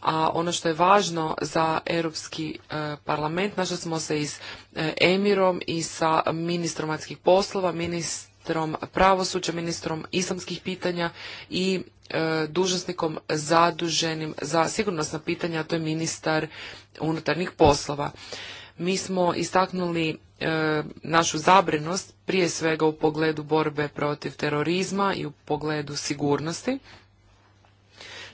a ono što je važno za Europski e, parlament, našli smo se i s e, Emirom i sa ministrom vanjskih poslova, ministrom pravosuđa, ministrom islamskih pitanja i e, dužnosnikom zaduženim za sigurnosna pitanja, a to je ministar unutarnjih poslova. Mi smo istaknuli našu zabrinost prije svega u pogledu borbe protiv terorizma i u pogledu sigurnosti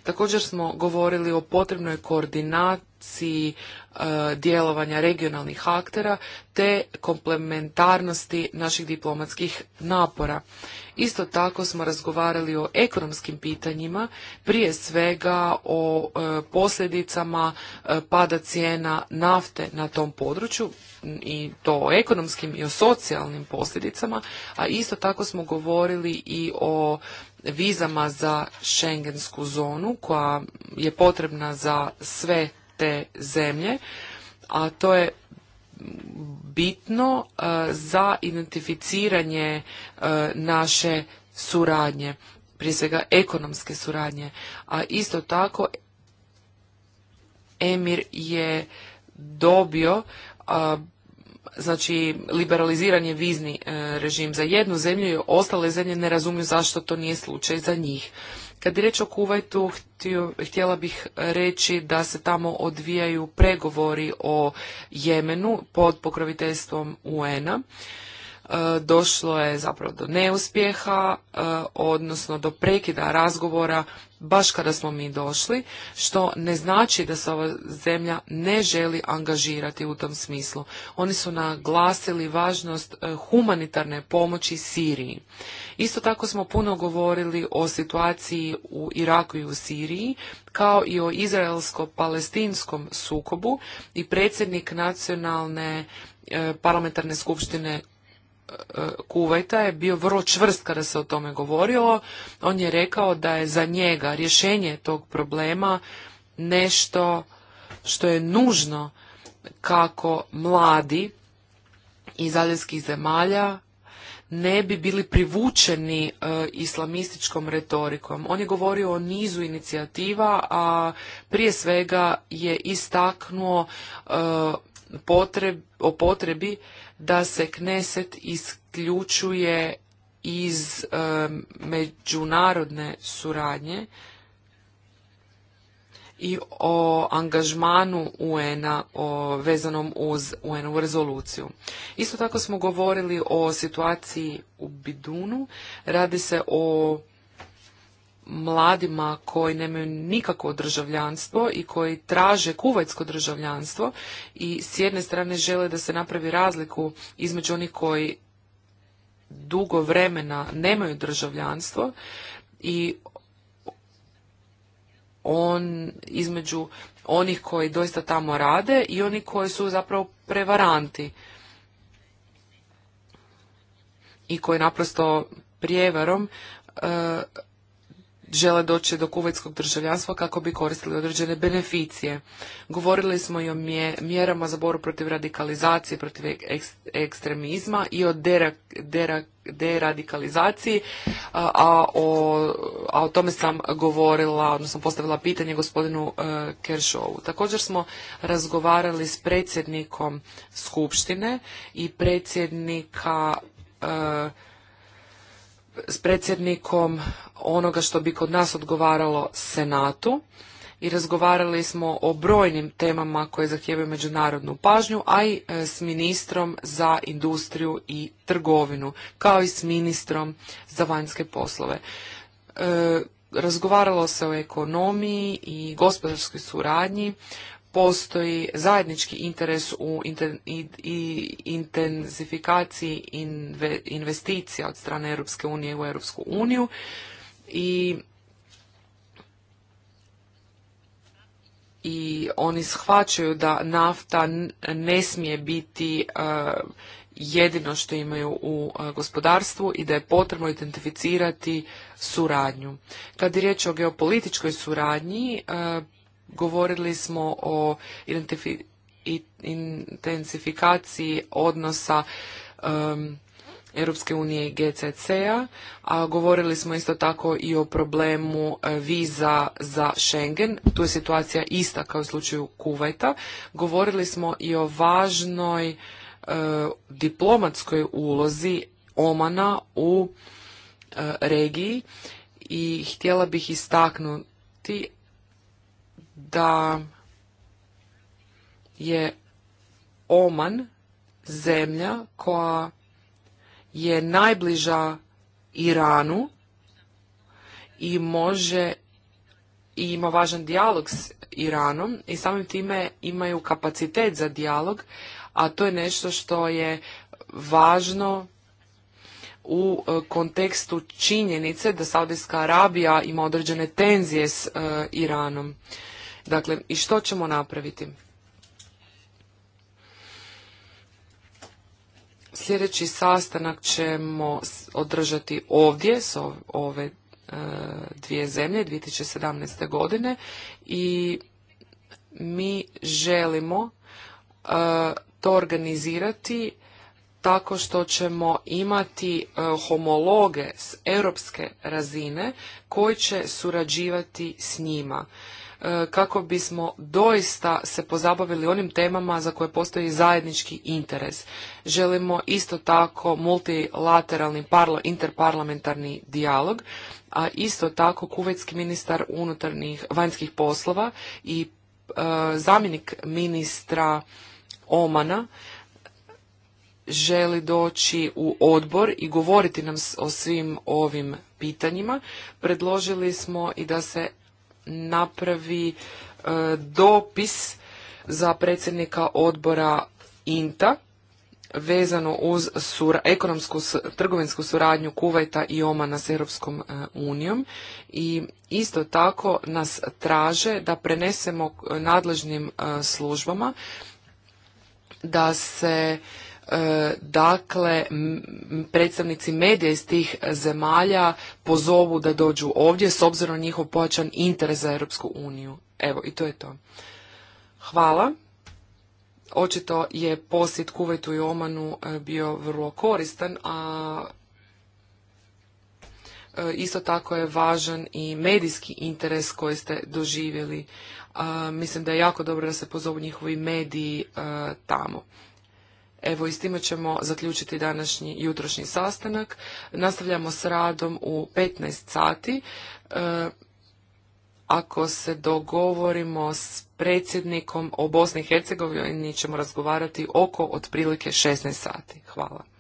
Također smo govorili o potrebnoj koordinaciji e, djelovanja regionalnih aktera te komplementarnosti naših diplomatskih napora. Isto tako smo razgovarali o ekonomskim pitanjima, prije svega o e, posljedicama e, pada cijena nafte na tom području i to o ekonomskim i o socijalnim posljedicama, a isto tako smo govorili i o vizama za Schengensku zonu koja je potrebna za sve te zemlje, a to je bitno e, za identificiranje e, naše suradnje, prije svega ekonomske suradnje. A isto tako Emir je dobio znači liberaliziran je vizni e, režim za jednu zemlju i ostale zemlje ne razumiju zašto to nije slučaj za njih. Kad je riječ o Kuvajtu, htjela bih reći da se tamo odvijaju pregovori o Jemenu pod pokroviteljstvom UN-a. E, došlo je zapravo do neuspjeha, e, odnosno do prekida razgovora baš kada smo mi došli, što ne znači da se ova zemlja ne želi angažirati u tom smislu. Oni su naglasili važnost e, humanitarne pomoći Siriji. Isto tako smo puno govorili o situaciji u Iraku i u Siriji, kao i o izraelsko-palestinskom sukobu i predsjednik nacionalne e, parlamentarne skupštine E, Kuvajta je bio vrlo čvrst kada se o tome govorilo. On je rekao da je za njega rješenje tog problema nešto što je nužno kako mladi iz azijskih zemalja ne bi bili privučeni e, islamističkom retorikom. On je govorio o nizu inicijativa, a prije svega je istaknuo e, potreb, o potrebi da se Kneset isključuje iz e, međunarodne suradnje i o angažmanu UN-a vezanom uz UN-u rezoluciju. Isto tako smo govorili o situaciji u Bidunu. Radi se o mladima koji nemaju nikakvo državljanstvo i koji traže kuvajtsko državljanstvo i s jedne strane žele da se napravi razliku između onih koji dugo vremena nemaju državljanstvo i on između onih koji doista tamo rade i oni koji su zapravo prevaranti i koji naprosto prijevarom e, žele doći do kuvetskog državljanstva kako bi koristili određene beneficije. Govorili smo i o mjerama za boru protiv radikalizacije, protiv ekstremizma i o deradikalizaciji, a o, tome sam govorila, odnosno postavila pitanje gospodinu e, Keršovu. Također smo razgovarali s predsjednikom Skupštine i predsjednika e, s predsjednikom onoga što bi kod nas odgovaralo Senatu i razgovarali smo o brojnim temama koje zahtijevaju međunarodnu pažnju, a i e, s ministrom za industriju i trgovinu, kao i s ministrom za vanjske poslove. E, razgovaralo se o ekonomiji i gospodarskoj suradnji, postoji zajednički interes u i, intenzifikaciji investicija od strane Europske unije u Europsku uniju i i oni shvaćaju da nafta ne smije biti e, jedino što imaju u e, gospodarstvu i da je potrebno identificirati suradnju. Kad je riječ o geopolitičkoj suradnji, e, Govorili smo o intensifikaciji odnosa Europske unije i GCC-a, a govorili smo isto tako i o problemu e, viza za Schengen. Tu je situacija ista kao u slučaju Kuvajta. Govorili smo i o važnoj e, diplomatskoj ulozi Omana u e, regiji i htjela bih istaknuti da je Oman zemlja koja je najbliža Iranu i može i ima važan dijalog s Iranom i samim time imaju kapacitet za dijalog, a to je nešto što je važno u e, kontekstu činjenice da Saudijska Arabija ima određene tenzije s e, Iranom. Dakle, i što ćemo napraviti? Sljedeći sastanak ćemo održati ovdje s ove e, dvije zemlje 2017. godine i mi želimo e, to organizirati tako što ćemo imati e, homologe s europske razine koji će surađivati s njima. E, kako bismo doista se pozabavili onim temama za koje postoji zajednički interes. Želimo isto tako multilateralni interparlamentarni dijalog, a isto tako kuvetski ministar unutarnjih vanjskih poslova i e, zamjenik ministra Omana želi doći u odbor i govoriti nam o svim ovim pitanjima. Predložili smo i da se napravi e, dopis za predsjednika odbora INTA vezano uz ekonomsku trgovinsku suradnju Kuvajta i Omana s Europskom e, unijom i isto tako nas traže da prenesemo nadležnim e, službama da se E, dakle predstavnici medija iz tih zemalja pozovu da dođu ovdje s obzirom na njihov pojačan interes za Europsku uniju. Evo i to je to. Hvala. Očito je posjet Kuvetu i Omanu e, bio vrlo koristan, a e, isto tako je važan i medijski interes koji ste doživjeli. Mislim da je jako dobro da se pozovu njihovi mediji tamo. Evo i s time ćemo zaključiti današnji jutrošnji sastanak. Nastavljamo s radom u 15 sati. E, ako se dogovorimo s predsjednikom o Bosni i Hercegovini ćemo razgovarati oko otprilike 16 sati. Hvala.